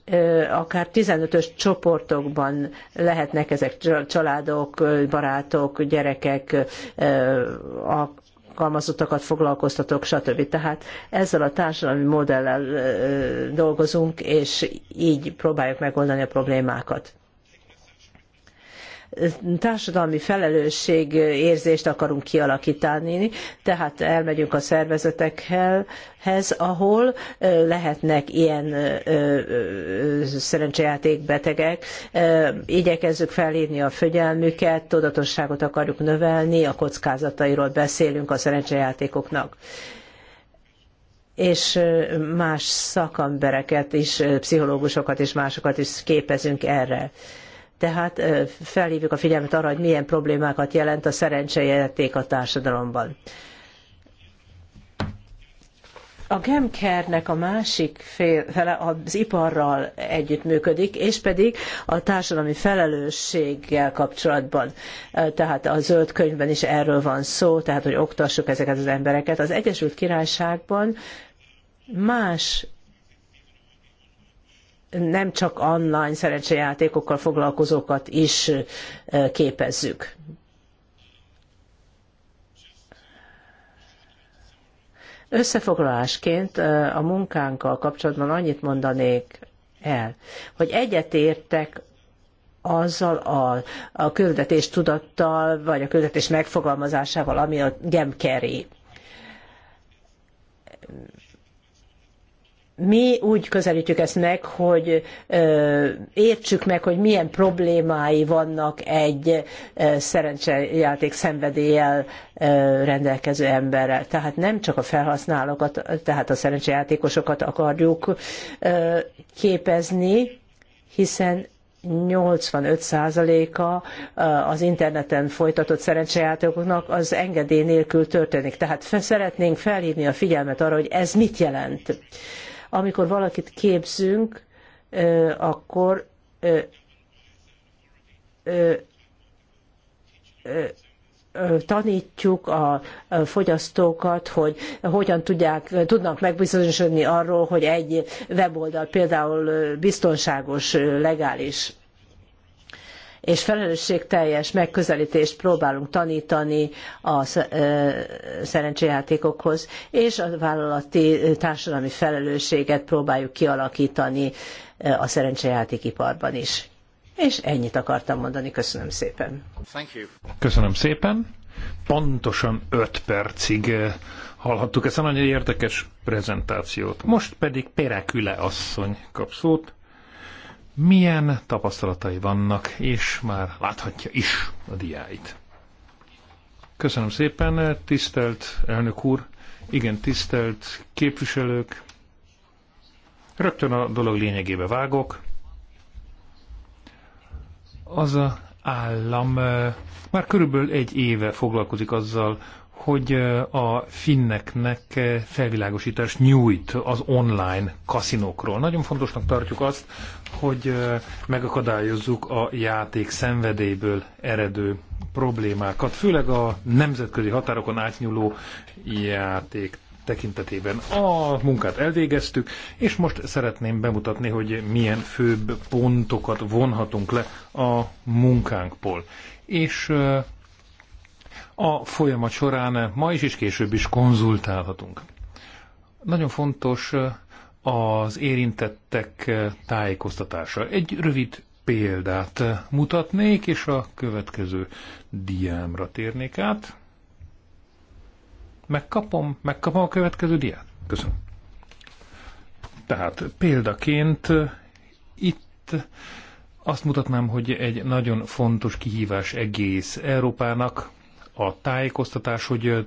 Speaker 1: akár 15-ös csoportokban lehetnek ezek családok, barátok, gyerekek, alkalmazottakat foglalkoztatók, stb. Tehát ezzel a társadalmi modellel dolgozunk, és így próbáljuk megoldani a problémákat társadalmi felelősség érzést akarunk kialakítani, tehát elmegyünk a szervezetekhez, ahol lehetnek ilyen betegek, igyekezzük felhívni a figyelmüket, tudatosságot akarjuk növelni, a kockázatairól beszélünk a szerencsejátékoknak és más szakembereket is, pszichológusokat és másokat is képezünk erre. Tehát felhívjuk a figyelmet arra, hogy milyen problémákat jelent a szerencsejáték a társadalomban. A GEMKER-nek a másik fele az iparral együttműködik, és pedig a társadalmi felelősséggel kapcsolatban. Tehát a zöld könyvben is erről van szó, tehát hogy oktassuk ezeket az embereket. Az Egyesült Királyságban más nem csak online szerencsejátékokkal foglalkozókat is képezzük. Összefoglalásként a munkánkkal kapcsolatban annyit mondanék el, hogy egyetértek azzal a, a küldetés tudattal, vagy a küldetés megfogalmazásával, ami a gemkeri mi úgy közelítjük ezt meg, hogy értsük meg, hogy milyen problémái vannak egy szerencsejáték szenvedéllyel rendelkező emberrel. Tehát nem csak a felhasználókat, tehát a szerencsejátékosokat akarjuk képezni, hiszen 85%-a az interneten folytatott szerencsejátékoknak az engedély nélkül történik. Tehát szeretnénk felhívni a figyelmet arra, hogy ez mit jelent amikor valakit képzünk, akkor tanítjuk a fogyasztókat, hogy hogyan tudják, tudnak megbizonyosodni arról, hogy egy weboldal például biztonságos, legális és felelősségteljes megközelítést próbálunk tanítani a szerencséjátékokhoz, és a vállalati társadalmi felelősséget próbáljuk kialakítani a szerencséjátékiparban is. És ennyit akartam mondani, köszönöm szépen.
Speaker 2: Köszönöm szépen. Pontosan 5 percig hallhattuk ezt a nagyon érdekes prezentációt. Most pedig Pereküle asszony kap szót milyen tapasztalatai vannak, és már láthatja is a diáit. Köszönöm szépen, tisztelt elnök úr, igen, tisztelt képviselők. Rögtön a dolog lényegébe vágok. Az a állam eh, már körülbelül egy éve foglalkozik azzal, hogy a finneknek felvilágosítás nyújt az online kaszinókról. Nagyon fontosnak tartjuk azt, hogy megakadályozzuk a játék szenvedélyből eredő problémákat, főleg a nemzetközi határokon átnyúló játék tekintetében. A munkát elvégeztük, és most szeretném bemutatni, hogy milyen főbb pontokat vonhatunk le a munkánkból. És a folyamat során ma is és később is konzultálhatunk. Nagyon fontos az érintettek tájékoztatása. Egy rövid példát mutatnék, és a következő diámra térnék át. Megkapom, megkapom a következő diát. Köszönöm. Tehát példaként itt azt mutatnám, hogy egy nagyon fontos kihívás egész Európának, a tájékoztatás, hogy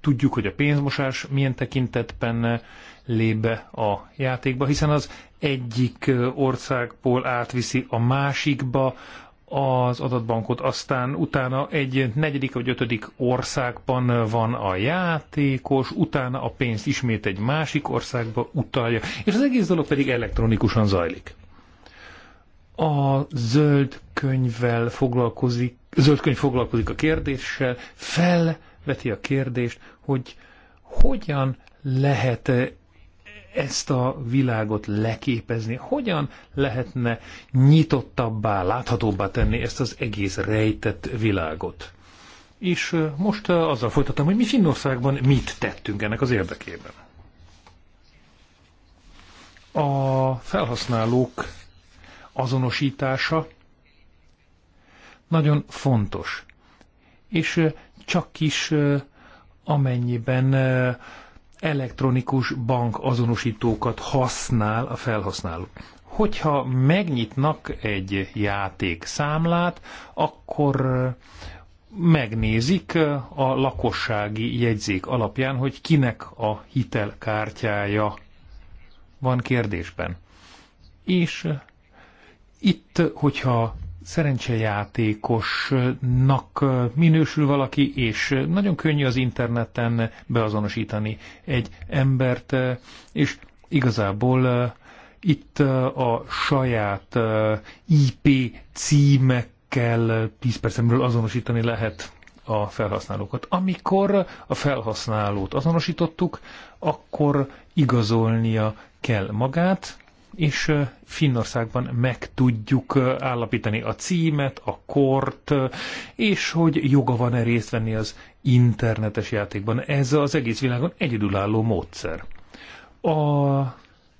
Speaker 2: tudjuk, hogy a pénzmosás milyen tekintetben lébe a játékba, hiszen az egyik országból átviszi a másikba az adatbankot, aztán utána egy negyedik vagy ötödik országban van a játékos, utána a pénzt ismét egy másik országba utalja, és az egész dolog pedig elektronikusan zajlik. A zöld könyvvel foglalkozik zöldkönyv foglalkozik a kérdéssel, felveti a kérdést, hogy hogyan lehet ezt a világot leképezni, hogyan lehetne nyitottabbá, láthatóbbá tenni ezt az egész rejtett világot. És most azzal folytatom, hogy mi Finnországban mit tettünk ennek az érdekében. A felhasználók azonosítása nagyon fontos. És csak is amennyiben elektronikus bank azonosítókat használ a felhasználó. Hogyha megnyitnak egy játékszámlát, akkor megnézik a lakossági jegyzék alapján, hogy kinek a hitelkártyája van kérdésben. És itt, hogyha szerencsejátékosnak minősül valaki, és nagyon könnyű az interneten beazonosítani egy embert, és igazából itt a saját IP címekkel 10 percemről azonosítani lehet a felhasználókat. Amikor a felhasználót azonosítottuk, akkor igazolnia kell magát, és Finnországban meg tudjuk állapítani a címet, a kort, és hogy joga van-e részt venni az internetes játékban. Ez az egész világon egyedülálló módszer. A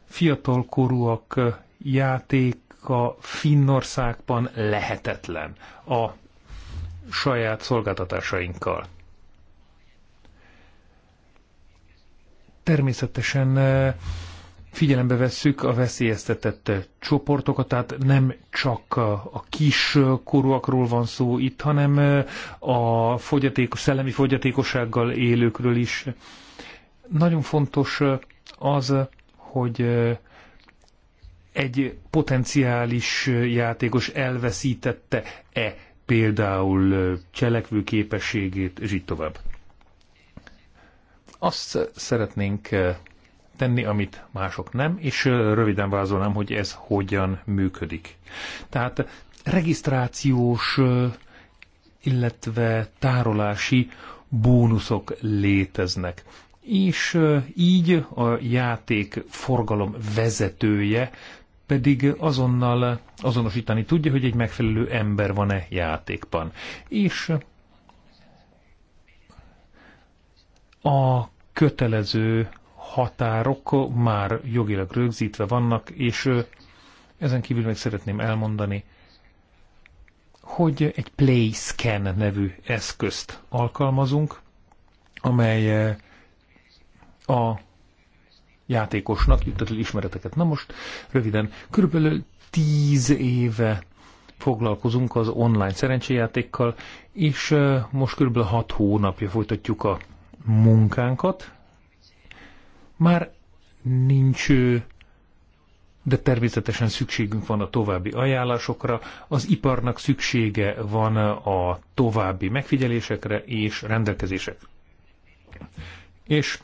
Speaker 2: fiatalkorúak játéka Finnországban lehetetlen a saját szolgáltatásainkkal. Természetesen figyelembe vesszük a veszélyeztetett csoportokat, tehát nem csak a kis korúakról van szó itt, hanem a fogyatékos, szellemi fogyatékossággal élőkről is. Nagyon fontos az, hogy egy potenciális játékos elveszítette-e például cselekvőképességét, és így tovább. Azt szeretnénk tenni, amit mások nem, és röviden vázolnám, hogy ez hogyan működik. Tehát regisztrációs, illetve tárolási bónuszok léteznek. És így a játék forgalom vezetője pedig azonnal azonosítani tudja, hogy egy megfelelő ember van-e játékban. És a kötelező határok már jogilag rögzítve vannak, és ezen kívül meg szeretném elmondani, hogy egy PlayScan nevű eszközt alkalmazunk, amely a játékosnak el ismereteket. Na most röviden, körülbelül 10 éve foglalkozunk az online szerencséjátékkal, és most körülbelül 6 hónapja folytatjuk a munkánkat, már nincs de természetesen szükségünk van a további ajánlásokra, az iparnak szüksége van a további megfigyelésekre és rendelkezések. És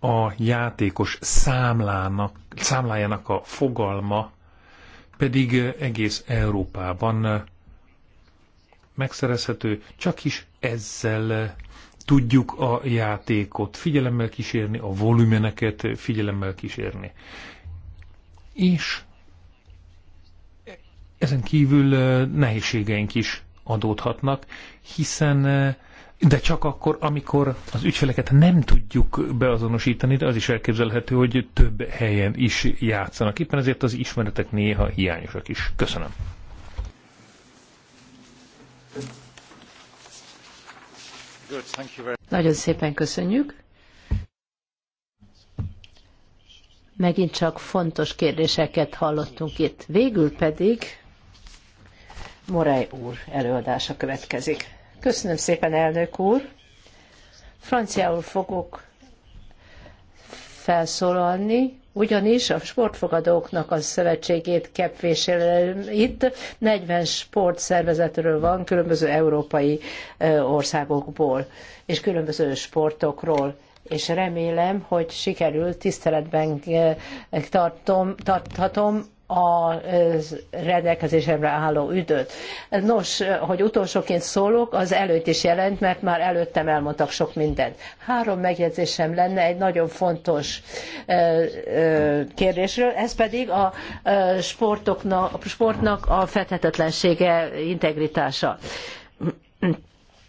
Speaker 2: a játékos számlának, számlájának a fogalma pedig egész Európában megszerezhető, csak is ezzel tudjuk a játékot figyelemmel kísérni, a volumeneket figyelemmel kísérni. És ezen kívül nehézségeink is adódhatnak, hiszen de csak akkor, amikor az ügyfeleket nem tudjuk beazonosítani, de az is elképzelhető, hogy több helyen is játszanak. Éppen ezért az ismeretek néha hiányosak is. Köszönöm. Nagyon szépen
Speaker 1: köszönjük. Megint csak fontos kérdéseket hallottunk itt. Végül pedig Moraj úr előadása következik. Köszönöm szépen, elnök úr. Franciául fogok felszólalni, ugyanis a sportfogadóknak a szövetségét képviselem itt. 40 sportszervezetről van, különböző európai országokból, és különböző sportokról és remélem, hogy sikerül tiszteletben tartom, tarthatom a rendelkezésemre álló időt. Nos, hogy utolsóként szólok, az előtt is jelent, mert már előttem elmondtak sok mindent. Három megjegyzésem lenne egy nagyon fontos kérdésről, ez pedig a sportoknak, sportnak a fedhetetlensége, integritása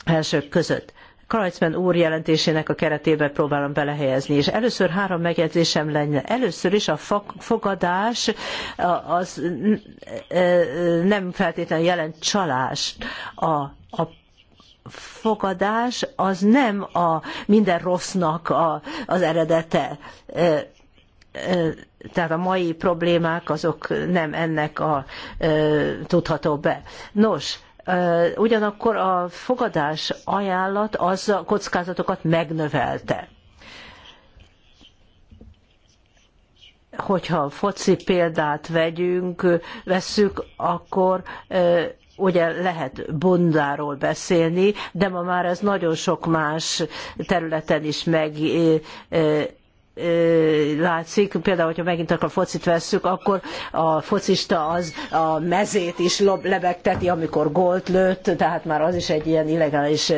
Speaker 1: elsők között. Krajcmen úr jelentésének a keretébe próbálom belehelyezni. És először három megjegyzésem lenne. Először is a fogadás az nem feltétlenül jelent csalást. A, a fogadás az nem a minden rossznak a, az eredete tehát a mai problémák azok nem ennek a, tudható be. Nos, ugyanakkor a fogadás ajánlat az a kockázatokat megnövelte. Hogyha foci példát vegyünk, vesszük, akkor ugye lehet bundáról beszélni, de ma már ez nagyon sok más területen is meg látszik, például, hogyha megint akkor a focit vesszük, akkor a focista az a mezét is lebegteti, amikor gólt lőtt, tehát már az is egy ilyen illegális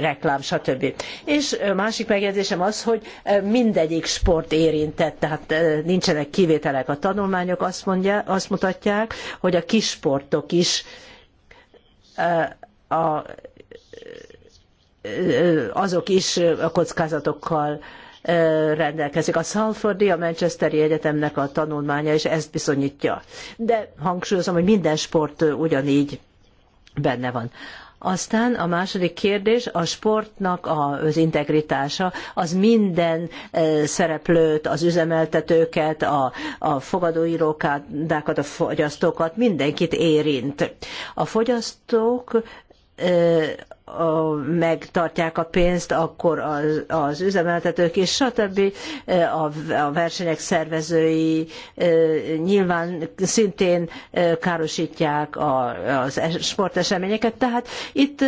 Speaker 1: reklám, stb. És másik megjegyzésem az, hogy mindegyik sport érintett, tehát nincsenek kivételek. A tanulmányok azt, mondja, azt mutatják, hogy a kis sportok is a, azok is a kockázatokkal rendelkezik. A Salfordi, a Manchesteri Egyetemnek a tanulmánya, és ezt bizonyítja. De hangsúlyozom, hogy minden sport ugyanígy benne van. Aztán a második kérdés, a sportnak az integritása, az minden szereplőt, az üzemeltetőket, a, a fogadóírókádákat, a fogyasztókat, mindenkit érint. A fogyasztók megtartják a pénzt, akkor az, az üzemeltetők és stb. A, a versenyek szervezői nyilván szintén károsítják a, az sporteseményeket. Tehát itt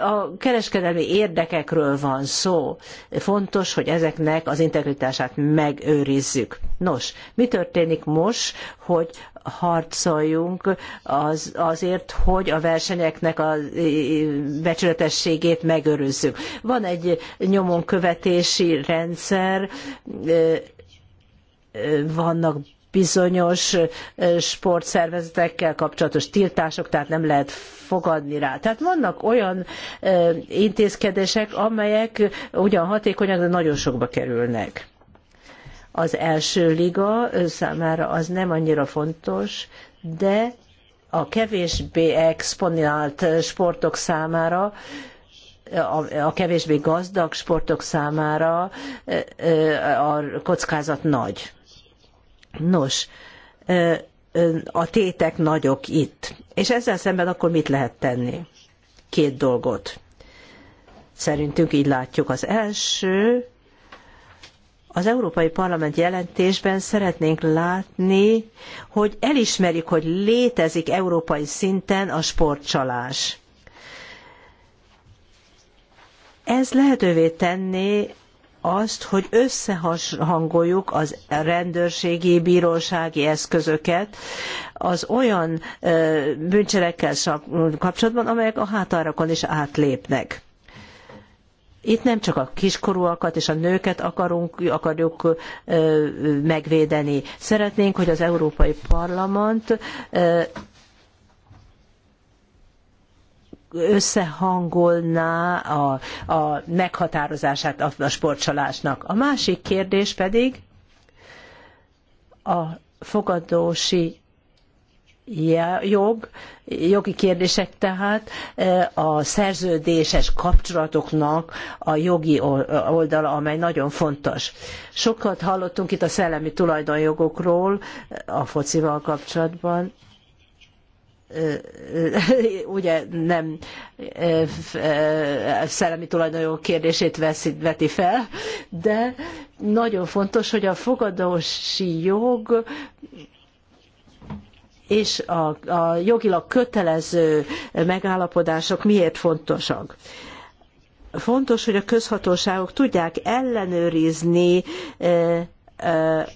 Speaker 1: a kereskedelmi érdekekről van szó. Fontos, hogy ezeknek az integritását megőrizzük. Nos, mi történik most, hogy harcoljunk az, azért, hogy a versenyeknek a becsületességét megőrizzük. Van egy nyomonkövetési rendszer, vannak bizonyos sportszervezetekkel kapcsolatos tiltások, tehát nem lehet fogadni rá. Tehát vannak olyan intézkedések, amelyek ugyan hatékonyak, de nagyon sokba kerülnek. Az első liga számára az nem annyira fontos, de a kevésbé exponált sportok számára a, kevésbé gazdag sportok számára a kockázat nagy. Nos, a tétek nagyok itt. És ezzel szemben akkor mit lehet tenni? Két dolgot. Szerintünk így látjuk. Az első az Európai Parlament jelentésben szeretnénk látni, hogy elismerik, hogy létezik európai szinten a sportcsalás. Ez lehetővé tenné azt, hogy összehangoljuk az rendőrségi, bírósági eszközöket az olyan bűncselekkel kapcsolatban, amelyek a hátárakon is átlépnek. Itt nem csak a kiskorúakat és a nőket akarunk, akarjuk megvédeni. Szeretnénk, hogy az Európai Parlament összehangolná a, a meghatározását a, a sportcsalásnak. A másik kérdés pedig a fogadósi jog, jogi kérdések tehát e, a szerződéses kapcsolatoknak a jogi oldala, amely nagyon fontos. Sokat hallottunk itt a szellemi tulajdonjogokról a focival kapcsolatban. E, e, *laughs* ugye nem szellemi tulajdonjog kérdését veti fel, de nagyon fontos, hogy a fogadósi jog és a, a jogilag kötelező megállapodások miért fontosak fontos, hogy a közhatóságok tudják ellenőrizni e, e,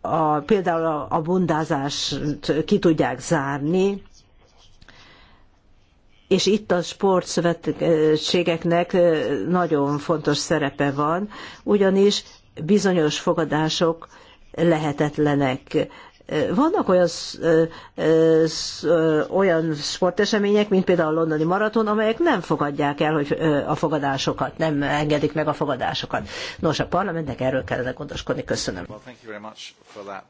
Speaker 1: a, például a bundázást ki tudják zárni, és itt a sportszövetségeknek e, nagyon fontos szerepe van, ugyanis bizonyos fogadások lehetetlenek vannak olyan, olyan sportesemények, mint például a londoni maraton, amelyek nem fogadják el hogy a fogadásokat, nem engedik meg a fogadásokat. Nos, a parlamentnek erről kellene gondoskodni. Köszönöm. Uh,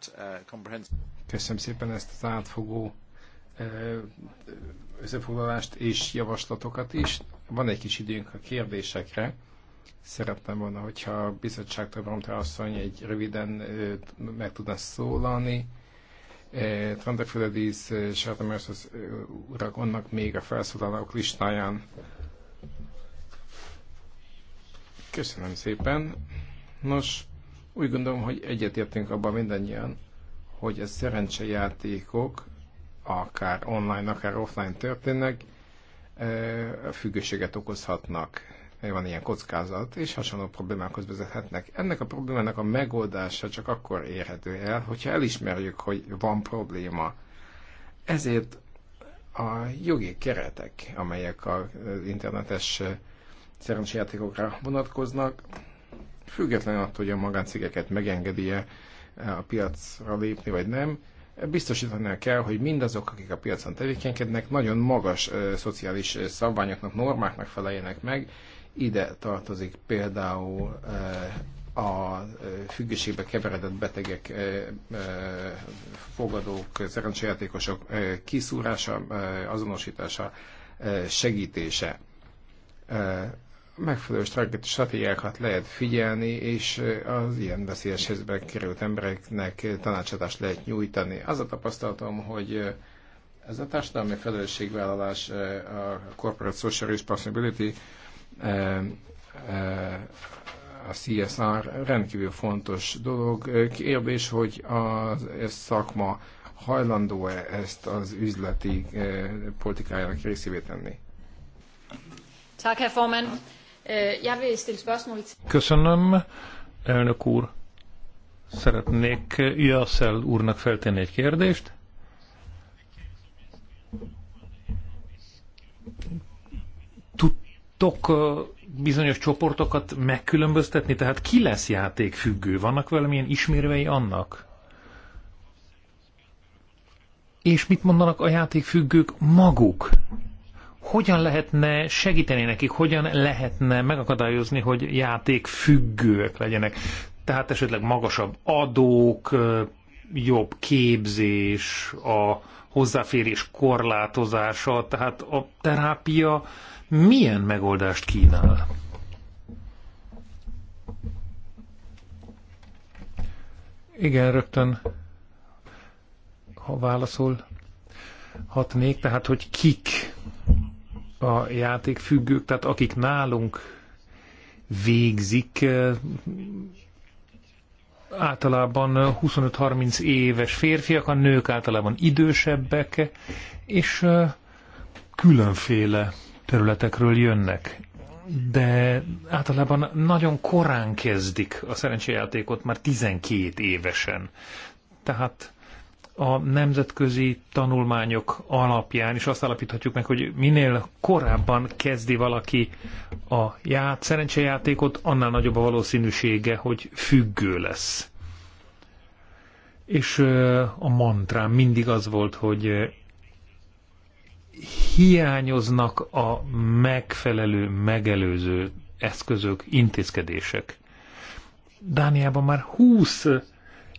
Speaker 1: Köszönöm szépen ezt az átfogó
Speaker 3: összefoglalást és javaslatokat is. Van egy kis időnk a kérdésekre. Szeretném, volna, hogyha a bizottságtól Bromte asszony egy röviden meg tudna szólalni. Eh, Trandafölediz és eh, Adamersos eh, urak vannak még a felszólalók listáján. Köszönöm szépen. Nos, úgy gondolom, hogy egyetértünk abban mindannyian, hogy a szerencsejátékok akár online, akár offline történnek, függőséget okozhatnak van ilyen kockázat, és hasonló problémákhoz vezethetnek. Ennek a problémának a megoldása csak akkor érhető el, hogyha elismerjük, hogy van probléma. Ezért a jogi keretek, amelyek az internetes szerencsejátékokra vonatkoznak, függetlenül attól, hogy a magáncégeket megengedi-e a piacra lépni, vagy nem, biztosítani kell, hogy mindazok, akik a piacon tevékenykednek, nagyon magas ö, szociális szabványoknak, normáknak feleljenek meg, ide tartozik például eh, a eh, függőségbe keveredett betegek, eh, fogadók, szerencsejátékosok kiszúrása, azonosítása, segítése. Megfelelő stratégiákat lehet figyelni, és az ilyen veszélyes helyzetben került embereknek tanácsadást lehet nyújtani. Az a tapasztalatom, hogy ez a társadalmi felelősségvállalás, a corporate social responsibility a CSR rendkívül fontos dolog. Kérdés, hogy a szakma hajlandó-e ezt az üzleti
Speaker 2: politikájának részévé tenni? Köszönöm, elnök úr. Szeretnék Jaszel úrnak feltenni egy kérdést. tok bizonyos csoportokat megkülönböztetni? Tehát ki lesz játékfüggő? Vannak valamilyen ismérvei annak? És mit mondanak a játékfüggők maguk? Hogyan lehetne segíteni nekik? Hogyan lehetne megakadályozni, hogy játékfüggőek legyenek? Tehát esetleg magasabb adók, jobb képzés, a hozzáférés korlátozása, tehát a terápia, milyen megoldást kínál? Igen, rögtön, ha válaszol, hatnék, tehát hogy kik a játékfüggők, tehát akik nálunk végzik, eh, általában 25-30 éves férfiak, a nők általában idősebbek, és eh, különféle területekről jönnek, de általában nagyon korán kezdik a szerencséjátékot, már 12 évesen. Tehát a nemzetközi tanulmányok alapján is azt állapíthatjuk meg, hogy minél korábban kezdi valaki a ját, szerencsejátékot, annál nagyobb a valószínűsége, hogy függő lesz. És a mantrám mindig az volt, hogy hiányoznak a megfelelő, megelőző eszközök, intézkedések. Dániában már 20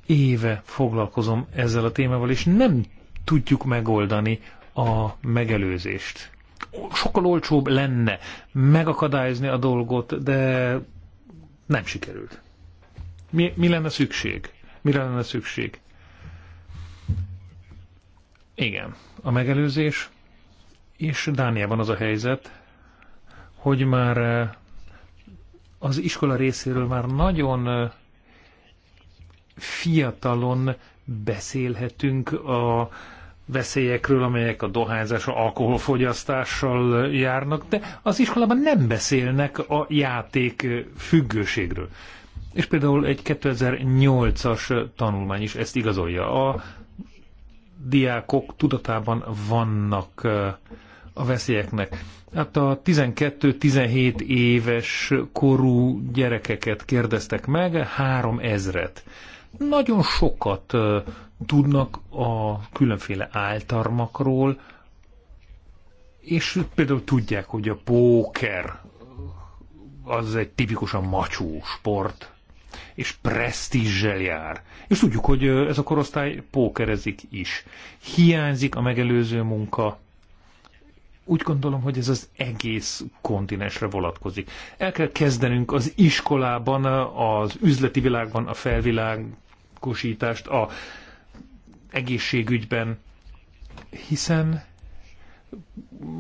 Speaker 2: éve foglalkozom ezzel a témával, és nem tudjuk megoldani a megelőzést. Sokkal olcsóbb lenne megakadályozni a dolgot, de nem sikerült. Mi, mi lenne szükség? Mire lenne szükség? Igen, a megelőzés és Dániában az a helyzet, hogy már eh, az iskola részéről már nagyon eh, fiatalon beszélhetünk a veszélyekről, amelyek a dohányzással, alkoholfogyasztással járnak, de az iskolában nem beszélnek a játék eh, függőségről. És például egy 2008-as tanulmány is ezt igazolja. A diákok tudatában vannak a veszélyeknek. Hát a 12-17 éves korú gyerekeket kérdeztek meg, 3000-et. Nagyon sokat tudnak a különféle áltarmakról, és például tudják, hogy a póker az egy tipikusan macsú sport, és presztízsel jár. És tudjuk, hogy ez a korosztály pókerezik is. Hiányzik a megelőző munka, úgy gondolom, hogy ez az egész kontinensre vonatkozik. El kell kezdenünk az iskolában, az üzleti világban a felvilágosítást, a egészségügyben, hiszen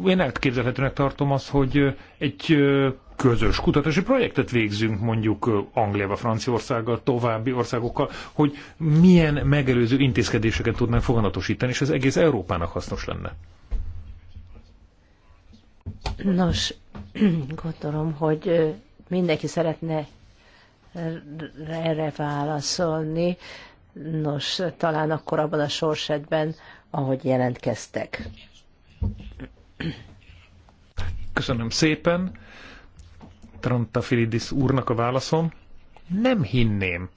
Speaker 2: én elképzelhetőnek tartom azt, hogy egy közös kutatási projektet végzünk mondjuk Angliába, Franciaországgal, további országokkal, hogy milyen megelőző intézkedéseket tudnánk foganatosítani, és ez egész Európának hasznos lenne.
Speaker 1: Nos, *clears throat* gondolom, hogy mindenki szeretne erre válaszolni. Nos, talán akkor abban a sorsedben, ahogy jelentkeztek.
Speaker 2: Köszönöm szépen. Trantafilidis úrnak a válaszom. Nem hinném,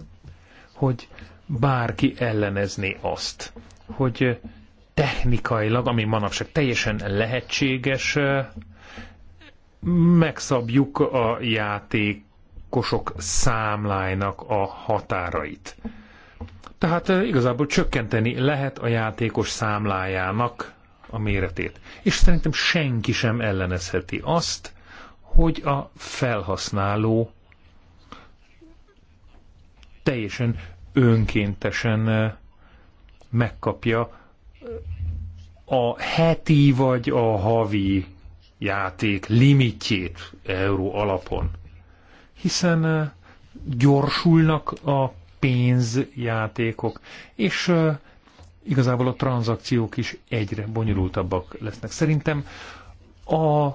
Speaker 2: hogy bárki ellenezné azt, hogy technikailag, ami manapság teljesen lehetséges, megszabjuk a játékosok számláinak a határait. Tehát igazából csökkenteni lehet a játékos számlájának a méretét. És szerintem senki sem ellenezheti azt, hogy a felhasználó teljesen önkéntesen megkapja a heti vagy a havi játék limitjét euró alapon. Hiszen gyorsulnak a pénzjátékok, és igazából a tranzakciók is egyre bonyolultabbak lesznek. Szerintem a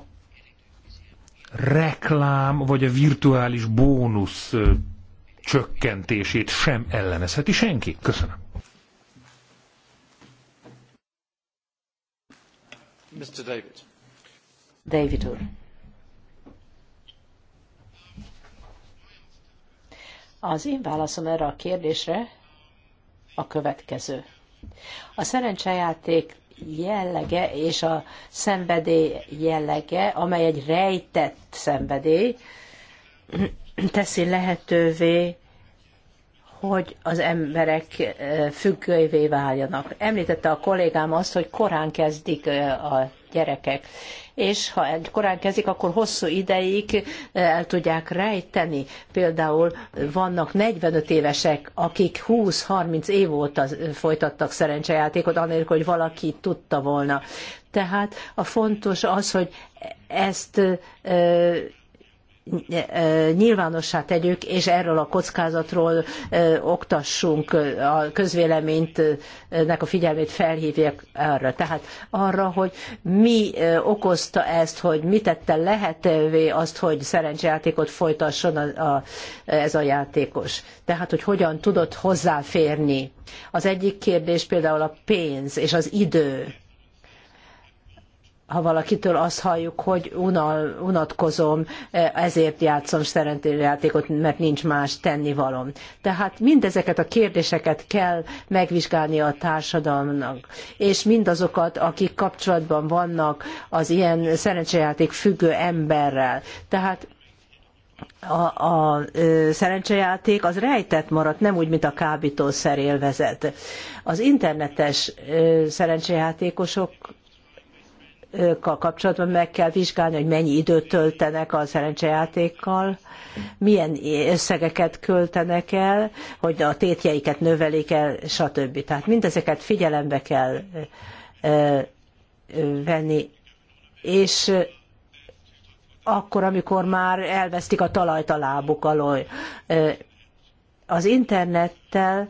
Speaker 2: reklám vagy a virtuális bónusz csökkentését sem ellenezheti senki. Köszönöm.
Speaker 3: Mr. David.
Speaker 1: David úr. Az én válaszom erre a kérdésre a következő. A szerencsejáték jellege és a szenvedély jellege, amely egy rejtett szenvedély, teszi lehetővé hogy az emberek függővé váljanak. Említette a kollégám azt, hogy korán kezdik a gyerekek, és ha korán kezdik, akkor hosszú ideig el tudják rejteni. Például vannak 45 évesek, akik 20-30 év óta folytattak szerencsejátékot, anélkül, hogy valaki tudta volna. Tehát a fontos az, hogy ezt nyilvánossá tegyük, és erről a kockázatról oktassunk a közvéleményt, nek a figyelmét felhívják erre. Tehát arra, hogy mi okozta ezt, hogy mi tette lehetővé azt, hogy szerencsejátékot folytasson a, a, ez a játékos. Tehát, hogy hogyan tudott hozzáférni. Az egyik kérdés például a pénz és az idő ha valakitől azt halljuk, hogy unal, unatkozom, e, ezért játszom játékot, mert nincs más tennivalom. Tehát mindezeket a kérdéseket kell megvizsgálni a társadalomnak, és mindazokat, akik kapcsolatban vannak az ilyen szerencsejáték függő emberrel. Tehát a, a ö, szerencsejáték az rejtett maradt, nem úgy, mint a kábítószer élvezet. Az internetes ö, szerencsejátékosok kapcsolatban meg kell vizsgálni, hogy mennyi időt töltenek a szerencsejátékkal, milyen összegeket költenek el, hogy a tétjeiket növelik el, stb. Tehát mindezeket figyelembe kell venni, és akkor, amikor már elvesztik a talajt a lábuk alól. Az internettel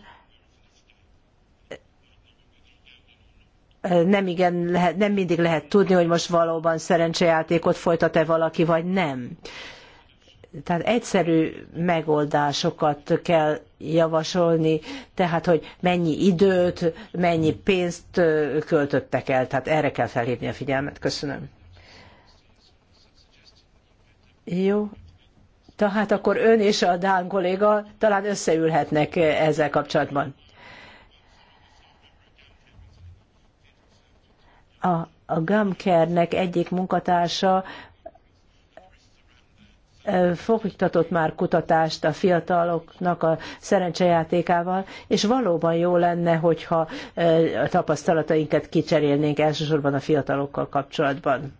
Speaker 1: nem, igen, lehet, nem mindig lehet tudni, hogy most valóban szerencsejátékot folytat-e valaki, vagy nem. Tehát egyszerű megoldásokat kell javasolni, tehát hogy mennyi időt, mennyi pénzt költöttek el, tehát erre kell felhívni a figyelmet. Köszönöm. Jó. Tehát akkor ön és a Dán kolléga talán összeülhetnek ezzel kapcsolatban. A, a Gamkernek egyik munkatársa folytatott már kutatást a fiataloknak a szerencsejátékával, és valóban jó lenne, hogyha a tapasztalatainkat kicserélnénk elsősorban a fiatalokkal kapcsolatban.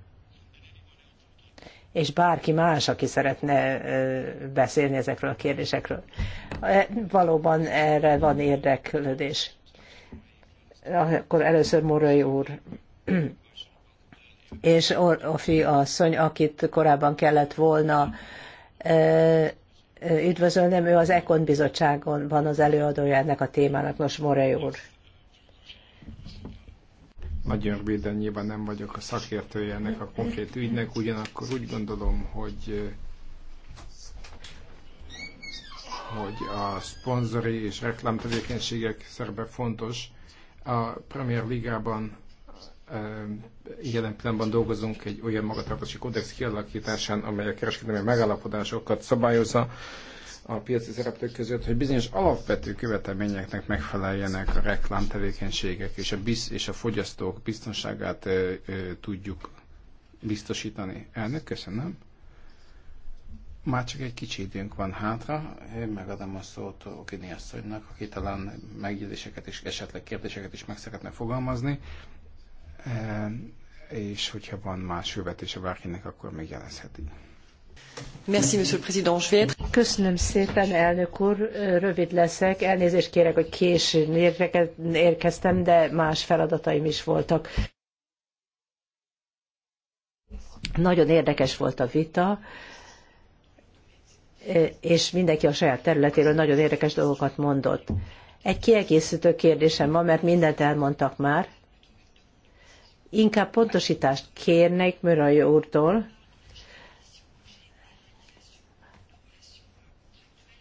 Speaker 1: És bárki más, aki szeretne beszélni ezekről a kérdésekről. E, valóban erre van érdeklődés. Akkor először Morai úr és Orfi asszony, akit korábban kellett volna üdvözölnem, ő az Ekon bizottságon van az előadója ennek a témának, Nos Morey úr.
Speaker 3: Nagyon röviden nyilván nem vagyok a szakértője ennek a konkrét ügynek, ugyanakkor úgy gondolom, hogy hogy a szponzori és reklámtevékenységek szerepe fontos. A Premier Ligában jelen pillanatban dolgozunk egy olyan magatartási kódex kialakításán, amely a kereskedelmi megállapodásokat szabályozza a piaci szereplők között, hogy bizonyos alapvető követelményeknek megfeleljenek a reklámtevékenységek, és a, biz- és a fogyasztók biztonságát e, e, tudjuk biztosítani. Elnök, köszönöm. Már csak egy kicsi időnk van hátra. Én megadom a szót Okini asszonynak, aki talán megjegyzéseket és esetleg kérdéseket is meg szeretne fogalmazni és hogyha van más követése bárkinek, akkor még jelezheti.
Speaker 1: Köszönöm szépen, elnök úr. Rövid leszek. Elnézést kérek, hogy későn érkeztem, de más feladataim is voltak. Nagyon érdekes volt a vita, és mindenki a saját területéről nagyon érdekes dolgokat mondott. Egy kiegészítő kérdésem van, mert mindent elmondtak már Inkább pontosítást kérnek Mörai úrtól,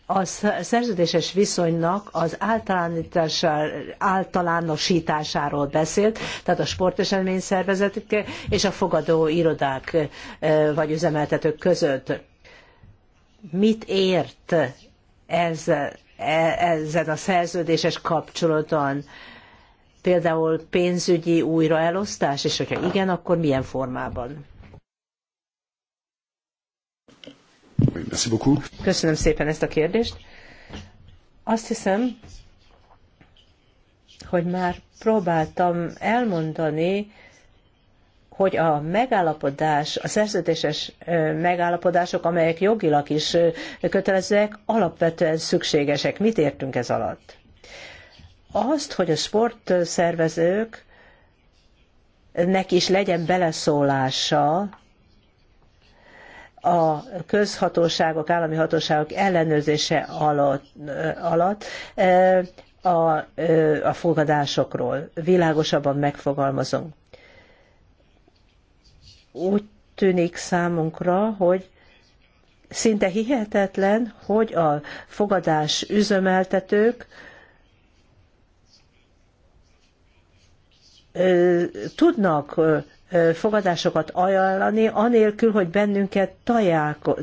Speaker 1: a szerződéses viszonynak az általánosításáról beszélt, tehát a sportesemény szervezetek és a fogadó irodák vagy üzemeltetők között. Mit ért ez, e- ezen a szerződéses kapcsolaton? például pénzügyi újraelosztás, és hogyha igen, akkor milyen formában? Köszönöm szépen ezt a kérdést. Azt hiszem, hogy már próbáltam elmondani, hogy a megállapodás, a szerződéses megállapodások, amelyek jogilag is kötelezőek, alapvetően szükségesek. Mit értünk ez alatt? azt, hogy a sportszervezők is legyen beleszólása a közhatóságok, állami hatóságok ellenőrzése alatt, alatt e, a, e, a fogadásokról. Világosabban megfogalmazom. Úgy tűnik számunkra, hogy szinte hihetetlen, hogy a fogadás üzemeltetők tudnak fogadásokat ajánlani, anélkül, hogy bennünket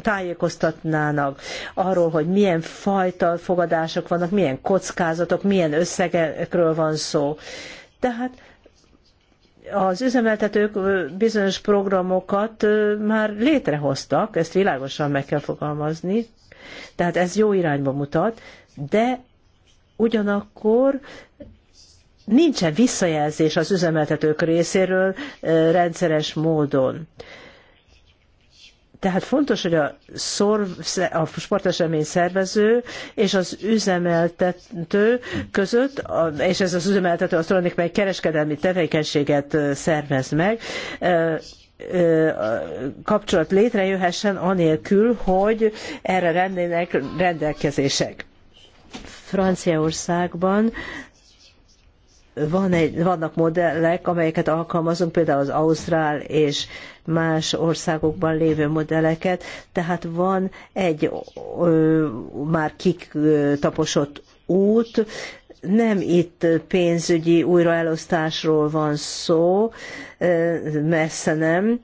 Speaker 1: tájékoztatnának arról, hogy milyen fajta fogadások vannak, milyen kockázatok, milyen összegekről van szó. Tehát az üzemeltetők bizonyos programokat már létrehoztak, ezt világosan meg kell fogalmazni, tehát ez jó irányba mutat, de ugyanakkor nincsen visszajelzés az üzemeltetők részéről rendszeres módon. Tehát fontos, hogy a, szor, a sportesemény szervező és az üzemeltető között, és ez az üzemeltető az tulajdonképpen egy kereskedelmi tevékenységet szervez meg, kapcsolat létrejöhessen anélkül, hogy erre lennének rendelkezések. Franciaországban van egy, vannak modellek, amelyeket alkalmazunk, például az Ausztrál és más országokban lévő modelleket, tehát van egy ö, már kitaposott út, nem itt pénzügyi újraelosztásról van szó, messze nem,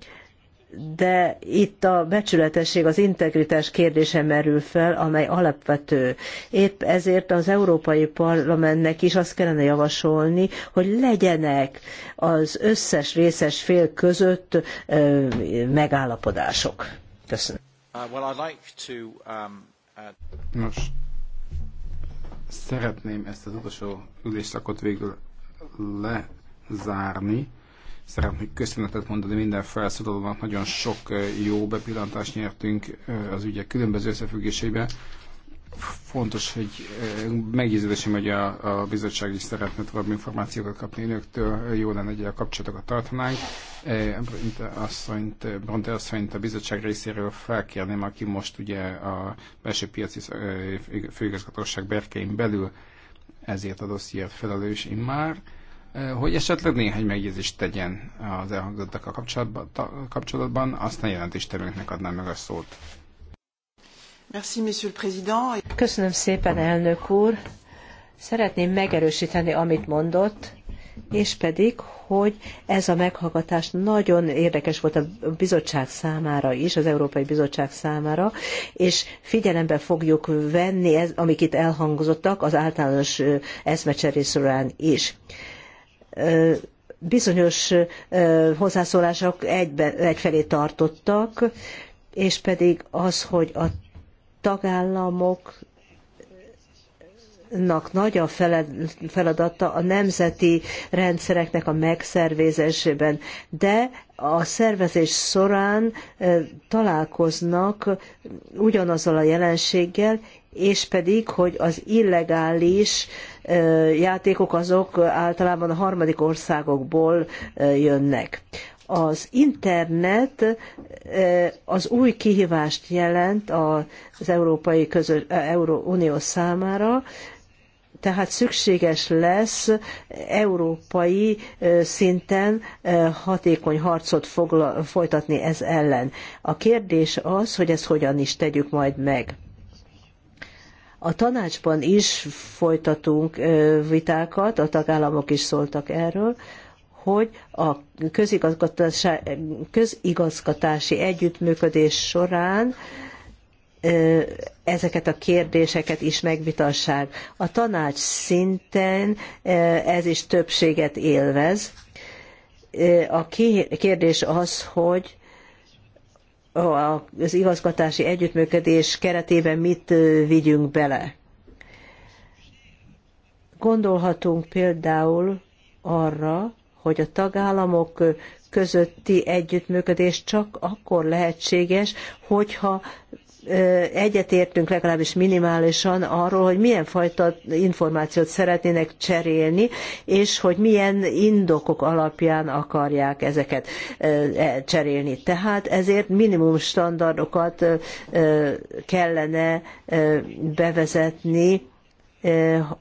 Speaker 1: de itt a becsületesség, az integritás kérdése merül fel, amely alapvető. Épp ezért az Európai Parlamentnek is azt kellene javasolni, hogy legyenek az összes részes fél között ö, megállapodások. Köszönöm.
Speaker 3: Uh, um, uh, Nos, szeretném ezt az utolsó ülésszakot végül lezárni Szeretnék köszönetet mondani minden felszólalónak, nagyon sok jó bepillantást nyertünk az ügyek különböző összefüggésébe. Fontos, hogy meggyőződésem, hogy a, a bizottság is szeretne további információkat kapni önöktől, jó lenne, hogy a kapcsolatokat tartanánk. Brinte asszonyt, Bronte asszonyt a bizottság részéről felkérném, aki most ugye a belső piaci főigazgatóság berkein belül ezért a dossziért felelős immár. már Eh, hogy esetleg néhány megjegyzést tegyen az a kapcsolatban, kapcsolatban aztán jelentéstevőnknek adnám meg a szót.
Speaker 1: Köszönöm szépen, elnök úr. Szeretném megerősíteni, amit mondott, és pedig, hogy ez a meghallgatás nagyon érdekes volt a bizottság számára is, az Európai Bizottság számára, és figyelembe fogjuk venni, ez, amik itt elhangzottak, az általános eh, eszmecserés során is bizonyos hozzászólások egyben, egyfelé tartottak, és pedig az, hogy a tagállamoknak nagy a feladata a nemzeti rendszereknek a megszervezésében, de a szervezés során találkoznak ugyanazzal a jelenséggel, és pedig, hogy az illegális játékok azok általában a harmadik országokból jönnek. Az internet az új kihívást jelent az Európai Közös, Euró Unió számára, tehát szükséges lesz európai szinten hatékony harcot folytatni ez ellen. A kérdés az, hogy ezt hogyan is tegyük majd meg. A tanácsban is folytatunk vitákat, a tagállamok is szóltak erről, hogy a közigazgatási, közigazgatási együttműködés során ezeket a kérdéseket is megvitassák. A tanács szinten ez is többséget élvez. A kérdés az, hogy az igazgatási együttműködés keretében mit vigyünk bele. Gondolhatunk például arra, hogy a tagállamok közötti együttműködés csak akkor lehetséges, hogyha egyetértünk legalábbis minimálisan arról, hogy milyen fajta információt szeretnének cserélni, és hogy milyen indokok alapján akarják ezeket e, cserélni. Tehát ezért minimum standardokat kellene bevezetni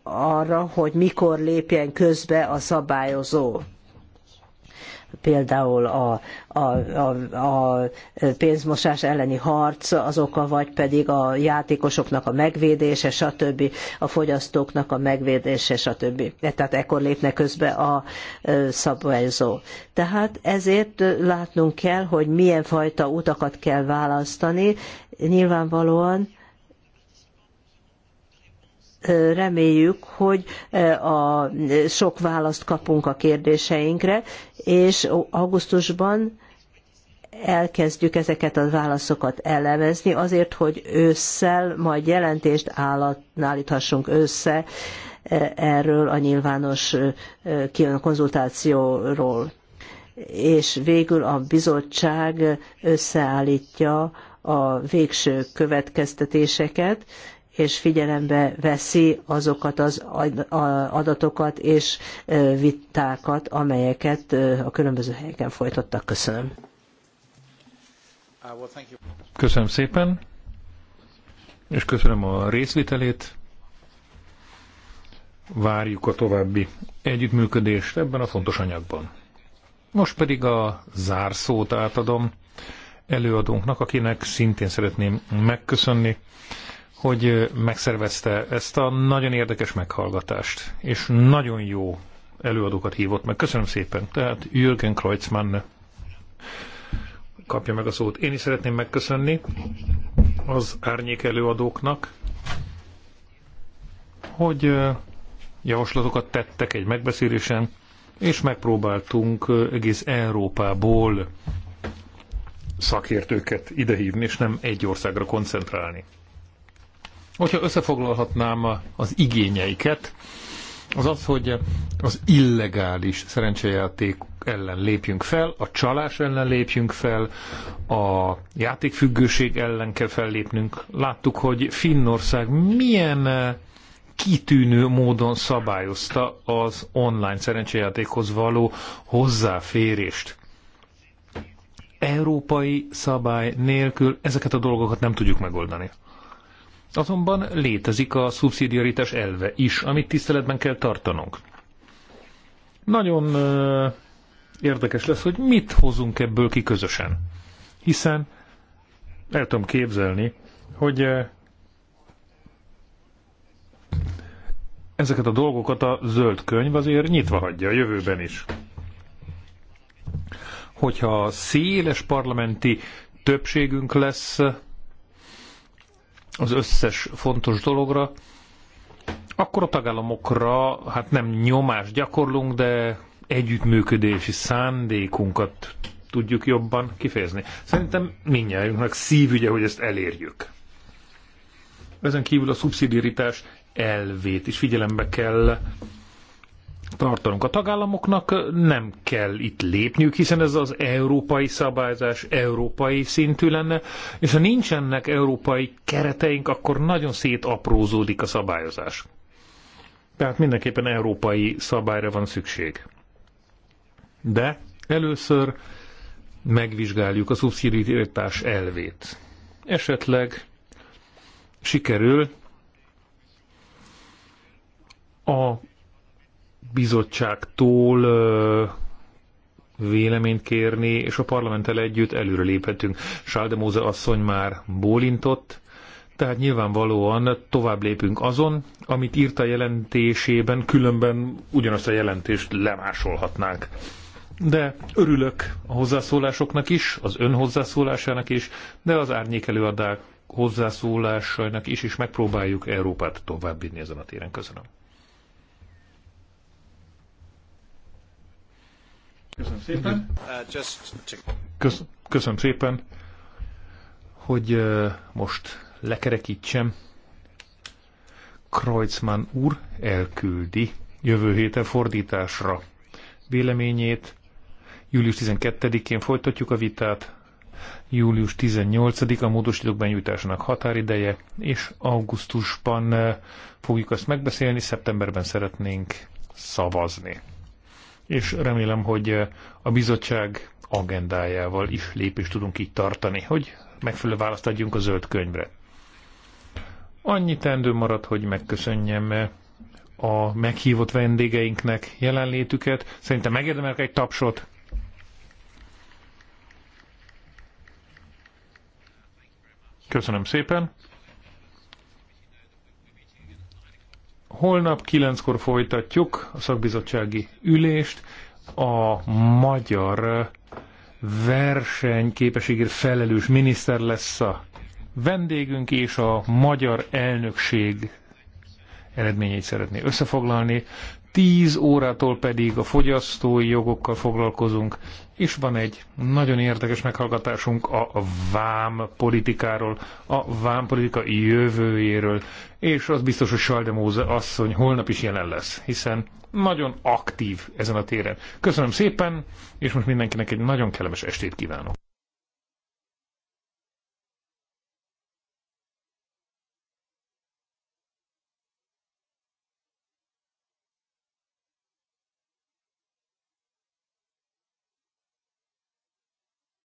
Speaker 1: arra, hogy mikor lépjen közbe a szabályozó például a, a, a, a pénzmosás elleni harc az oka, vagy pedig a játékosoknak a megvédése, stb., a fogyasztóknak a megvédése, stb. Tehát ekkor lépne közbe a szabályozó. Tehát ezért látnunk kell, hogy milyen fajta utakat kell választani, nyilvánvalóan reméljük, hogy a sok választ kapunk a kérdéseinkre, és augusztusban elkezdjük ezeket a válaszokat elemezni, azért, hogy ősszel majd jelentést állat, állíthassunk össze erről a nyilvános konzultációról. És végül a bizottság összeállítja a végső következtetéseket, és figyelembe veszi azokat az adatokat és vitákat, amelyeket a különböző helyeken folytattak. Köszönöm.
Speaker 2: Köszönöm szépen, és köszönöm a részvételét. Várjuk a további együttműködést ebben a fontos anyagban. Most pedig a zárszót átadom előadónknak, akinek szintén szeretném megköszönni hogy megszervezte ezt a nagyon érdekes meghallgatást, és nagyon jó előadókat hívott meg. Köszönöm szépen. Tehát Jürgen Kreutzmann kapja meg a szót. Én is szeretném megköszönni az árnyék előadóknak, hogy javaslatokat tettek egy megbeszélésen, és megpróbáltunk egész Európából szakértőket idehívni, és nem egy országra koncentrálni. Hogyha összefoglalhatnám az igényeiket, az az, hogy az illegális szerencsejáték ellen lépjünk fel, a csalás ellen lépjünk fel, a játékfüggőség ellen kell fellépnünk. Láttuk, hogy Finnország milyen eh, kitűnő módon szabályozta az online szerencsejátékhoz való hozzáférést. Európai szabály nélkül ezeket a dolgokat nem tudjuk megoldani. Azonban létezik a szubszidiaritás elve is, amit tiszteletben kell tartanunk. Nagyon érdekes lesz, hogy mit hozunk ebből ki közösen. Hiszen el tudom képzelni, hogy ezeket a dolgokat a zöld könyv azért nyitva hagyja a jövőben is. Hogyha széles parlamenti többségünk lesz, az összes fontos dologra, akkor a tagállamokra hát nem nyomást gyakorlunk, de együttműködési szándékunkat tudjuk jobban kifejezni. Szerintem mindnyájunknak szívügye, hogy ezt elérjük. Ezen kívül a szubszidiaritás elvét is figyelembe kell tartanunk. A tagállamoknak nem kell itt lépniük, hiszen ez az európai szabályzás európai szintű lenne, és ha nincsenek európai kereteink, akkor nagyon szétaprózódik a szabályozás. Tehát mindenképpen európai szabályra van szükség. De először megvizsgáljuk a szubszidiaritás elvét. Esetleg sikerül a bizottságtól véleményt kérni, és a parlamenttel együtt előre léphetünk. Sáldemóze asszony már bólintott, tehát nyilvánvalóan tovább lépünk azon, amit írt a jelentésében, különben ugyanazt a jelentést lemásolhatnánk. De örülök a hozzászólásoknak is, az ön hozzászólásának is, de az árnyék előadák hozzászólásainak is, és megpróbáljuk Európát továbbvinni ezen a téren. Köszönöm. Köszönöm szépen. Uh, köszönöm szépen, hogy uh, most lekerekítsem. Kreuzmann úr elküldi jövő héten fordításra véleményét. Július 12-én folytatjuk a vitát, július 18 a módosítók benyújtásának határideje, és augusztusban uh, fogjuk azt megbeszélni, szeptemberben szeretnénk szavazni és remélem, hogy eh, a bizottság agendájával is lépést tudunk így tartani, hogy megfelelő választ adjunk a zöld könyvre. Annyi tendő marad, hogy megköszönjem eh, a meghívott vendégeinknek jelenlétüket. Szerintem megérdemelnek egy tapsot. Köszönöm szépen. Holnap kilenckor folytatjuk a szakbizottsági ülést a magyar versenyképességért felelős miniszter lesz a vendégünk, és a magyar elnökség eredményeit szeretné összefoglalni. 10 órától pedig a fogyasztói jogokkal foglalkozunk, és van egy nagyon érdekes meghallgatásunk a vám politikáról, a vám politika jövőjéről, és az biztos, hogy Saldemóze asszony holnap is jelen lesz, hiszen nagyon aktív ezen a téren. Köszönöm szépen, és most mindenkinek egy nagyon kellemes estét kívánok.